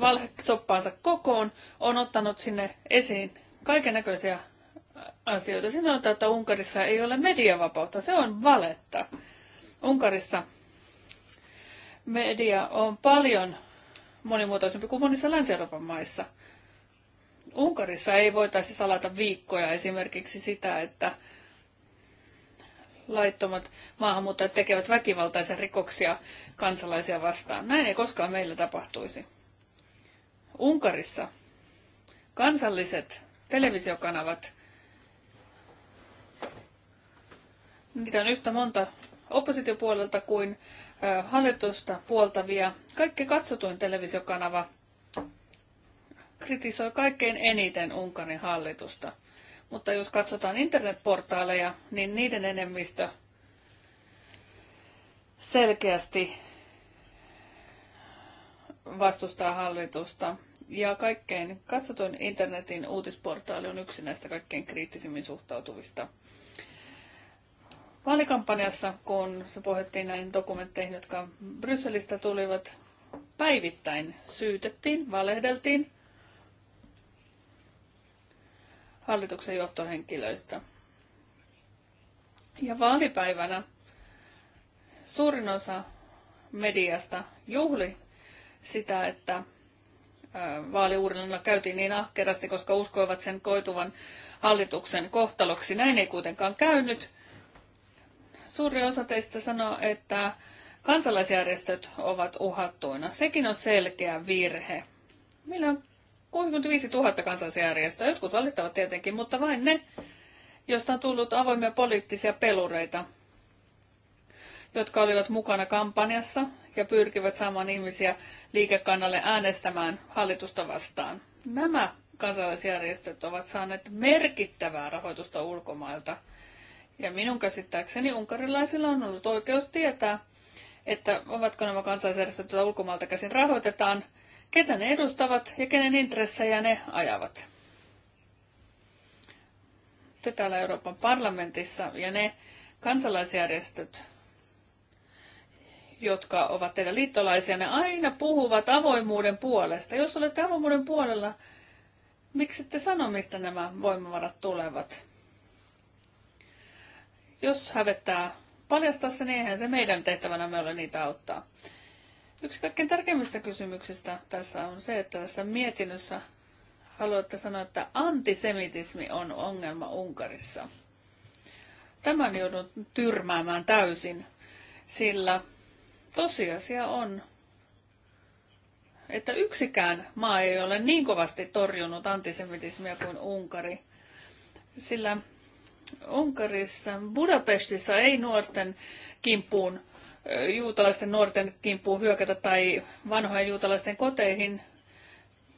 valhesoppaansa kokoon, on ottanut sinne esiin kaiken näköisiä asioita. on että Unkarissa ei ole mediavapautta. Se on valetta. Unkarissa media on paljon monimuotoisempi kuin monissa Länsi-Euroopan maissa. Unkarissa ei voitaisi salata viikkoja esimerkiksi sitä, että laittomat maahanmuuttajat tekevät väkivaltaisia rikoksia kansalaisia vastaan. Näin ei koskaan meillä tapahtuisi. Unkarissa kansalliset televisiokanavat, niitä on yhtä monta oppositiopuolelta kuin hallitusta puoltavia. Kaikki katsotuin televisiokanava kritisoi kaikkein eniten Unkarin hallitusta. Mutta jos katsotaan internetportaaleja, niin niiden enemmistö selkeästi vastustaa hallitusta. Ja kaikkein katsotuin internetin uutisportaali on yksi näistä kaikkein kriittisimmin suhtautuvista Vaalikampanjassa, kun se pohjattiin näihin dokumentteihin, jotka Brysselistä tulivat päivittäin, syytettiin, valehdeltiin hallituksen johtohenkilöistä. Ja vaalipäivänä suurin osa mediasta juhli sitä, että vaaliuurnilla käytiin niin ahkerasti, koska uskoivat sen koituvan hallituksen kohtaloksi. Näin ei kuitenkaan käynyt. Suuri osa teistä sanoo, että kansalaisjärjestöt ovat uhattuina. Sekin on selkeä virhe. Meillä on 65 000 kansalaisjärjestöä. Jotkut valittavat tietenkin, mutta vain ne, josta on tullut avoimia poliittisia pelureita, jotka olivat mukana kampanjassa ja pyrkivät saamaan ihmisiä liikekannalle äänestämään hallitusta vastaan. Nämä kansalaisjärjestöt ovat saaneet merkittävää rahoitusta ulkomailta – ja minun käsittääkseni unkarilaisilla on ollut oikeus tietää, että ovatko nämä kansalaisjärjestöt, joita ulkomailta käsin rahoitetaan, ketä ne edustavat ja kenen intressejä ne ajavat. Te täällä Euroopan parlamentissa ja ne kansalaisjärjestöt, jotka ovat teidän liittolaisia, ne aina puhuvat avoimuuden puolesta. Jos olette avoimuuden puolella, miksi ette sano, mistä nämä voimavarat tulevat? Jos hävettää paljastaa se, niin eihän se meidän tehtävänä me ole niitä auttaa. Yksi kaikkein tärkeimmistä kysymyksistä tässä on se, että tässä mietinnössä haluatte sanoa, että antisemitismi on ongelma Unkarissa. Tämän joudun tyrmäämään täysin, sillä tosiasia on, että yksikään maa ei ole niin kovasti torjunut antisemitismia kuin Unkari, sillä Unkarissa, Budapestissa ei nuorten kimppuun, juutalaisten nuorten kimppuun hyökätä tai vanhojen juutalaisten koteihin.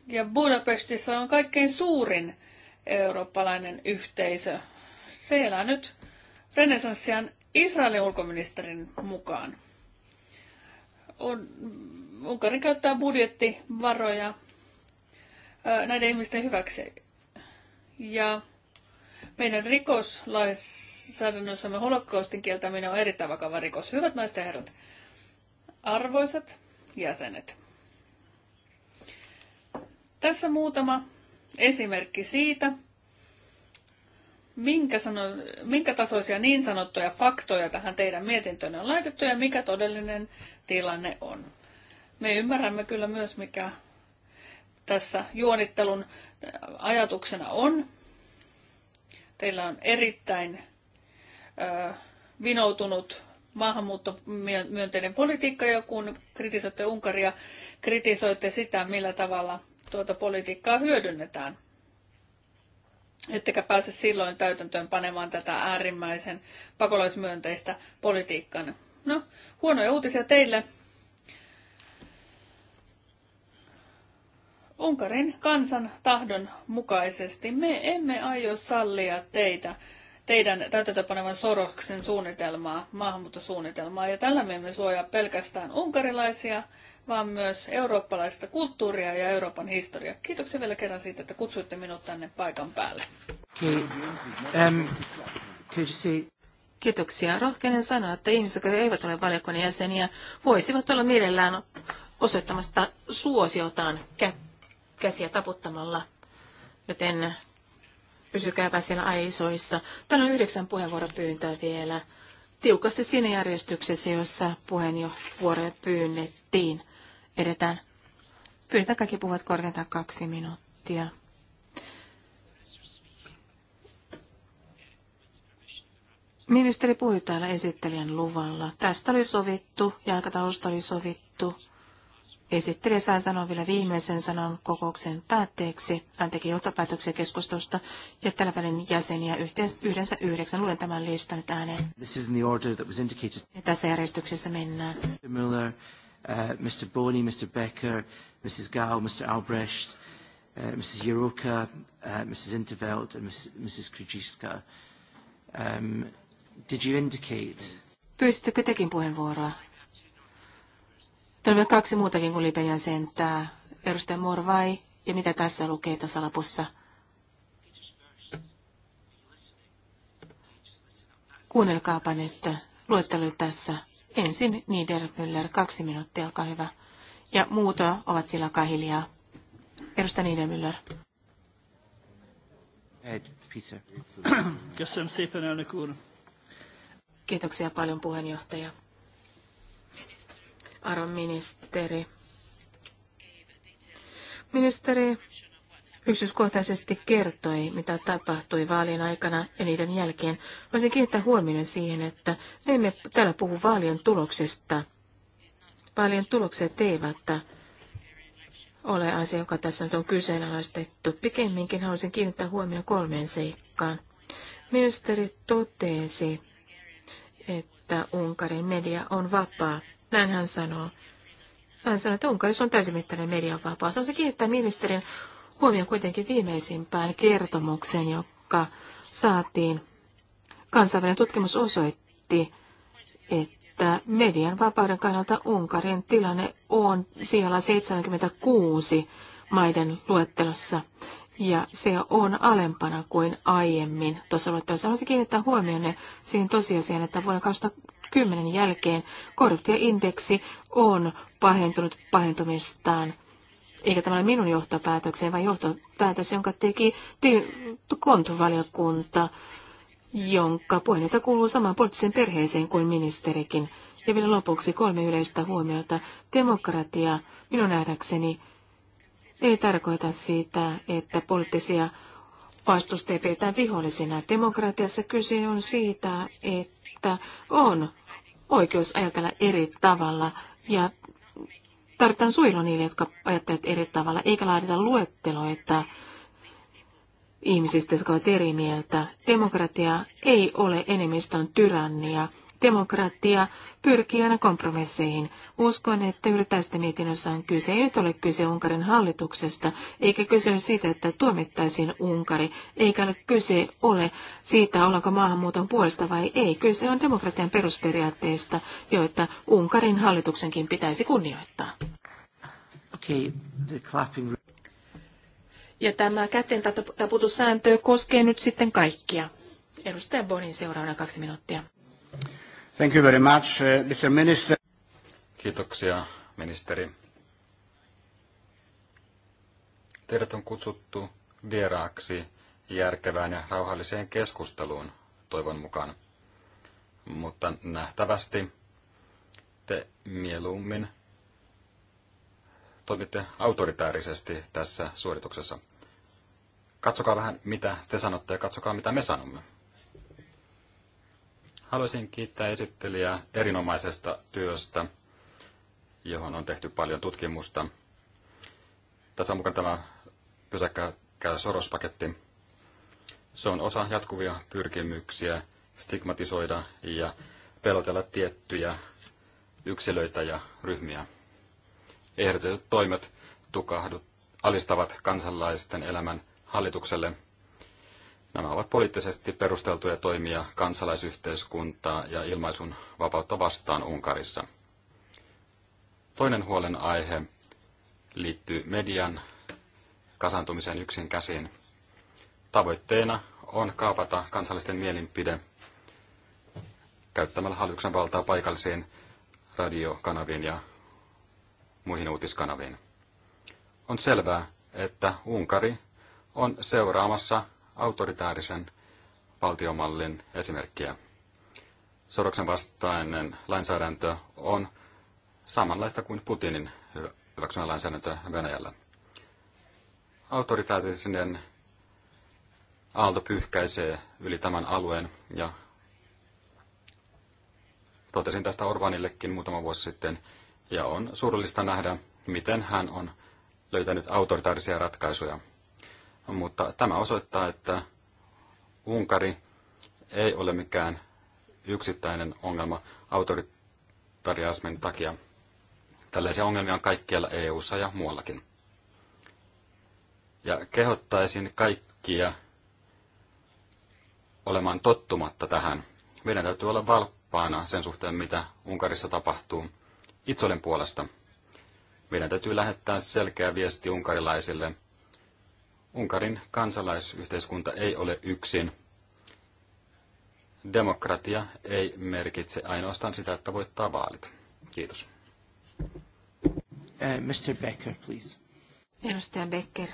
Ja Budapestissa on kaikkein suurin eurooppalainen yhteisö. Siellä nyt renesanssian Israelin ulkoministerin mukaan. Unkari käyttää budjettivaroja näiden ihmisten hyväksi. Ja meidän rikoslainsäädännössämme holokaustin kieltäminen on erittäin vakava rikos. Hyvät naiset ja herrat, arvoisat jäsenet. Tässä muutama esimerkki siitä, minkä, sano, minkä tasoisia niin sanottuja faktoja tähän teidän mietintöön on laitettu ja mikä todellinen tilanne on. Me ymmärrämme kyllä myös, mikä tässä juonittelun ajatuksena on, Teillä on erittäin vinoutunut maahanmuuttomyönteinen politiikka ja kun kritisoitte Unkaria, kritisoitte sitä, millä tavalla tuota politiikkaa hyödynnetään. Ettekä pääse silloin täytäntöön panemaan tätä äärimmäisen pakolaismyönteistä politiikkaa. No, huonoja uutisia teille. Unkarin kansan tahdon mukaisesti me emme aio sallia teitä, teidän täytäntöpanevan Soroksen suunnitelmaa, maahanmuuttosuunnitelmaa. Ja tällä me emme suojaa pelkästään unkarilaisia, vaan myös eurooppalaista kulttuuria ja Euroopan historiaa. Kiitoksia vielä kerran siitä, että kutsuitte minut tänne paikan päälle. Kiitoksia. Rohkenen sanoa, että ihmiset, jotka eivät ole valiokunnan jäseniä, voisivat olla mielellään osoittamasta suosiotaan kättä käsiä taputtamalla, joten pysykääpä siellä aisoissa. Täällä on yhdeksän puheenvuoropyyntöä vielä. Tiukasti siinä järjestyksessä, jossa puheenvuoroja pyynnettiin. Edetään. Pyydetään kaikki puhuvat korkeintaan kaksi minuuttia. Ministeri puhui täällä esittelijän luvalla. Tästä oli sovittu ja aikataulusta oli sovittu. Esittelijä saa sanoa vielä viimeisen sanan kokouksen päätteeksi. Hän teki johtopäätöksen keskustelusta ja tällä välin jäseniä yhdensä yhdeksän. Luen tämän listan nyt ääneen. This is in the order that was indicated. Ja tässä järjestyksessä mennään. Mr. Muller, uh, Mr. Boney, Mr. Becker, Mrs. Gao, Mr. Albrecht, uh, Mrs. Yuroka, uh, Mrs. Intervelt and Mrs. Mrs. Krujiska. Um, did you indicate... Pyysittekö tekin puheenvuoroa? Täällä on kaksi muutakin kuin Lipen jäsentää. Edustaja Morvai ja mitä tässä lukee tässä lapussa? Kuunnelkaapa nyt luettelu tässä. Ensin Niedermüller, kaksi minuuttia, olkaa hyvä. Ja muuta ovat sillä kahiljaa. Edustaja Niedermüller. Kiitoksia paljon puheenjohtaja arvon ministeri. Ministeri yksityiskohtaisesti kertoi, mitä tapahtui vaalien aikana ja niiden jälkeen. Voisin kiinnittää huomioon siihen, että me emme täällä puhu vaalien tuloksesta. Vaalien tulokset eivät ole asia, joka tässä nyt on kyseenalaistettu. Pikemminkin haluaisin kiinnittää huomioon kolmeen seikkaan. Ministeri totesi, että Unkarin media on vapaa. Näin hän sanoo. Hän sanoi, että Unkarissa on täysimittainen medianvapaus. On se kiinnittää ministerin huomioon kuitenkin viimeisimpään kertomukseen, joka saatiin. Kansainvälinen tutkimus osoitti, että median vapauden kannalta Unkarin tilanne on siellä 76 maiden luettelossa. Ja se on alempana kuin aiemmin. Tuossa luettelossa haluaisin kiinnittää huomioon siihen tosiasiaan, että vuonna 2000 2010 jälkeen korruptioindeksi on pahentunut pahentumistaan. Eikä tämä ole minun johtopäätökseni, vaan johtopäätös, jonka teki te, kontovaliokunta, jonka puheenjohtaja kuuluu samaan poliittiseen perheeseen kuin ministerikin. Ja vielä lopuksi kolme yleistä huomiota. Demokratia minun nähdäkseni ei tarkoita sitä, että poliittisia vastustajia pidetään vihollisina. Demokratiassa kyse on siitä, että on oikeus ajatella eri tavalla ja tarvitaan suojelua niille, jotka ajattelevat eri tavalla, eikä laadita luetteloita ihmisistä, jotka ovat eri mieltä. Demokratia ei ole enemmistön tyrannia demokratia pyrkii kompromisseihin. Uskon, että juuri tästä mietinnössä on kyse. Ei nyt ole kyse Unkarin hallituksesta, eikä kyse ole siitä, että tuomittaisiin Unkari, eikä ole kyse ole siitä, ollaanko maahanmuuton puolesta vai ei. Kyse on demokratian perusperiaatteista, joita Unkarin hallituksenkin pitäisi kunnioittaa. Okay, the clapping... Ja tämä käteen taputussääntö koskee nyt sitten kaikkia. Edustaja Bonin seuraavana kaksi minuuttia. Thank you very much, uh, Mr. Minister. Kiitoksia, ministeri. Teidät on kutsuttu vieraaksi järkevään ja rauhalliseen keskusteluun, toivon mukaan. Mutta nähtävästi te mieluummin toimitte autoritäärisesti tässä suorituksessa. Katsokaa vähän, mitä te sanotte ja katsokaa, mitä me sanomme. Haluaisin kiittää esittelijää erinomaisesta työstä, johon on tehty paljon tutkimusta. Tässä on mukana tämä pysäkkää sorospaketti. Se on osa jatkuvia pyrkimyksiä stigmatisoida ja pelotella tiettyjä yksilöitä ja ryhmiä. Ehdotetut toimet tukahdut, alistavat kansalaisten elämän hallitukselle – Nämä ovat poliittisesti perusteltuja toimia kansalaisyhteiskuntaa ja ilmaisun vapautta vastaan Unkarissa. Toinen huolenaihe liittyy median kasantumiseen yksin käsiin. Tavoitteena on kaapata kansallisten mielipide käyttämällä hallituksen valtaa paikallisiin radiokanaviin ja muihin uutiskanaviin. On selvää, että Unkari on seuraamassa autoritaarisen valtiomallin esimerkkiä. Soroksen vastainen lainsäädäntö on samanlaista kuin Putinin hyväksymä lainsäädäntö Venäjällä. Autoritaarinen aalto pyyhkäisee yli tämän alueen ja totesin tästä Orbanillekin muutama vuosi sitten ja on surullista nähdä, miten hän on löytänyt autoritaarisia ratkaisuja. Mutta tämä osoittaa, että Unkari ei ole mikään yksittäinen ongelma autoritarismin takia. Tällaisia ongelmia on kaikkialla EU:ssa ja muuallakin. Ja kehottaisin kaikkia olemaan tottumatta tähän. Meidän täytyy olla valppaana sen suhteen, mitä Unkarissa tapahtuu itse olen puolesta. Meidän täytyy lähettää selkeä viesti unkarilaisille – Unkarin kansalaisyhteiskunta ei ole yksin. Demokratia ei merkitse ainoastaan sitä, että voittaa vaalit. Kiitos. Uh, Mr. Becker, please. Edustaja Becker.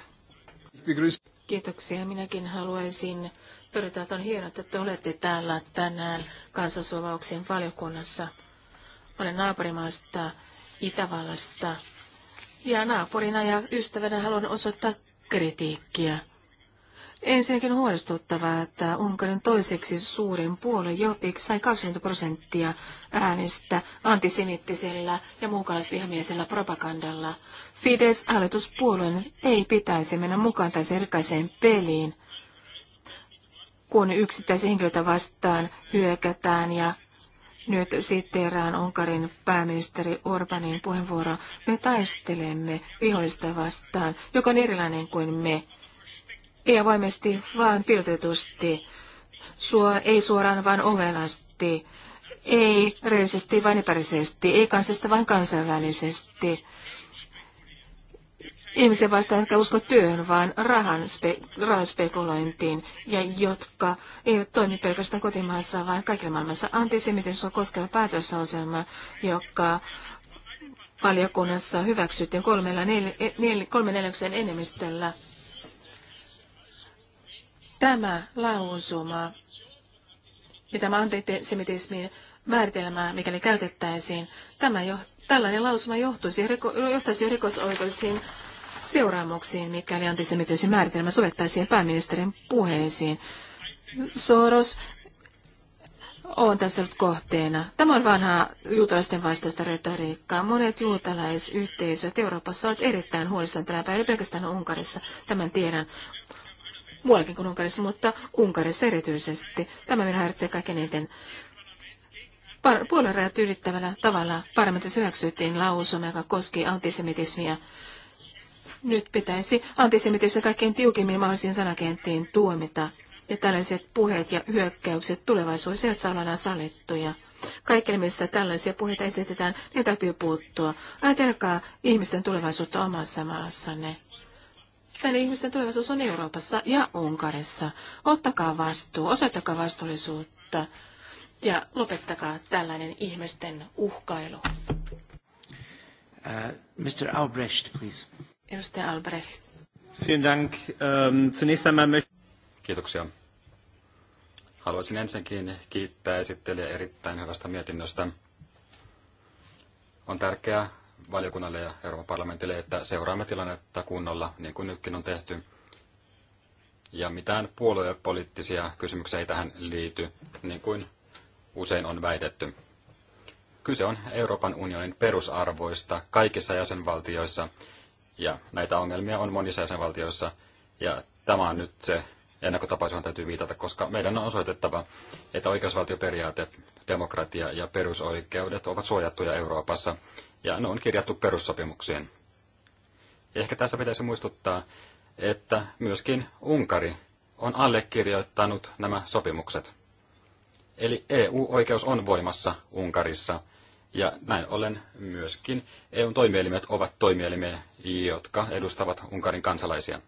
Kiitoksia. Minäkin haluaisin todeta, että on hienoa, että te olette täällä tänään kansansuovauksien valiokunnassa. Olen naapurimaasta Itävallasta ja naapurina ja ystävänä haluan osoittaa kritiikkiä. Ensinnäkin on huolestuttavaa, että Unkarin toiseksi suurin puolue Jobbik sai 20 prosenttia äänestä antisemittisellä ja muukalaisvihamielisellä propagandalla. Fides hallituspuolueen ei pitäisi mennä mukaan tässä erkaiseen peliin, kun yksittäisiä henkilöitä vastaan hyökätään ja nyt sitteeraan Unkarin pääministeri Orbanin puheenvuoro. Me taistelemme vihollista vastaan, joka on erilainen kuin me. Ei avoimesti, vaan piilotetusti. Suo, ei suoraan, vaan ovelasti. Ei reisesti, vaan epärisesti. Ei kansasta, vaan kansainvälisesti ihmisiä vastaan, jotka usko työhön, vaan rahan, spe, rahan spekulointiin ja jotka eivät toimi pelkästään kotimaassa, vaan kaikilla maailmassa. Antisemitismus on koskeva päätösasema, joka valiokunnassa hyväksyttiin kolmella nel, e-, nel, kolme neljäksen enemmistöllä. Tämä lausuma ja tämä antisemitismin määritelmää, mikäli käytettäisiin, tämä jo, Tällainen lausuma johtuisi, johtaisi rikosoikeudellisiin seuraamuksiin, mikäli antisemitismin määritelmä sovittaisiin pääministerin puheisiin. Soros on tässä nyt kohteena. Tämä on vanhaa juutalaisten vastaista retoriikkaa. Monet juutalaisyhteisöt Euroopassa ovat erittäin huolissaan tänä päivänä, pelkästään Unkarissa, tämän tiedän muuallakin kuin Unkarissa, mutta Unkarissa erityisesti. Tämä minä häiritsee kaiken eniten. Par- rajat ylittävällä tavalla parlamentissa hyväksyttiin lausuma, joka koski antisemitismia nyt pitäisi antisemitismin kaikkein tiukimmin mahdollisiin sanakenttiin tuomita. Ja tällaiset puheet ja hyökkäykset tulevaisuudessa eivät saa olla sallittuja. Kaikille, missä tällaisia puheita esitetään, ne niin täytyy puuttua. Ajatelkaa ihmisten tulevaisuutta omassa maassanne. Tänne ihmisten tulevaisuus on Euroopassa ja Unkarissa. Ottakaa vastuu, osoittakaa vastuullisuutta ja lopettakaa tällainen ihmisten uhkailu. Uh, Mr. Albrecht, please. Edustaja Albrecht. Vielen Dank. Ähm, zunächst einmal Kiitoksia. Haluaisin ensinnäkin kiittää esittelijä erittäin hyvästä mietinnöstä. On tärkeää valiokunnalle ja Euroopan parlamentille, että seuraamme tilannetta kunnolla, niin kuin nytkin on tehty. Ja mitään puoluepoliittisia kysymyksiä ei tähän liity, niin kuin usein on väitetty. Kyse on Euroopan unionin perusarvoista kaikissa jäsenvaltioissa, ja näitä ongelmia on monissa jäsenvaltioissa. Ja tämä on nyt se ennakkotapaus, johon täytyy viitata, koska meidän on osoitettava, että oikeusvaltioperiaate, demokratia ja perusoikeudet ovat suojattuja Euroopassa ja ne on kirjattu perussopimuksiin. Ehkä tässä pitäisi muistuttaa, että myöskin Unkari on allekirjoittanut nämä sopimukset. Eli EU-oikeus on voimassa Unkarissa – ja näin ollen myöskin EUn toimielimet ovat toimielimiä, jotka edustavat Unkarin kansalaisia.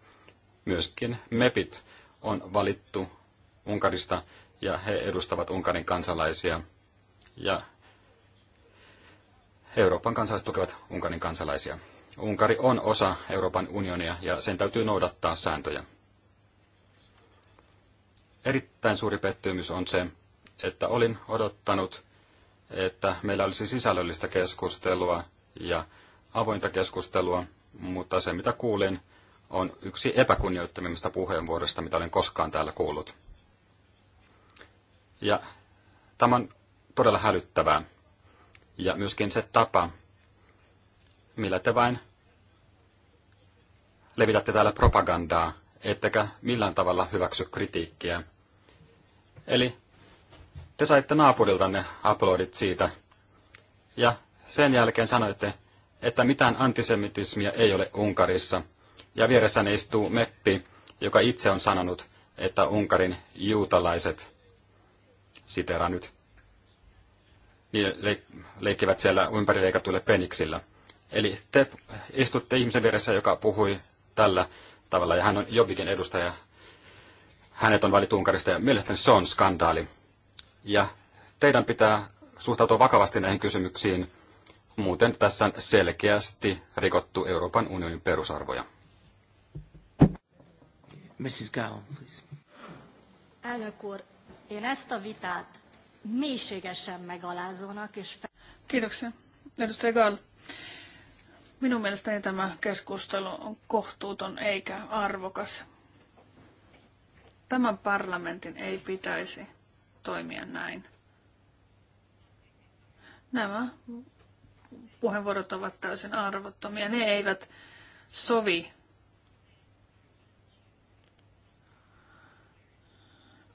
Myöskin MEPit on valittu Unkarista ja he edustavat Unkarin kansalaisia. Ja Euroopan kansalaiset tukevat Unkarin kansalaisia. Unkari on osa Euroopan unionia ja sen täytyy noudattaa sääntöjä. Erittäin suuri pettymys on se, että olin odottanut että meillä olisi sisällöllistä keskustelua ja avointa keskustelua, mutta se mitä kuulin on yksi epäkunnioittavimmista puheenvuoroista, mitä olen koskaan täällä kuullut. Ja tämä on todella hälyttävää. Ja myöskin se tapa, millä te vain levitätte täällä propagandaa, ettekä millään tavalla hyväksy kritiikkiä. Eli te saitte naapuriltanne aplodit siitä. Ja sen jälkeen sanoitte, että mitään antisemitismia ei ole Unkarissa. Ja vieressäni istuu Meppi, joka itse on sanonut, että Unkarin juutalaiset, sitera nyt, niin leik- leikkivät siellä ympärileikatuille peniksillä. Eli te istutte ihmisen vieressä, joka puhui tällä tavalla, ja hän on Jobikin edustaja. Hänet on valittu Unkarista, ja mielestäni se on skandaali. Ja teidän pitää suhtautua vakavasti näihin kysymyksiin. Muuten tässä on selkeästi rikottu Euroopan unionin perusarvoja. Mrs. Gowan, please. Elnök úr, én ezt a vitát mélységesen megalázónak és... Kiitoksia. Edustaja Gall. Minun mielestäni tämä keskustelu on kohtuuton eikä arvokas. Tämän parlamentin ei pitäisi toimia näin. Nämä puheenvuorot ovat täysin arvottomia. Ne eivät sovi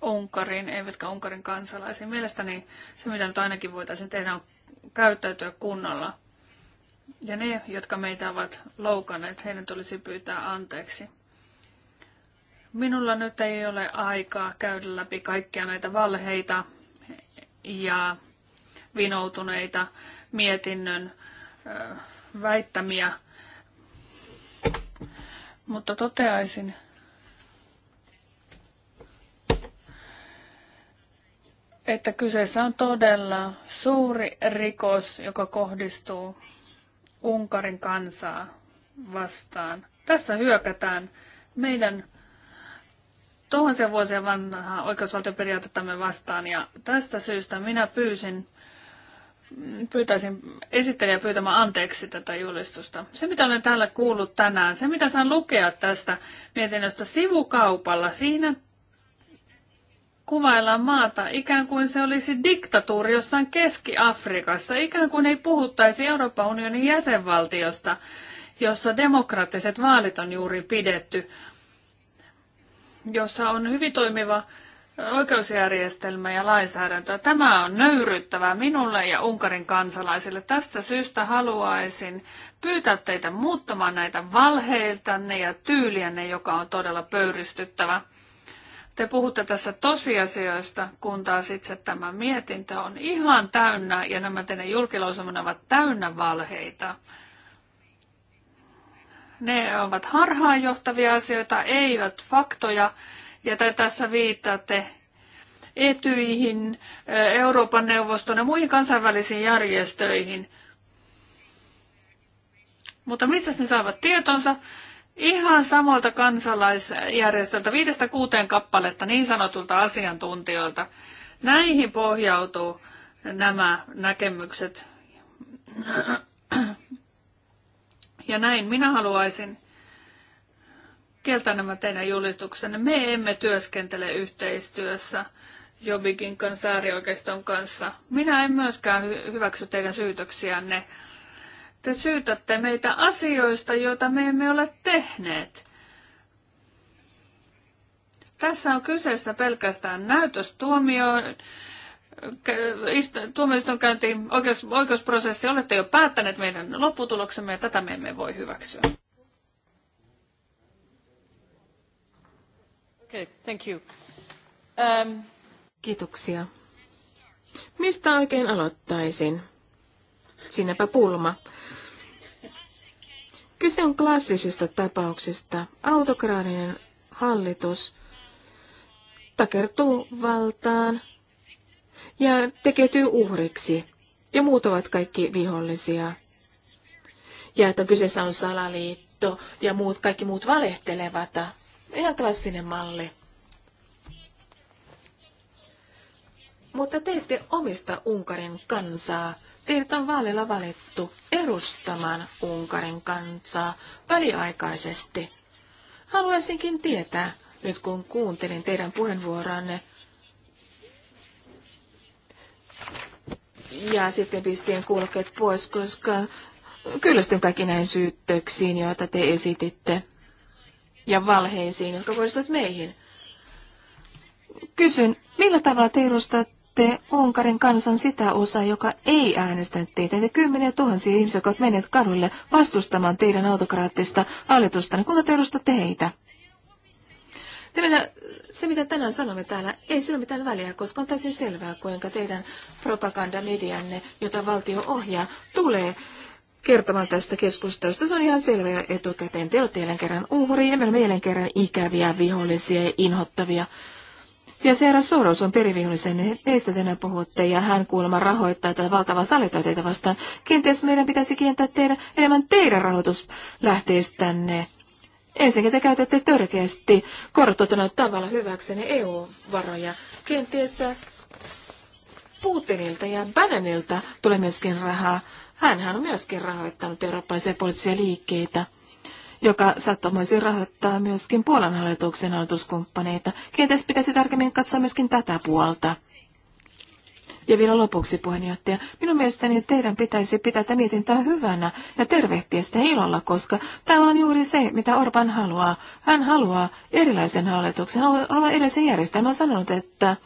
Unkarin, eivätkä Unkarin kansalaisiin. Mielestäni se, mitä nyt ainakin voitaisiin tehdä, on käyttäytyä kunnolla. Ja ne, jotka meitä ovat loukanneet, heidän tulisi pyytää anteeksi. Minulla nyt ei ole aikaa käydä läpi kaikkia näitä valheita ja vinoutuneita mietinnön väittämiä, mutta toteaisin, että kyseessä on todella suuri rikos, joka kohdistuu Unkarin kansaa vastaan. Tässä hyökätään meidän tuhansia vuosia vanhaa oikeusvaltioperiaatettamme vastaan ja tästä syystä minä pyysin pyytäisin esittelijä pyytämään anteeksi tätä julistusta. Se, mitä olen täällä kuullut tänään, se, mitä saan lukea tästä mietinnöstä sivukaupalla, siinä kuvaillaan maata ikään kuin se olisi diktatuuri jossain Keski-Afrikassa, ikään kuin ei puhuttaisi Euroopan unionin jäsenvaltiosta, jossa demokraattiset vaalit on juuri pidetty jossa on hyvin toimiva oikeusjärjestelmä ja lainsäädäntö. Tämä on nöyryyttävää minulle ja Unkarin kansalaisille. Tästä syystä haluaisin pyytää teitä muuttamaan näitä valheiltanne ja tyyliänne, joka on todella pöyristyttävä. Te puhutte tässä tosiasioista, kun taas itse tämä mietintö on ihan täynnä ja nämä teidän julkilausumanne ovat täynnä valheita. Ne ovat harhaanjohtavia asioita, eivät faktoja. Ja te tässä viittaatte Etyihin, Euroopan neuvoston ja muihin kansainvälisiin järjestöihin. Mutta mistä ne saavat tietonsa? Ihan samalta kansalaisjärjestöltä, viidestä kuuteen kappaletta niin sanotulta asiantuntijoilta. Näihin pohjautuu nämä näkemykset. Ja näin minä haluaisin kieltää nämä teidän julistuksenne. Me emme työskentele yhteistyössä Jobikin kanssa, äärioikeiston kanssa. Minä en myöskään hyväksy teidän syytöksiänne. Te syytätte meitä asioista, joita me emme ole tehneet. Tässä on kyseessä pelkästään näytöstuomioon tuomioistuin käyntiin oikeus, oikeusprosessi, olette jo päättäneet meidän lopputuloksemme ja tätä me emme voi hyväksyä. Okay, thank you. Um... Kiitoksia. Mistä oikein aloittaisin? Sinäpä pulma. Kyse on klassisista tapauksista. Autokraaninen hallitus takertuu valtaan ja tekeytyy uhriksi. Ja muut ovat kaikki vihollisia. Ja että kyseessä on salaliitto ja muut, kaikki muut valehtelevat. Ihan klassinen malli. Mutta te ette omista Unkarin kansaa. Teidät on vaalilla valittu edustamaan Unkarin kansaa väliaikaisesti. Haluaisinkin tietää, nyt kun kuuntelin teidän puheenvuoranne, ja sitten pistin kulket pois, koska kyllästyn kaikki näihin syytöksiin, joita te esititte, ja valheisiin, jotka kohdistuvat meihin. Kysyn, millä tavalla te edustatte Unkarin kansan sitä osaa, joka ei äänestänyt teitä, eli kymmeniä tuhansia ihmisiä, jotka ovat menneet kadulle vastustamaan teidän autokraattista hallitustanne. Kuinka te edustatte heitä? Te, mitä, se, mitä tänään sanomme täällä, ei sillä mitään väliä, koska on täysin selvää, kuinka teidän propagandamedianne, jota valtio ohjaa, tulee kertomaan tästä keskustelusta. Se on ihan selvä etukäteen. Te olette jälleen kerran uhri ja meillä jälleen kerran ikäviä, vihollisia ja inhottavia. Ja se herra Soros on perivihollisen, teistä tänään puhutte, ja hän kuulemma rahoittaa tätä valtavaa salityötä teitä vastaan. Kenties meidän pitäisi kientää teidän, enemmän teidän rahoituslähteistänne Ensinnäkin te käytätte törkeästi kortotona tavalla hyväksenne EU-varoja. Kenties Putinilta ja Bannonilta tulee myöskin rahaa. Hänhän on myöskin rahoittanut eurooppalaisia poliittisia liikkeitä, joka sattumoisin rahoittaa myöskin Puolan hallituksen hallituskumppaneita. Kenties pitäisi tarkemmin katsoa myöskin tätä puolta. Ja vielä lopuksi, puheenjohtaja, minun mielestäni teidän pitäisi pitää tätä mietintöä hyvänä ja tervehtiä sitä ilolla, koska tämä on juuri se, mitä Orban haluaa. Hän haluaa erilaisen hallituksen, haluaa erilaisen järjestelmän. On sanonut, että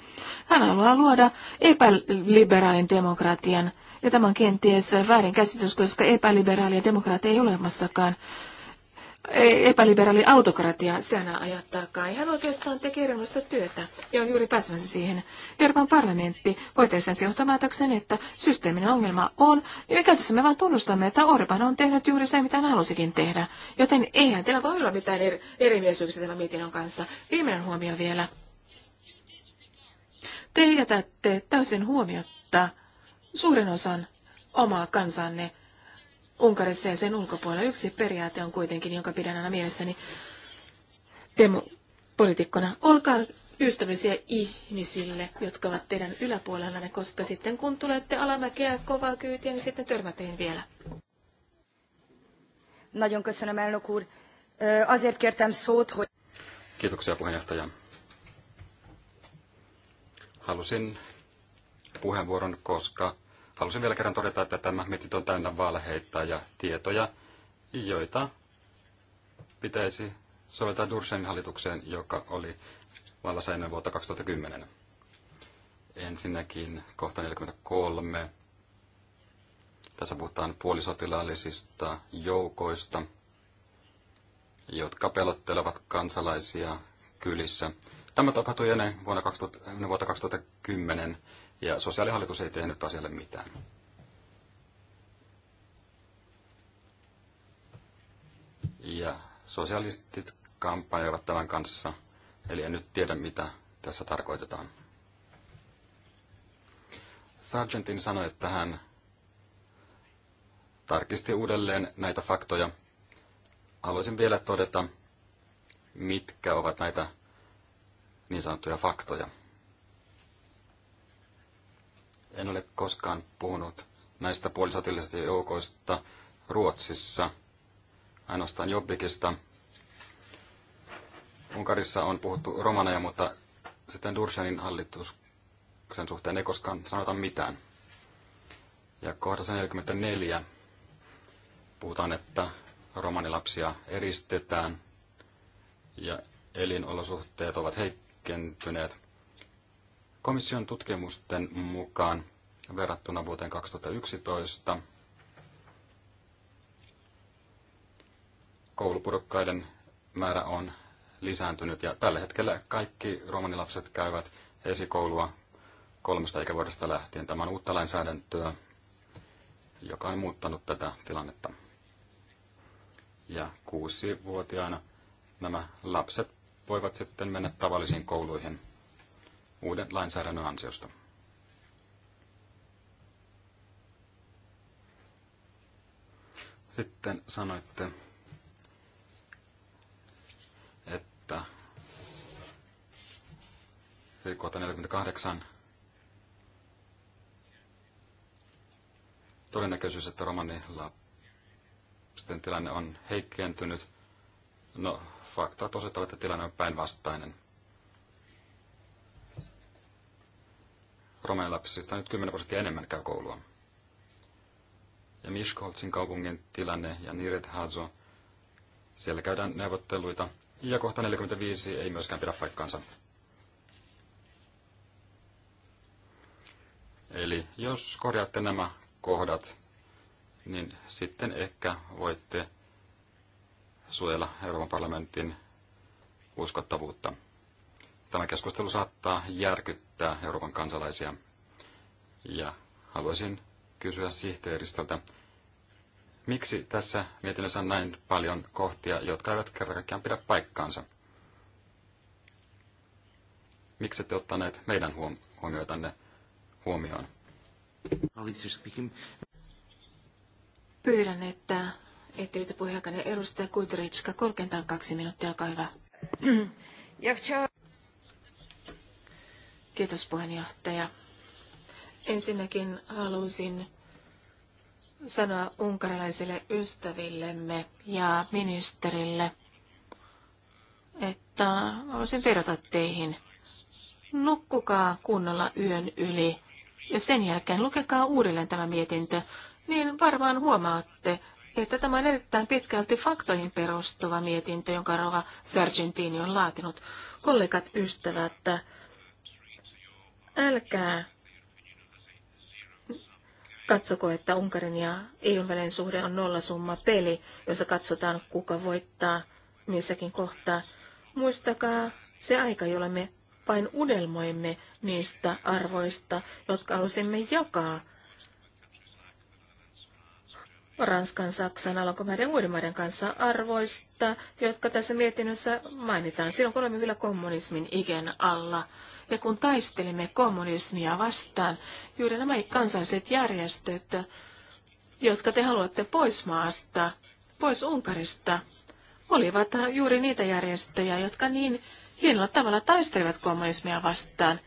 hän haluaa luoda epäliberaalin demokratian. Ja tämä on kenties väärinkäsitys, koska epäliberaali ja ei ole olemassakaan epäliberaali autokratia sana ajattaa kai, Hän oikeastaan tekee erilaista työtä ja on juuri pääsemässä siihen. Euroopan parlamentti voi tehdä sen johtopäätöksen, että systeeminen ongelma on, ja me käytössä me vaan tunnustamme, että Orban on tehnyt juuri se, mitä hän halusikin tehdä. Joten eihän teillä voi olla mitään eri, erimielisyyksiä tämän mietinnön kanssa. Viimeinen huomio vielä. Te jätätte täysin huomiotta suuren osan omaa kansanne Unkarissa ja sen ulkopuolella. Yksi periaate on kuitenkin, jonka pidän aina mielessäni demo poliitikkona. Olkaa ystävällisiä ihmisille, jotka ovat teidän yläpuolellanne, koska sitten kun tulette alamäkeä kovaa kyytiä, niin sitten törmätään vielä. Nagyon köszönöm, elnök úr. Azért kértem szót, hogy... Kiitoksia puheenjohtaja. Halusin puheenvuoron, koska halusin vielä kerran todeta, että tämä mietintö on täynnä valheita ja tietoja, joita pitäisi soveltaa Dursenin hallitukseen, joka oli vallassa ennen vuotta 2010. Ensinnäkin kohta 43. Tässä puhutaan puolisotilaallisista joukoista, jotka pelottelevat kansalaisia kylissä. Tämä tapahtui ennen vuonna 2000, ennen vuotta 2010 ja sosiaalihallitus ei tehnyt asialle mitään. Ja sosialistit kampanjoivat tämän kanssa, eli en nyt tiedä mitä tässä tarkoitetaan. Sargentin sanoi, että hän tarkisti uudelleen näitä faktoja. Haluaisin vielä todeta, mitkä ovat näitä niin sanottuja faktoja en ole koskaan puhunut näistä puolisotilaisista joukoista Ruotsissa, ainoastaan Jobbikista. Unkarissa on puhuttu romaneja, mutta sitten Durshanin hallituksen suhteen ei koskaan sanota mitään. Ja kohdassa 44 puhutaan, että romanilapsia eristetään ja elinolosuhteet ovat heikkentyneet – Komission tutkimusten mukaan verrattuna vuoteen 2011 koulupudokkaiden määrä on lisääntynyt ja tällä hetkellä kaikki romanilapset käyvät esikoulua kolmesta ikävuodesta lähtien. Tämä on uutta lainsäädäntöä, joka on muuttanut tätä tilannetta. Ja kuusi-vuotiaana nämä lapset voivat sitten mennä tavallisiin kouluihin uuden lainsäädännön ansiosta. Sitten sanoitte, että kohta 48 todennäköisyys, että romanilla sitten tilanne on heikentynyt. No, faktat osoittavat, että tilanne on päinvastainen. lapsista nyt 10 prosenttia enemmän käy koulua. Ja Mishkoltsin kaupungin tilanne ja Niret Hazo, siellä käydään neuvotteluita. Ja kohta 45 ei myöskään pidä paikkaansa. Eli jos korjaatte nämä kohdat, niin sitten ehkä voitte suojella Euroopan parlamentin uskottavuutta. Tämä keskustelu saattaa järkyttää hyödyttää Euroopan kansalaisia. Ja haluaisin kysyä sihteeristöltä, miksi tässä mietinnössä on näin paljon kohtia, jotka eivät kerta kaikkiaan pidä paikkaansa? Miksi ette ottaneet meidän huom- huomioitanne huomioon? Pyydän, että ettei puheenjohtaja edustaja Kudritska korkeintaan kaksi minuuttia, olkaa hyvä. Kiitos puheenjohtaja. Ensinnäkin halusin sanoa unkarilaisille ystävillemme ja ministerille, että haluaisin vedota teihin. Nukkukaa kunnolla yön yli ja sen jälkeen lukekaa uudelleen tämä mietintö, niin varmaan huomaatte, että tämä on erittäin pitkälti faktoihin perustuva mietintö, jonka Rova Sargentini on laatinut. Kollegat, ystävät, Älkää katsoko, että Unkarin ja EUn välinen suhde on nollasumma peli, jossa katsotaan, kuka voittaa missäkin kohtaa. Muistakaa se aika, jolloin me vain unelmoimme niistä arvoista, jotka halusimme jakaa Ranskan, Saksan, Alankomaiden ja muiden maiden kanssa arvoista, jotka tässä mietinnössä mainitaan silloin, kun olemme vielä kommunismin ikän alla. Ja kun taistelimme kommunismia vastaan, juuri nämä kansalliset järjestöt, jotka te haluatte pois maasta, pois Unkarista, olivat juuri niitä järjestöjä, jotka niin hienolla tavalla taistelivat kommunismia vastaan.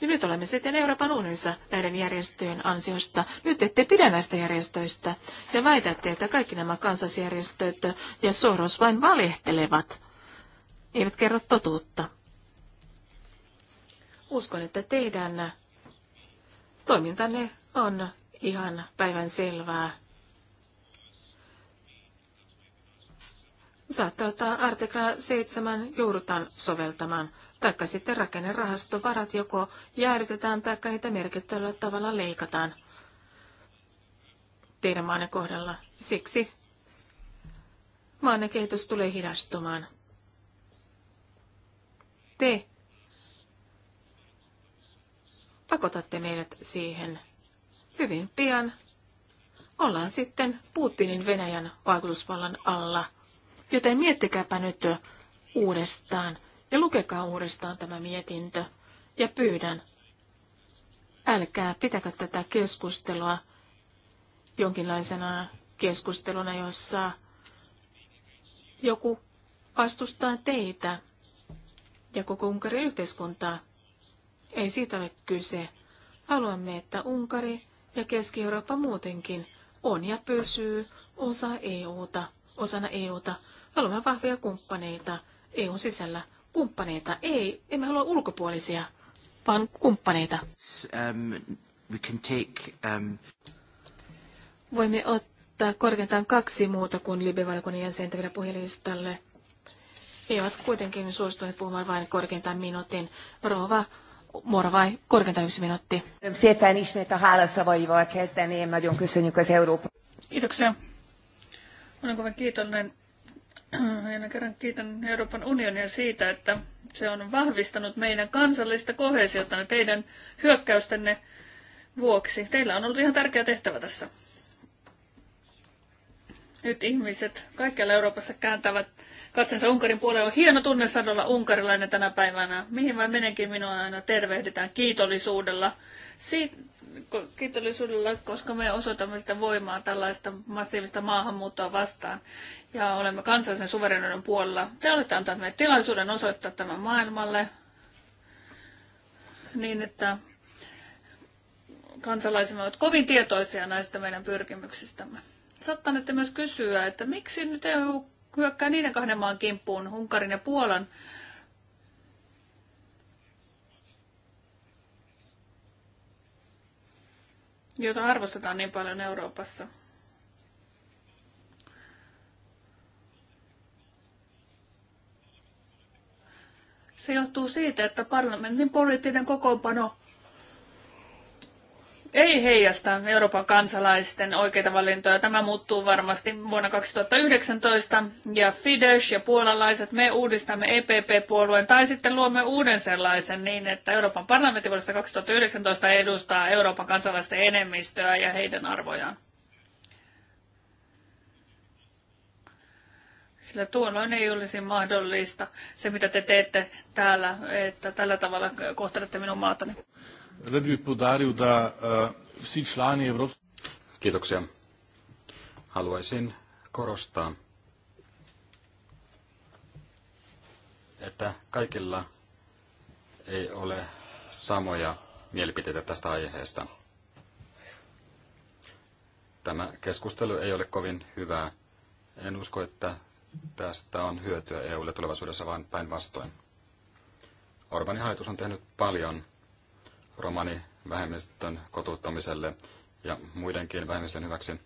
Ja nyt olemme sitten Euroopan unionissa näiden järjestöjen ansiosta. Nyt ette pidä näistä järjestöistä ja väitätte, että kaikki nämä kansasjärjestöt ja Soros vain valehtelevat, eivät kerro totuutta uskon, että teidän toimintanne on ihan päivän selvää. Saattaa ottaa artikla 7 joudutaan soveltamaan, taikka sitten rakennerahastovarat joko jäädytetään taikka niitä merkittävällä tavalla leikataan teidän maanne kohdalla. Siksi maanne kehitys tulee hidastumaan. Te pakotatte meidät siihen hyvin pian. Ollaan sitten Putinin Venäjän vaikutusvallan alla. Joten miettikääpä nyt uudestaan ja lukekaa uudestaan tämä mietintö. Ja pyydän, älkää pitäkö tätä keskustelua jonkinlaisena keskusteluna, jossa joku vastustaa teitä ja koko Unkarin yhteiskuntaa. Ei siitä ole kyse. Haluamme, että Unkari ja Keski-Eurooppa muutenkin on ja pysyy osa EUta, osana EUta. Haluamme vahvia kumppaneita EUn sisällä. Kumppaneita ei, emme halua ulkopuolisia, vaan kumppaneita. Um, we can take, um... Voimme ottaa korkeintaan kaksi muuta kuin Libyvalkoinen jäsentä vielä puhelistalle. He ovat kuitenkin suostuneet puhumaan vain korkeintaan minuutin. Rova Morvai, korkeintaan yksi minuutti. Szépen ismét a hálaszavaival kezdeném. Nagyon köszönjük az Európa. Kiitoksia. Olen kovin kiitollinen vielä kerran kiitän Euroopan unionia siitä, että se on vahvistanut meidän kansallista kohesiota teidän hyökkäystenne vuoksi. Teillä on ollut ihan tärkeä tehtävä tässä. Nyt ihmiset kaikkialla Euroopassa kääntävät katsensa Unkarin puolella. On hieno tunne sanoa unkarilainen tänä päivänä. Mihin vain menenkin minua aina tervehditään kiitollisuudella. Siit, kiitollisuudella, koska me osoitamme sitä voimaa tällaista massiivista maahanmuuttoa vastaan ja olemme kansallisen suverenoiden puolella. Te olette antaneet meille tilaisuuden osoittaa tämän maailmalle niin, että kansalaisemme ovat kovin tietoisia näistä meidän pyrkimyksistämme. Sattanette myös kysyä, että miksi nyt EU hyökkää niiden kahden maan kimppuun, Unkarin ja Puolan, jota arvostetaan niin paljon Euroopassa. Se johtuu siitä, että parlamentin poliittinen kokoonpano ei heijasta Euroopan kansalaisten oikeita valintoja. Tämä muuttuu varmasti vuonna 2019 ja Fidesz ja puolalaiset, me uudistamme EPP-puolueen tai sitten luomme uuden sellaisen niin, että Euroopan parlamentti vuodesta 2019 edustaa Euroopan kansalaisten enemmistöä ja heidän arvojaan. sillä tuolloin ei olisi mahdollista se, mitä te teette täällä, että tällä tavalla kohtelette minun maatani. E, Kiitoksia. Haluaisin korostaa, että kaikilla ei ole samoja mielipiteitä tästä aiheesta. Tämä keskustelu ei ole kovin hyvää. En usko, että tästä on hyötyä EUlle tulevaisuudessa, vaan päinvastoin. Orbanin hallitus on tehnyt paljon romani vähemmistön kotuuttamiselle ja muidenkin vähemmistön hyväksi.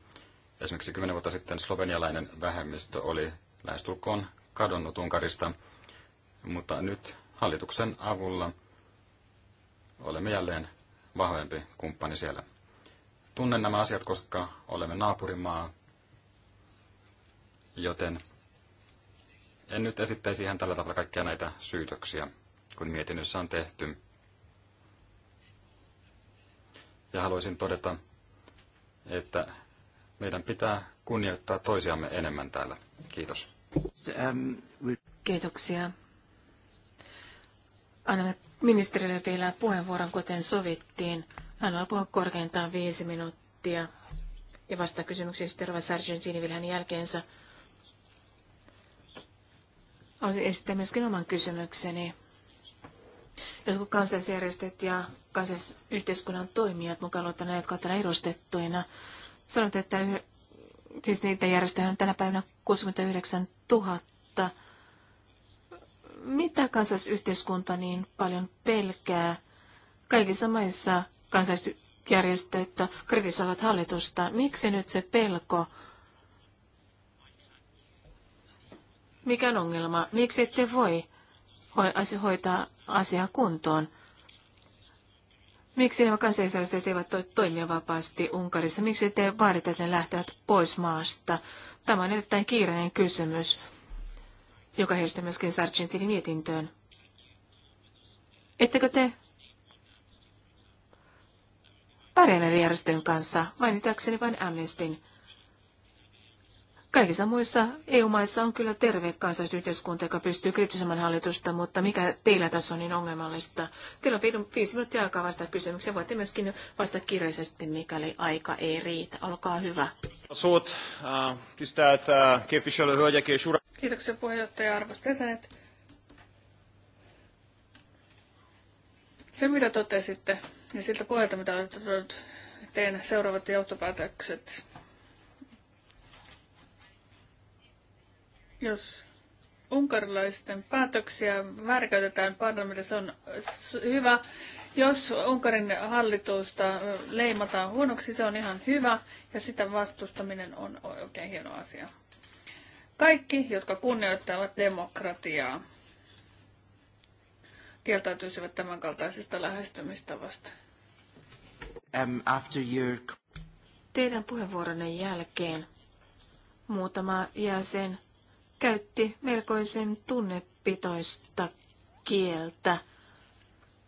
Esimerkiksi kymmenen vuotta sitten slovenialainen vähemmistö oli lähestulkoon kadonnut Unkarista, mutta nyt hallituksen avulla olemme jälleen vahvempi kumppani siellä. Tunnen nämä asiat, koska olemme naapurimaa, joten en nyt esittäisi ihan tällä tavalla kaikkia näitä syytöksiä, kun mietinnössä on tehty. Ja haluaisin todeta, että meidän pitää kunnioittaa toisiamme enemmän täällä. Kiitos. Kiitoksia. Annamme ministerille vielä puheenvuoron, kuten sovittiin. Hän voi puhua korkeintaan viisi minuuttia ja vastaa kysymyksiin Sterva Sargentini vielä jälkeensä. Haluaisin esittää myöskin oman kysymykseni Jotkut kansallisjärjestöt ja kansallisyhteiskunnan toimijat mukaan luettuna, jotka ovat täällä edustettuina, Sanoit, että yh... siis niitä järjestöjä on tänä päivänä 69 000. Mitä kansallisyhteiskunta niin paljon pelkää? Kaikissa maissa kansallisjärjestöt kritisoivat hallitusta. Miksi nyt se pelko Mikä on ongelma? Miksi ette voi hoitaa asiaa kuntoon. Miksi nämä kansanedustajat eivät voi toimia vapaasti Unkarissa? Miksi te vaaditte, että ne lähtevät pois maasta? Tämä on erittäin kiireinen kysymys, joka heistä myöskin Sargentinin mietintöön. Ettekö te pärjää järjestön kanssa, mainitakseni vain Amnestin? Kaikissa muissa EU-maissa on kyllä terve kansallisyhteiskunta, joka pystyy kritisoimaan hallitusta, mutta mikä teillä tässä on niin ongelmallista? Teillä on viisi minuuttia aikaa vastata kysymykseen. Voitte myöskin vastata kirjallisesti, mikäli aika ei riitä. Olkaa hyvä. Eh, eh, Kiitoksia puheenjohtaja arvoisat jäsenet. Se, mitä totesitte, ja siltä pohjalta, mitä olette todennut, teen seuraavat johtopäätökset Jos unkarilaisten päätöksiä väärinkäytetään parlamentissa, on hyvä. Jos Unkarin hallitusta leimataan huonoksi, se on ihan hyvä ja sitä vastustaminen on oikein hieno asia. Kaikki, jotka kunnioittavat demokratiaa, kieltäytyisivät tämänkaltaisesta lähestymistavasta. Um, after your... Teidän puheenvuoronne jälkeen muutama jäsen käytti melkoisen tunnepitoista kieltä.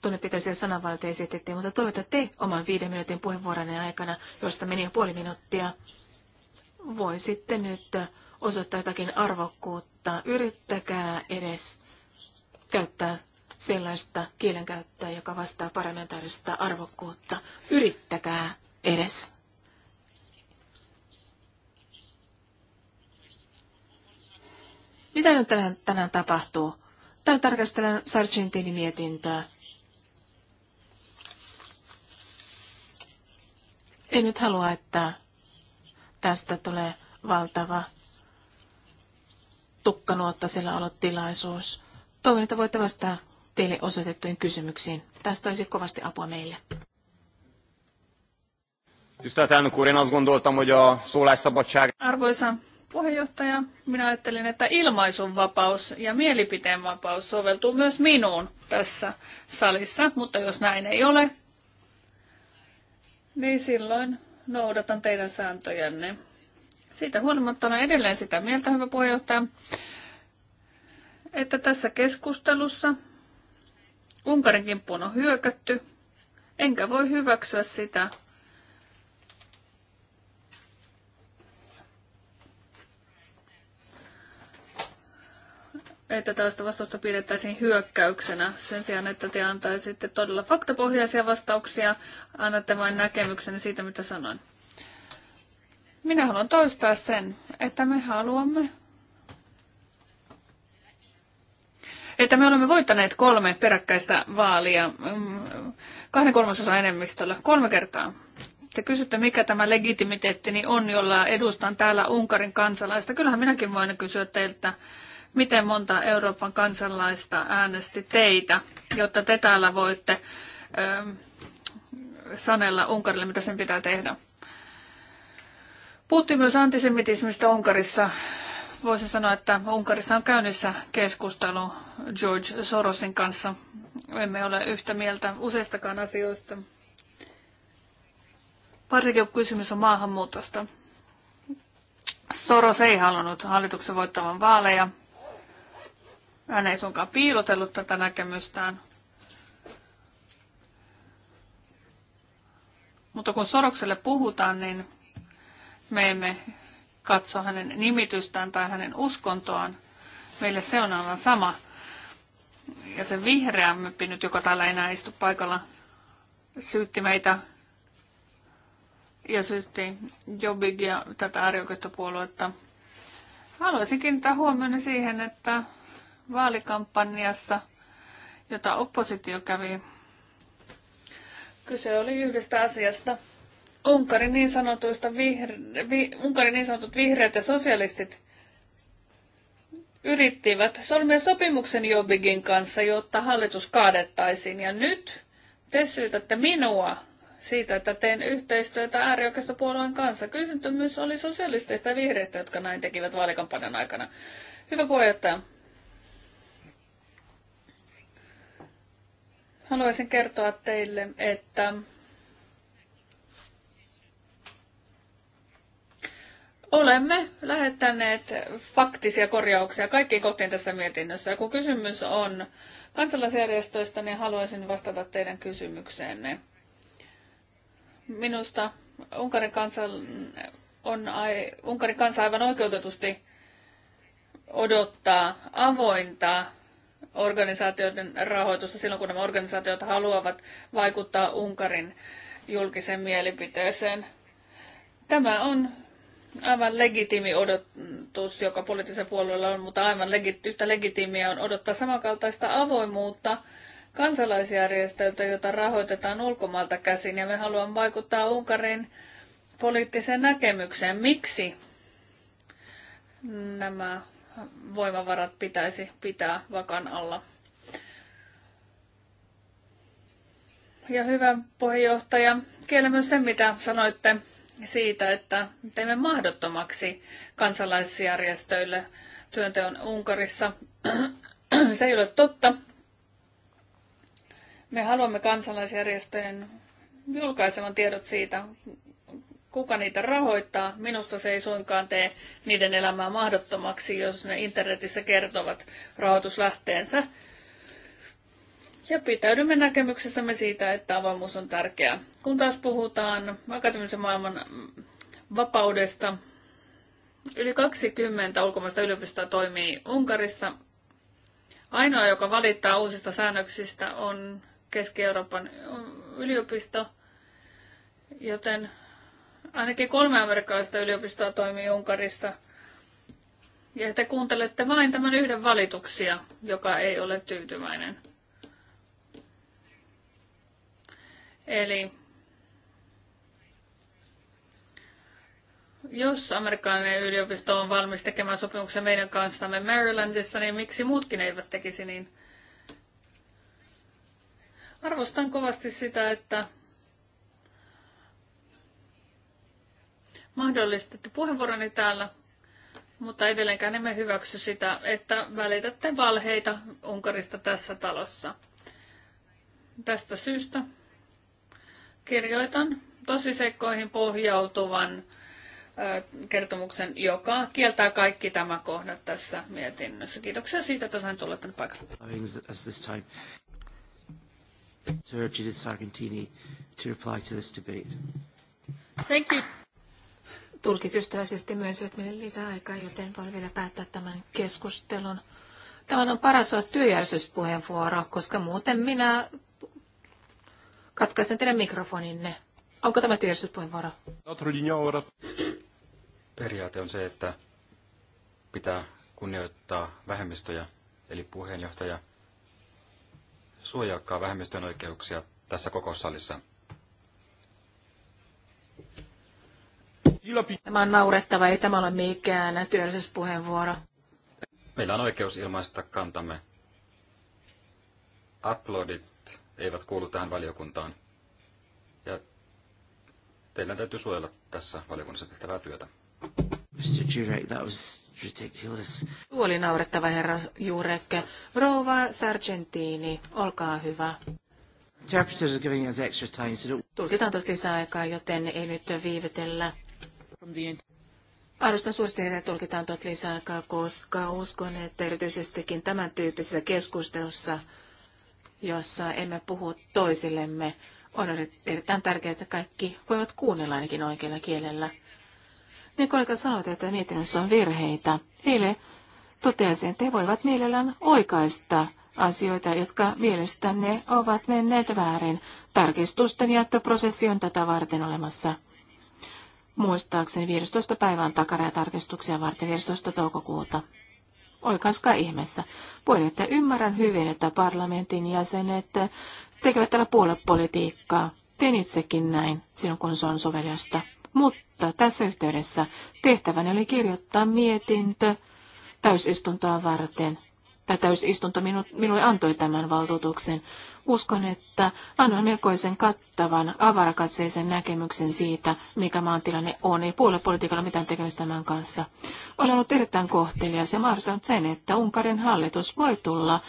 Tunnepitoisia sananvaltoja esitettiin, mutta toivota te oman viiden minuutin puheenvuoronne aikana, josta meni jo puoli minuuttia, voi sitten nyt osoittaa jotakin arvokkuutta. Yrittäkää edes käyttää sellaista kielenkäyttöä, joka vastaa parlamentaarista arvokkuutta. Yrittäkää edes. Mitä nyt tänään, tänään tapahtuu? Tai tarkastellaan Sargentin mietintöä. En nyt halua, että tästä tulee valtava tukkanuotta sillä ollut tilaisuus. Toivon, että voitte vastata teille osoitettuihin kysymyksiin. Tästä olisi kovasti apua meille. Arvoisa puheenjohtaja. Minä ajattelin, että ilmaisunvapaus ja mielipiteenvapaus soveltuu myös minuun tässä salissa, mutta jos näin ei ole, niin silloin noudatan teidän sääntöjänne. Siitä huolimatta olen edelleen sitä mieltä, hyvä puheenjohtaja, että tässä keskustelussa Unkarin kimppuun on hyökätty, enkä voi hyväksyä sitä, että tällaista vastausta pidettäisiin hyökkäyksenä sen sijaan, että te antaisitte todella faktapohjaisia vastauksia, annatte vain näkemyksen siitä, mitä sanoin. Minä haluan toistaa sen, että me haluamme, että me olemme voittaneet kolme peräkkäistä vaalia mm, kahden kolmasosa enemmistöllä kolme kertaa. Te kysytte, mikä tämä legitimiteettini on, jolla edustan täällä Unkarin kansalaista. Kyllähän minäkin voin kysyä teiltä, miten monta Euroopan kansalaista äänesti teitä, jotta te täällä voitte ö, ähm, sanella Unkarille, mitä sen pitää tehdä. Puhuttiin myös antisemitismistä Unkarissa. Voisin sanoa, että Unkarissa on käynnissä keskustelu George Sorosin kanssa. Emme ole yhtä mieltä useistakaan asioista. Parikin kysymys on maahanmuutosta. Soros ei halunnut hallituksen voittavan vaaleja. Hän ei suinkaan piilotellut tätä näkemystään. Mutta kun Sorokselle puhutaan, niin me emme katso hänen nimitystään tai hänen uskontoaan. Meille se on aivan sama. Ja se vihreä möppi nyt, joka täällä enää istu paikalla, syytti meitä ja syytti Jobbik tätä tätä puoluetta. Haluaisinkin kiinnittää huomioon siihen, että vaalikampanjassa, jota oppositio kävi. Kyse oli yhdestä asiasta. Unkarin niin, sanotuista vihre, vi, Unkarin niin sanotut vihreät ja sosialistit yrittivät solmia sopimuksen Jobbikin kanssa, jotta hallitus kaadettaisiin. Ja nyt te syytätte minua siitä, että teen yhteistyötä äärioikeistopuolueen kanssa. Kysymys oli sosialisteista ja vihreistä, jotka näin tekivät vaalikampanjan aikana. Hyvä puheenjohtaja, Haluaisin kertoa teille, että olemme lähettäneet faktisia korjauksia kaikkiin kohtiin tässä mietinnössä. Ja kun kysymys on kansalaisjärjestöistä, niin haluaisin vastata teidän kysymykseenne. Minusta Unkarin kansa on, ai Unkarin kansa aivan oikeutetusti odottaa avointa organisaatioiden rahoitusta silloin, kun nämä organisaatiot haluavat vaikuttaa Unkarin julkisen mielipiteeseen. Tämä on aivan legitiimi odotus, joka poliittisen puolueella on, mutta aivan legi- yhtä legitiimiä on odottaa samankaltaista avoimuutta kansalaisjärjestöiltä, jota rahoitetaan ulkomailta käsin, ja me haluamme vaikuttaa Unkarin poliittiseen näkemykseen. Miksi nämä voimavarat pitäisi pitää vakan alla. Ja hyvä puheenjohtaja, kielen myös sen, mitä sanoitte siitä, että teemme mahdottomaksi kansalaisjärjestöille työnteon Unkarissa. Se ei ole totta. Me haluamme kansalaisjärjestöjen julkaisevan tiedot siitä, kuka niitä rahoittaa. Minusta se ei suinkaan tee niiden elämää mahdottomaksi, jos ne internetissä kertovat rahoituslähteensä. Ja pitäydymme näkemyksessämme siitä, että avoimuus on tärkeää. Kun taas puhutaan akateemisen maailman vapaudesta, yli 20 ulkomaista yliopistoa toimii Unkarissa. Ainoa, joka valittaa uusista säännöksistä, on Keski-Euroopan yliopisto, joten ainakin kolme amerikkalaista yliopistoa toimii Unkarista. Ja te kuuntelette vain tämän yhden valituksia, joka ei ole tyytyväinen. Eli jos amerikkalainen yliopisto on valmis tekemään sopimuksen meidän kanssamme Marylandissa, niin miksi muutkin eivät tekisi niin? Arvostan kovasti sitä, että mahdollistettu puheenvuoroni täällä, mutta edelleenkään emme hyväksy sitä, että välitätte valheita Unkarista tässä talossa. Tästä syystä kirjoitan tosi seikkoihin pohjautuvan kertomuksen, joka kieltää kaikki tämä kohdat tässä mietinnössä. Kiitoksia siitä, että sain tulla tänne paikalle. Sargentini to reply to this debate. Thank you. Tulkit ystävällisesti myönsivät meille lisää aikaa, joten voin vielä päättää tämän keskustelun. Tämä on paras olla työjärjestyspuheenvuoro, koska muuten minä katkaisen teidän mikrofoninne. Onko tämä työjärjestyspuheenvuoro? Periaate on se, että pitää kunnioittaa vähemmistöjä, eli puheenjohtaja suojaakaan vähemmistön oikeuksia tässä koko salissa. Tämä on naurettava, ei tämä ole mikään työllisyyspuheenvuoro. Meillä on oikeus ilmaista kantamme. Uploadit eivät kuulu tähän valiokuntaan. Ja teillä täytyy suojella tässä valiokunnassa tehtävää työtä. Mr. Jurek, that was ridiculous. Tuo oli naurettava herra Jurek. Rouva Sargentini, olkaa hyvä. Tulkitaan tuot lisäaikaa, joten ei nyt viivytellä. Arvostan suuresti, että tulkitaan tuot lisäaikaa, koska uskon, että erityisestikin tämän tyyppisessä keskustelussa, jossa emme puhu toisillemme, on erittäin tärkeää, että kaikki voivat kuunnella ainakin oikealla kielellä. Ne kollegat sanovat, että mietinnössä on virheitä. Heille totesin, että he voivat mielellään oikaista asioita, jotka mielestänne ovat menneet väärin. Tarkistusten jättöprosessi on tätä varten olemassa muistaakseni 15. päivän takarajatarkistuksia varten 15. toukokuuta. Oikaskaa ihmeessä. Voin, että ymmärrän hyvin, että parlamentin jäsenet tekevät täällä puolepolitiikkaa, Teen itsekin näin, silloin kun se on soveliasta. Mutta tässä yhteydessä tehtävänä oli kirjoittaa mietintö täysistuntoa varten tai täysistunto minu, minulle antoi tämän valtuutuksen. Uskon, että annoin melkoisen kattavan, avarakatseisen näkemyksen siitä, mikä maan tilanne on. Ei puoluepolitiikalla mitään tekemistä tämän kanssa. Olen ollut erittäin kohtelias ja mahdollistanut sen, että Unkarin hallitus voi tulla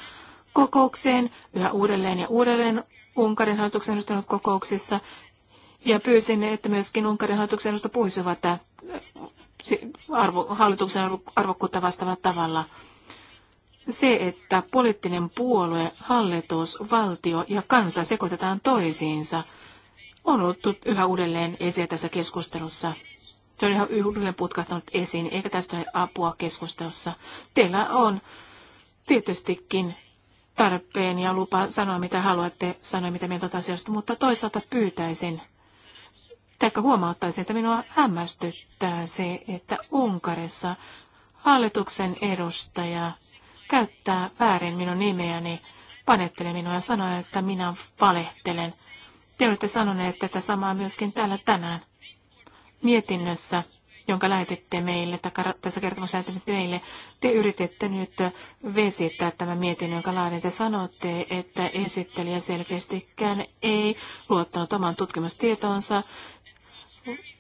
kokoukseen yhä uudelleen ja uudelleen Unkarin hallituksen edustanut kokouksissa. Ja pyysin, että myöskin Unkarin hallituksen edusta puhuisivat äh, arvo, hallituksen arvokkuutta vastaavalla tavalla se, että poliittinen puolue, hallitus, valtio ja kansa sekoitetaan toisiinsa, on ollut yhä uudelleen esiin tässä keskustelussa. Se on ihan uudelleen putkahtanut esiin, eikä tästä ole apua keskustelussa. Teillä on tietystikin tarpeen ja lupa sanoa, mitä haluatte sanoa, mitä mieltä asioista, mutta toisaalta pyytäisin, tai huomauttaisin, että minua hämmästyttää se, että Unkarissa hallituksen edustaja käyttää väärin minun nimeäni, panetteli minua ja sanoa, että minä valehtelen. Te olette sanoneet tätä samaa myöskin täällä tänään mietinnössä, jonka lähetitte meille, tai tässä kertomassa lähetitte meille, te yritette nyt vesittää tämän mietinnön, jonka laadin. Te sanotte, että esittelijä selkeästikään ei luottanut oman tutkimustietonsa,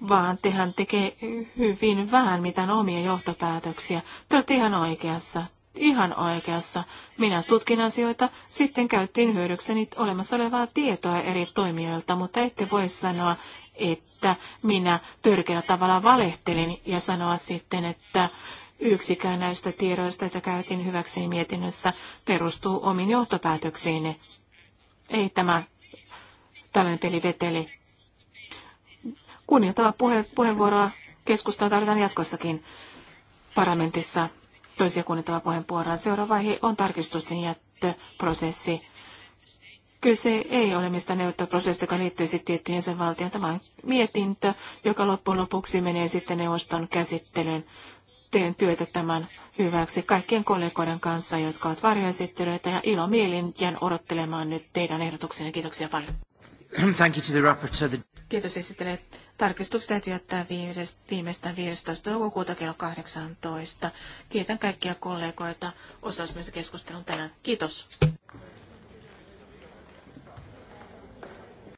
vaan tehän tekee hyvin vähän mitään omia johtopäätöksiä. Te olette ihan oikeassa ihan oikeassa. Minä tutkin asioita, sitten käyttiin hyödykseni olemassa olevaa tietoa eri toimijoilta, mutta ette voi sanoa, että minä törkeällä tavalla valehtelin ja sanoa sitten, että yksikään näistä tiedoista, joita käytin hyväkseni mietinnössä, perustuu omiin johtopäätöksiin. Ei tämä tällainen peli veteli. Kunnioittava puhe, puheenvuoroa keskustelua tarvitaan jatkossakin parlamentissa toisia kuunnittava puheenvuoroa. Seuraava vaihe on tarkistusten jättöprosessi. Kyse ei ole mistään neuvotteluprosessista, joka liittyisi tiettyyn jäsenvaltioon. Tämä on mietintö, joka loppujen lopuksi menee sitten neuvoston käsittelyyn. Teen työtä tämän hyväksi kaikkien kollegoiden kanssa, jotka ovat varjoesittelyitä ja ilomielin jään odottelemaan nyt teidän ehdotuksenne. Kiitoksia paljon. Thank you to the rapporteur. Kiitos esittelee. Tarkistus täytyy jättää viimeistään 15. toukokuuta kello 18. Kiitän kaikkia kollegoita osallistumista keskustelun tänään. Kiitos.